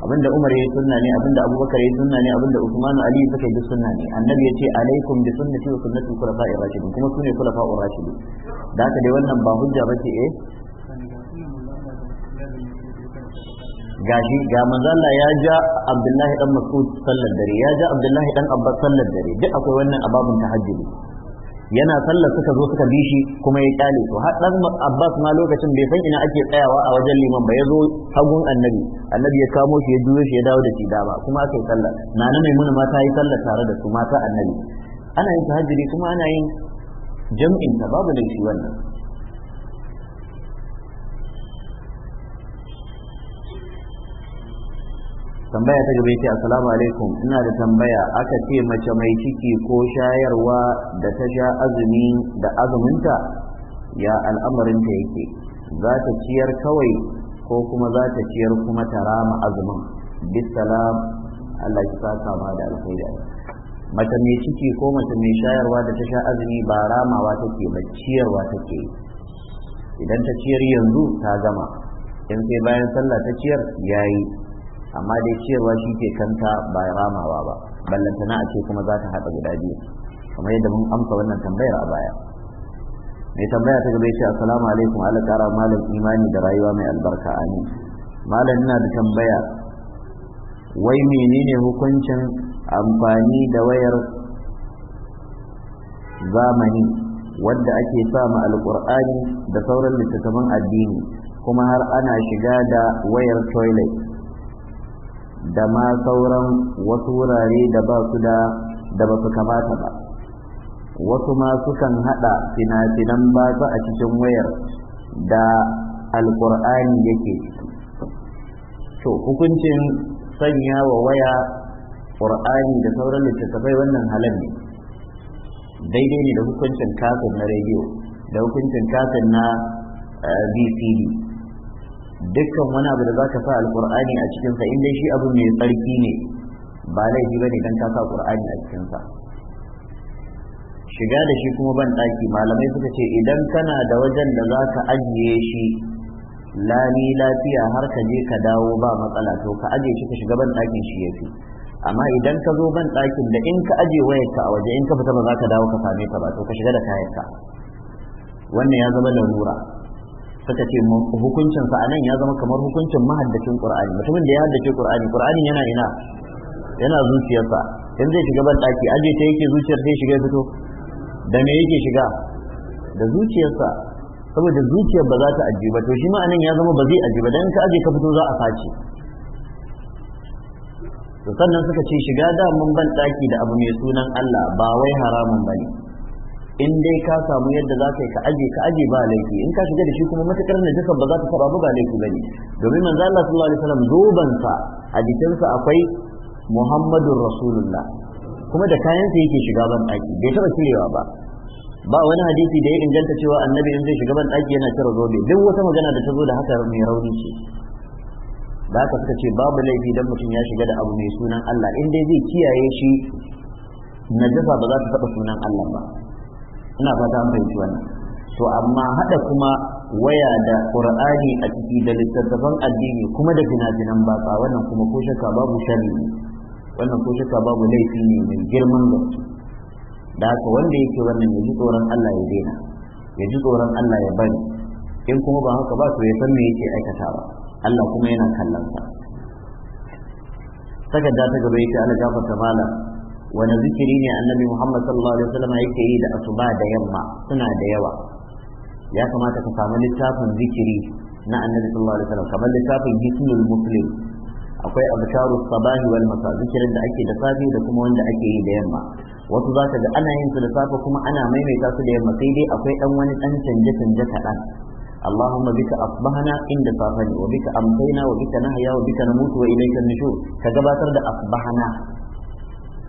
abinda Umar yayi sunna ne abinda Abubakar yayi sunna ne abinda Usman Ali suka yi sunna ne annabi ce alaikum bi sunnati wa sunnati al-khulafa'ir rashidin kuma sune khulafa'ur rashidin da ta dai wannan ba hujja bace eh gashi ga manzala ya ja abdullahi dan mas'ud sallar dare ya ja abdullahi dan abbas sallar dare duk akwai wannan ababun tahajjudi yana sallar suka zo suka bi shi kuma ya kyale su har dan abbas ma lokacin bai san ina ake tsayawa a wajen liman ba ya zo hagun annabi annabi ya kamo shi ya juyo shi ya dawo da shi dama kuma aka yi sallar nana maimuna ma ta yi sallar tare da su mata annabi ana yin tahajjudi kuma ana yin jam'in ta babu shi wannan tambaya ta gaba ce assalamu alaikum ina da tambaya aka ce mace mai ciki ko shayarwa da ta sha azumi da azuminta ya al'amarinta yake za ta ciyar kawai ko kuma za ta ciyar kuma ta rama azumin bisalam Allah ya sa ma da alkhairi mace mai ciki ko mace mai shayarwa da ta sha azumi ba ramawa take ba ciyarwa take idan ta ciyar yanzu ta gama in sai bayan sallah ta ciyar yayi amma dai cewa shi ke kanta ba ramawa ba ballantana a ce kuma za ta haɗa guda biyu kamar yadda mun amsa wannan tambayar a baya mai tambaya ta gaba ce assalamu alaikum ala kara malam imani da rayuwa mai albarka amin malam ina da tambaya wai menene hukuncin amfani da wayar zamani wadda ake sa ma alkur'ani da sauran littattafan addini kuma har ana shiga da wayar toilet da ma sauran wasu wurare da ba su da da ba su kamata ba wasu ma sukan haɗa fina-finan su a cikin wayar da alkur'ani yake to hukuncin sanya wa waya ƙur'ani da sauran littattafai wannan halal ne daidai ne da hukuncin kafin na rediyo da hukuncin kafin na bcd eh, dukkan wani abu da za ka sa alkur'ani a cikinsa in dai shi abu mai tsarki ne ba laifi ba ne don ka sa alkur'ani a cikinsa shiga da shi kuma ban ɗaki malamai suka ce idan kana da wajen da za ka ajiye shi lami lafiya har ka je ka dawo ba matsala to ka ajiye shi ka shiga ban ɗakin shi ya fi amma idan ka zo ban ɗakin da in ka ajiye wayarka a waje in ka fita ba za ka dawo ka same ka ba to ka shiga da kayanka wannan ya zama larura suka ce hukuncin sa anan ya zama kamar hukuncin mahaddacin qur'ani mutumin da ya haddace qur'ani qur'ani yana ina yana zuciyarsa in zai shiga ban daki aje ta yake zuciyar sai shiga fito da me yake shiga da zuciyarsa saboda zuciyar ba za ta ajiye ba to shi ma anan ya zama ba zai ajiye ba dan ka aje ka fito za a sace to sannan suka ce shiga da mun ban daki da abu mai sunan Allah ba wai haramun bane in dai ka samu yadda za ka yi ka aje ka aje ba laifi in ka shiga da shi kuma matakar na jikan ba za ta taba laifi ba laifi domin manzo Allah sallallahu alaihi wasallam zoban sa a jikinsa akwai Muhammadur Rasulullah kuma da kayansa yake shiga ban daki bai taba cirewa ba ba wani hadisi da ya inganta cewa annabi in zai shiga ban daki yana cire zobe duk wata magana da ta zo da haka mai rauni ce da haka suka ce babu laifi dan mutum ya shiga da abu mai sunan Allah in dai zai kiyaye shi najasa ba za ta taba sunan Allah ba ina fata an fahimci wannan to amma hada kuma waya da qur'ani a ciki da littattafan addini kuma da gina finan baka wannan kuma ko shakka babu sharri wannan ko shakka babu laifi ne mai girman gaske da haka wanda yake wannan ya ji tsoron Allah ya daina ya ji tsoron Allah ya bari in kuma ba haka ba to ya san me yake aikatawa Allah kuma yana kallon sa takarda ta gaba yake ana gafarta malam wani zikiri ne annabi muhammad sallallahu alaihi wasallam yake yi da asuba da yamma suna da yawa ya kamata ka samu littafin zikiri na annabi sallallahu alaihi wasallam kamar littafin hisnul muslim akwai abkaru sabahi wal masa zikirin da ake da safe da kuma wanda ake yi da yamma wasu za ka ga ana yin su da safe kuma ana maimaita su da yamma sai dai akwai dan wani dan canje canje kaɗan اللهم بك أصبحنا عند صافني وبك أمسينا وبك نهيا وبك نموت وإليك النشور كجباتر ده أصبحنا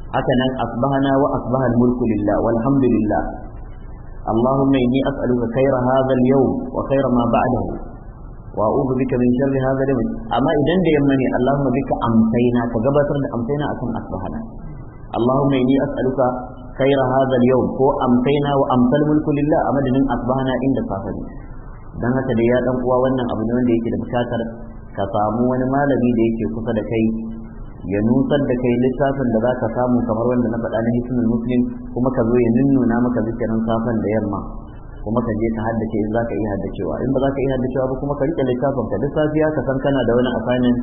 haka nan asbahana wa asbaha al-mulku lillah walhamdulillah اللهم إني أسألك خير هذا اليوم وخير ما بعده وأعوذ بك من شر هذا اليوم أما إذا دي يمني اللهم بك أمسينا كجبتر أمسينا أكون أصبحنا اللهم إني أسألك خير هذا اليوم هو أمسينا وأمسى الملك لله أما دين أصبحنا عند صافر dan haka da ya dan uwa wannan abu ne wanda yake da bukatar ka samu wani malami da yake kusa da kai ya nutsar da kai littafin da zaka samu kamar wanda na faɗa na hisnul muslim kuma ka zo ya nunnuna maka zikirin safan da yamma kuma ka je ka haddace in za ka iya haddacewa in ba za ka iya haddacewa ba kuma ka rike littafin ka duk safiya ka san kana da wani afanin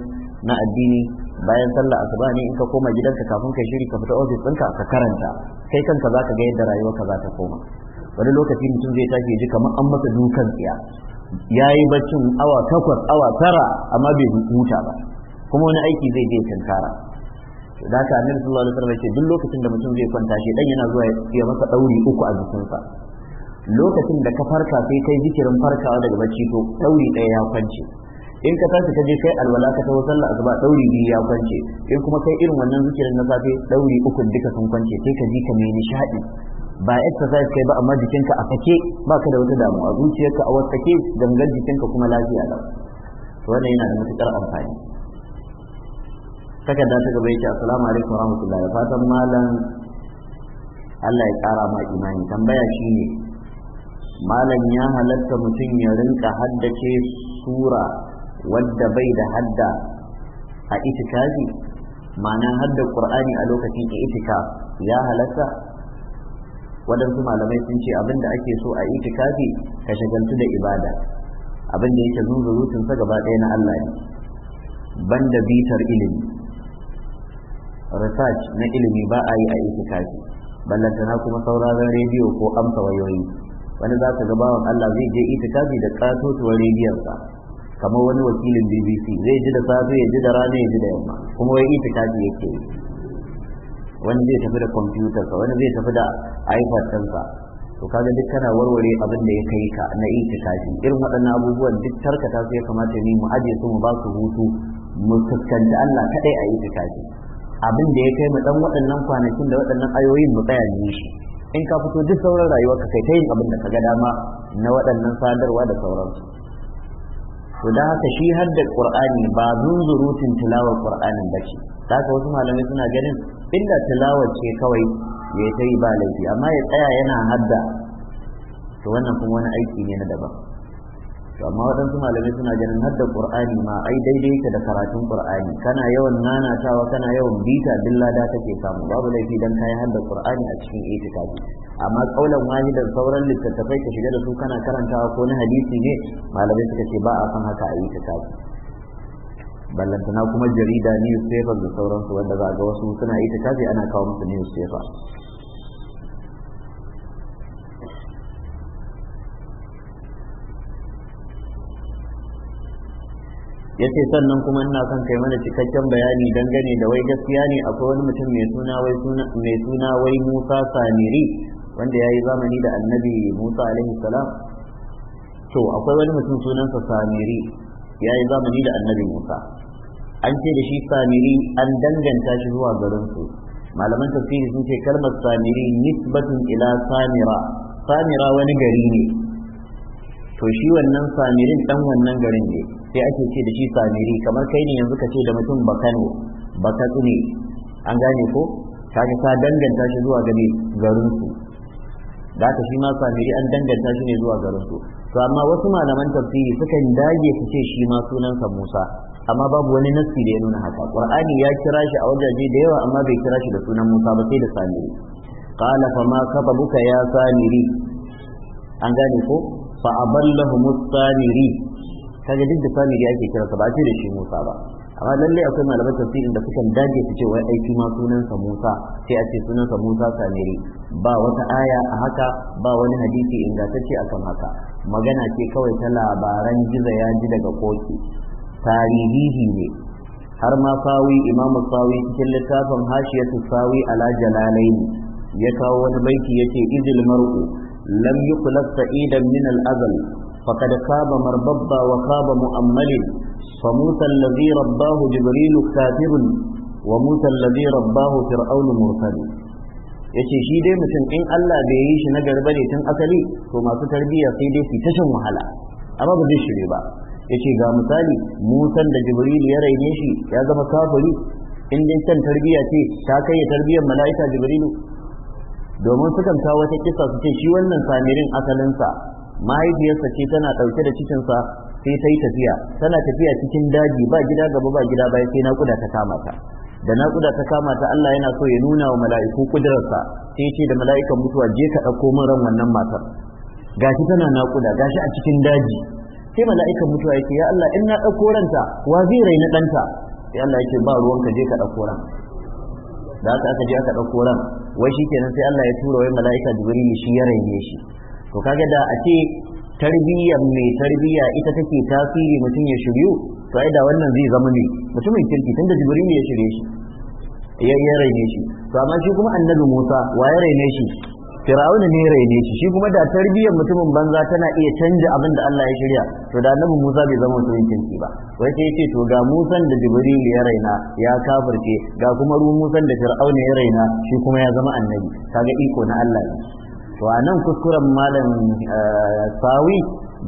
na addini bayan sallah asuba ne in ka koma gidanka kafin ka shiri ka fita ofis ɗinka ka karanta kai kanka za ka ga yadda rayuwarka za ta koma wani lokaci mutum zai tashi ya ji kamar an masa dukan tsiya ya yi baccin awa takwas awa tara amma bai huta ba kuma wani aiki zai je tunkara to da ka annabi sallallahu alaihi wasallam ce duk lokacin da mutum zai kwanta shi dan yana zuwa ya masa dauri uku a jikinsa lokacin da ka farka sai kai zikirin farkawa daga bacci to dauri ɗaya ya kwance in ka tashi ka je kai alwala ka tawo sallah asuba dauri biyu ya kwance in kuma kai irin wannan zikirin na safe dauri uku duka sun kwance sai ka ji ka mai nishadi ba exercise kai ba amma jikinka a fake ba ka da wata damuwa zuciyarka a wasake gangan jikinka kuma lafiya lau to wannan yana da matukar amfani takarda ta gaba yake assalamu alaikum rahmatullahi da fatan malam Allah ya kara ma imani tambaya shine malam ya halatta mutum ya rinka haddace sura wadda bai da hadda a itikafi ma'ana hadda qur'ani a lokacin itika ya halatta waɗansu malamai sun ce abin da ake so a itikafi ka shagaltu da ibada abin da yake zunzurutun sa gaba ɗaya na Allah ne banda bitar ilimi research na ilimi ba a yi a itikafi ballantana kuma sauraron rediyo ko amsa wayoyi wani za ka ga bawan Allah zai je itikafi da katotuwar sa, kamar wani wakilin BBC zai ji da safe ya ji da rana ya ji da yamma kuma wai itikafi yake wani zai tafi da sa wani zai tafi da iPad ɗinsa to kaga duk kana warware abin da ya kai ka na itikafi irin waɗannan abubuwan duk tarkata su ya kamata ne mu aje su mu ba su hutu mu fuskanci Allah kaɗai a itikafi abin da ya kai mu dan waɗannan kwanakin da waɗannan ayoyin mu tsaya ne shi in ka fito duk sauran rayuwar ka kai ta yin abin da ka ga dama na waɗannan sadarwa da sauransu to da haka shi har da qur'ani ba zunzurutun tilawar qur'ani ba ce da haka wasu malamai suna ganin inda tilawar ce kawai ya ta yi ba laifi amma ya tsaya yana hadda to wannan kuma wani aiki ne na daban amma waɗansu malamai suna ganin hadda qur'ani ma ai daidai ta da karatun qur'ani kana yawan nanatawa kana yawan bita billada take samu babu laifi dan kai hadda qur'ani a cikin itikadi amma kaulan da sauran littattafai ka shiga da su kana karantawa ko na hadisi ne malamai suka ce ba a san haka a ballan ballantana kuma jarida newspaper da sauransu wanda za ga wasu suna itikafi ana kawo musu newspaper ya ce sannan kuma ina son kai mana cikakken bayani dangane da wai gaskiya ne akwai wani mutum mai suna wai mai suna wai Musa Samiri wanda ya yi zamani da annabi Musa alaihi salam to akwai wani mutum sunansa Samiri ya yi zamani da annabi Musa an ce da shi Samiri an danganta shi zuwa garinsu malaman tafsiri sun ce kalmar Samiri nisbatun ila Samira Samira wani gari ne to shi wannan Samirin dan wannan garin ne sai ake ce da shi samiri kamar kai ne yanzu ka ce da mutum ba kano ba katsune an gane ko kaga ta danganta shi zuwa gare garinsu da ka shi ma samiri an danganta shi ne zuwa garinsu to amma wasu malaman tafsiri sukan dage su ce shi ma sunansa Musa amma babu wani nassi da ya nuna haka Qur'ani ya kira shi a wajaje da yawa amma bai kira shi da sunan Musa ba sai da samiri qala fa ma katabuka ya samiri an gane ko fa aballahu musamiri kaga duk da ya ake kira sa ba ce da shi Musa ba amma lalle akwai malaman tafsirin da sukan dage su ce wai aiki shi ma sunansa Musa sai a ce sunansa Musa Samiri ba wata aya a haka ba wani hadisi ce akan haka magana ce kawai ta labaran jiza ya ji daga koki tarihihi ne har ma sawi imamu sawi cikin littafin hashiyatu sawi ala jalalaini ya kawo wani baiti yace idil mar'u lam yukhlaq sa'idan min al-azal فقد خاب مربب وخاب مؤمل فموسى الذي رباه جبريل كافر وموسى الذي رباه فرعون مرسل yace shi dai mutum in Allah bai yi shi na garba ne tun asali to masu tarbiyya sai dai su ta shan wahala amma ba zai shirye ba yace ga misali musan da jibril ya raine shi ya zama kafiri in dai kan tarbiyya ce ta kai tarbiyyar mala'ika jibrilu domin sukan kawo wata kisa su ce shi wannan samirin asalinsa mahaifiyarsa ce tana ɗauke da cikinsa sai ta yi tafiya tana tafiya cikin daji ba gida gaba ba gida baya sai naƙuda ta kama ta da naƙuda ta kama ta Allah yana so ya nuna wa mala'iku ƙudurarsa sai ce da mala'ikan mutuwa je ka ɗauko min ran wannan matar gashi tana naƙuda gashi a cikin daji sai mala'ikan mutuwa yake ya Allah in na ɗauko ranta wa zai raina ɗanta sai Allah yake ba ruwanka je ka ɗauko ran da aka je aka ɗauko ran wai shi kenan sai Allah ya tura wai mala'ika jibril shi ya raine shi to kaga da a ce tarbiyyar mai tarbiyya ita take tasiri mutum ya shiryu to ai da wannan zai zama ne mutumin kirki tunda jibril ya shirye shi ya ya raine shi to amma shi kuma annabi Musa wa ya raine shi Fir'aun ne ya raine shi shi kuma da tarbiyyar mutumin banza tana iya canja abin da Allah ya shirya to da annabi Musa bai zama mutumin kirki ba wai sai yace to ga Musa da Jibril ya raina ya kafirce ga kuma ruwan Musa da Fir'aun ya raina shi kuma ya zama annabi kaga iko na Allah ne to a nan kuskuren malam eh, sawi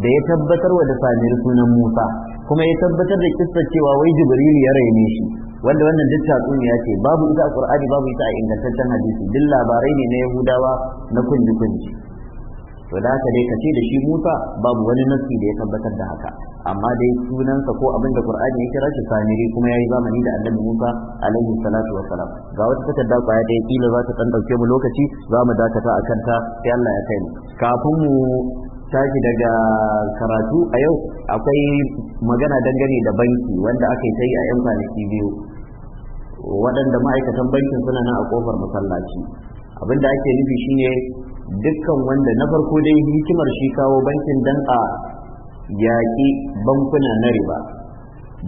da ya tabbatar wa da samir sunan musa kuma ya tabbatar da kiffacewa cewa wai jibrilu ya raine shi wanda wannan duk ya ce babu ita a qur'ani babu ita a ingantaccen hadisi duk labarai ne na yahudawa na kunji kunji to da haka dai ka ce da shi Musa babu wani nassi da ya tabbatar da haka amma dai sunansa ko abin da Qur'ani ya kira shi samiri kuma yayi zamani da Annabi Musa alaihi salatu wa salam. ga wata takarda kwaya da kila za ta dan dauke mu lokaci za mu dakata akan ta sai Allah ya kai mu kafin mu tashi daga karatu a yau akwai magana dangane da banki wanda aka yi a 'yan kwanaki biyu waɗanda ma'aikatan bankin suna nan a kofar masallaci abin da ake nufi shine dukkan wanda na farko dai hikimar shi kawo bankin dan a yaƙi bankuna na riba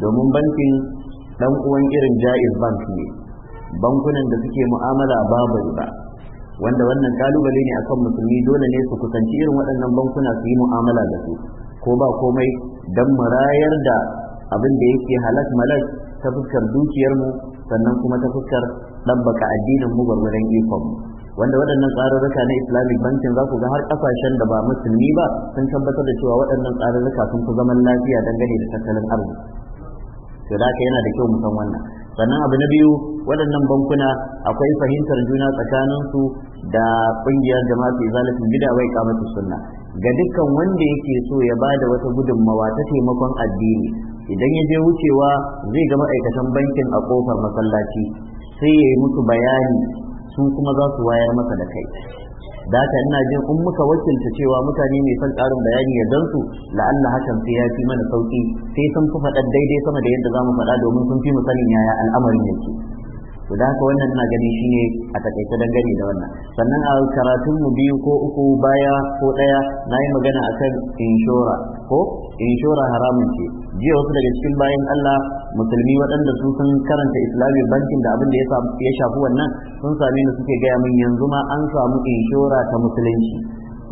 domin bankin dan uwan irin jaiz bank ne bankunan da suke mu'amala babu riba wanda wannan kalubale ne akan musulmi dole ne su kusanci irin waɗannan bankuna su yi mu'amala da su ko ba komai don murayar da abin da yake halak malak ta fuskar dukiyarmu sannan kuma ta fuskar ɗabbaka addinin mu gwargwadon ikon mu wanda waɗannan tsararruka na islamic bankin za ku ga har ƙasashen da ba musulmi ba sun tabbatar da cewa waɗannan tsararruka sun fi zaman lafiya dangane da tattalin arziki to da yana da kyau mu san wannan sannan abu na biyu waɗannan bankuna akwai fahimtar juna tsakanin su da ƙungiyar jama'atu gida bid'a wa iqamatu sunna ga dukkan wanda yake so ya ba da wata gudunmawa ta taimakon addini idan ya je wucewa zai ga ma'aikatan bankin a ƙofar masallaci sai ya yi musu bayani su kuma za su wayar masa da kai da haka ina jin in muka wakilta cewa mutane mai son tsarin bayani ya su la'alla hakan sai ya fi mana sauki sai sun fi faɗa daidai sama da yadda za mu faɗa domin sun fi mu yaya al'amarin yake to da haka wannan ina gani shi ne a takaice dangane da wannan sannan a karatun mu biyu ko uku baya ko ɗaya na yi magana akan inshora ko inshora haramun ce jiya wasu daga cikin bayan Allah musulmi waɗanda su sun karanta islamic bankin da abin da ya shafi wannan sun sami ni suke gaya min yanzu ma an samu inshora ta musulunci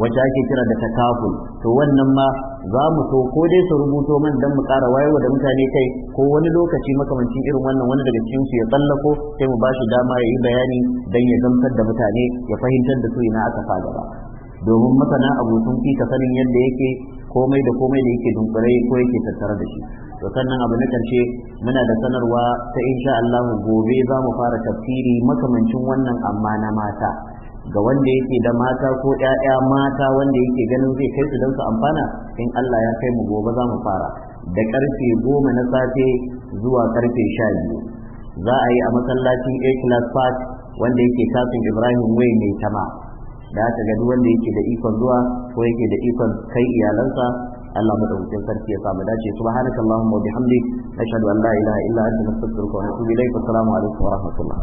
wacce ake kira da takaful to wannan ma za mu so ko dai su rubuto man dan mu ƙara wayewa da mutane kai ko wani lokaci makamancin irin wannan wani daga cikin su ya tsallako sai mu ba shi dama ya yi bayani dan ya gamsar da mutane ya fahimtar da su ina aka fa gaba domin masana abu sun fi ka sanin yadda yake komai da komai da yake dunkure ko yake tattare da shi to sannan abu na karshe muna da sanarwa ta insha Allah gobe za mu fara tafsiri makamancin wannan amma na mata ga wanda yake da mata ko ƴaƴa mata wanda yake ganin zai kai su don su amfana in Allah ya kai mu gobe za mu fara da karfe goma na safe zuwa karfe sha biyu za a yi a masallacin a class park wanda yake kasin ibrahim wai mai tama da aka ga duk wanda yake da ikon zuwa ko yake da ikon kai iyalansa Allah madaukakin sarki ya samu dace subhanaka allahumma wa bihamdik nashhadu an la ilaha illa anta nastaghfiruka wa natubu ilayk assalamu alaikum wa rahmatullah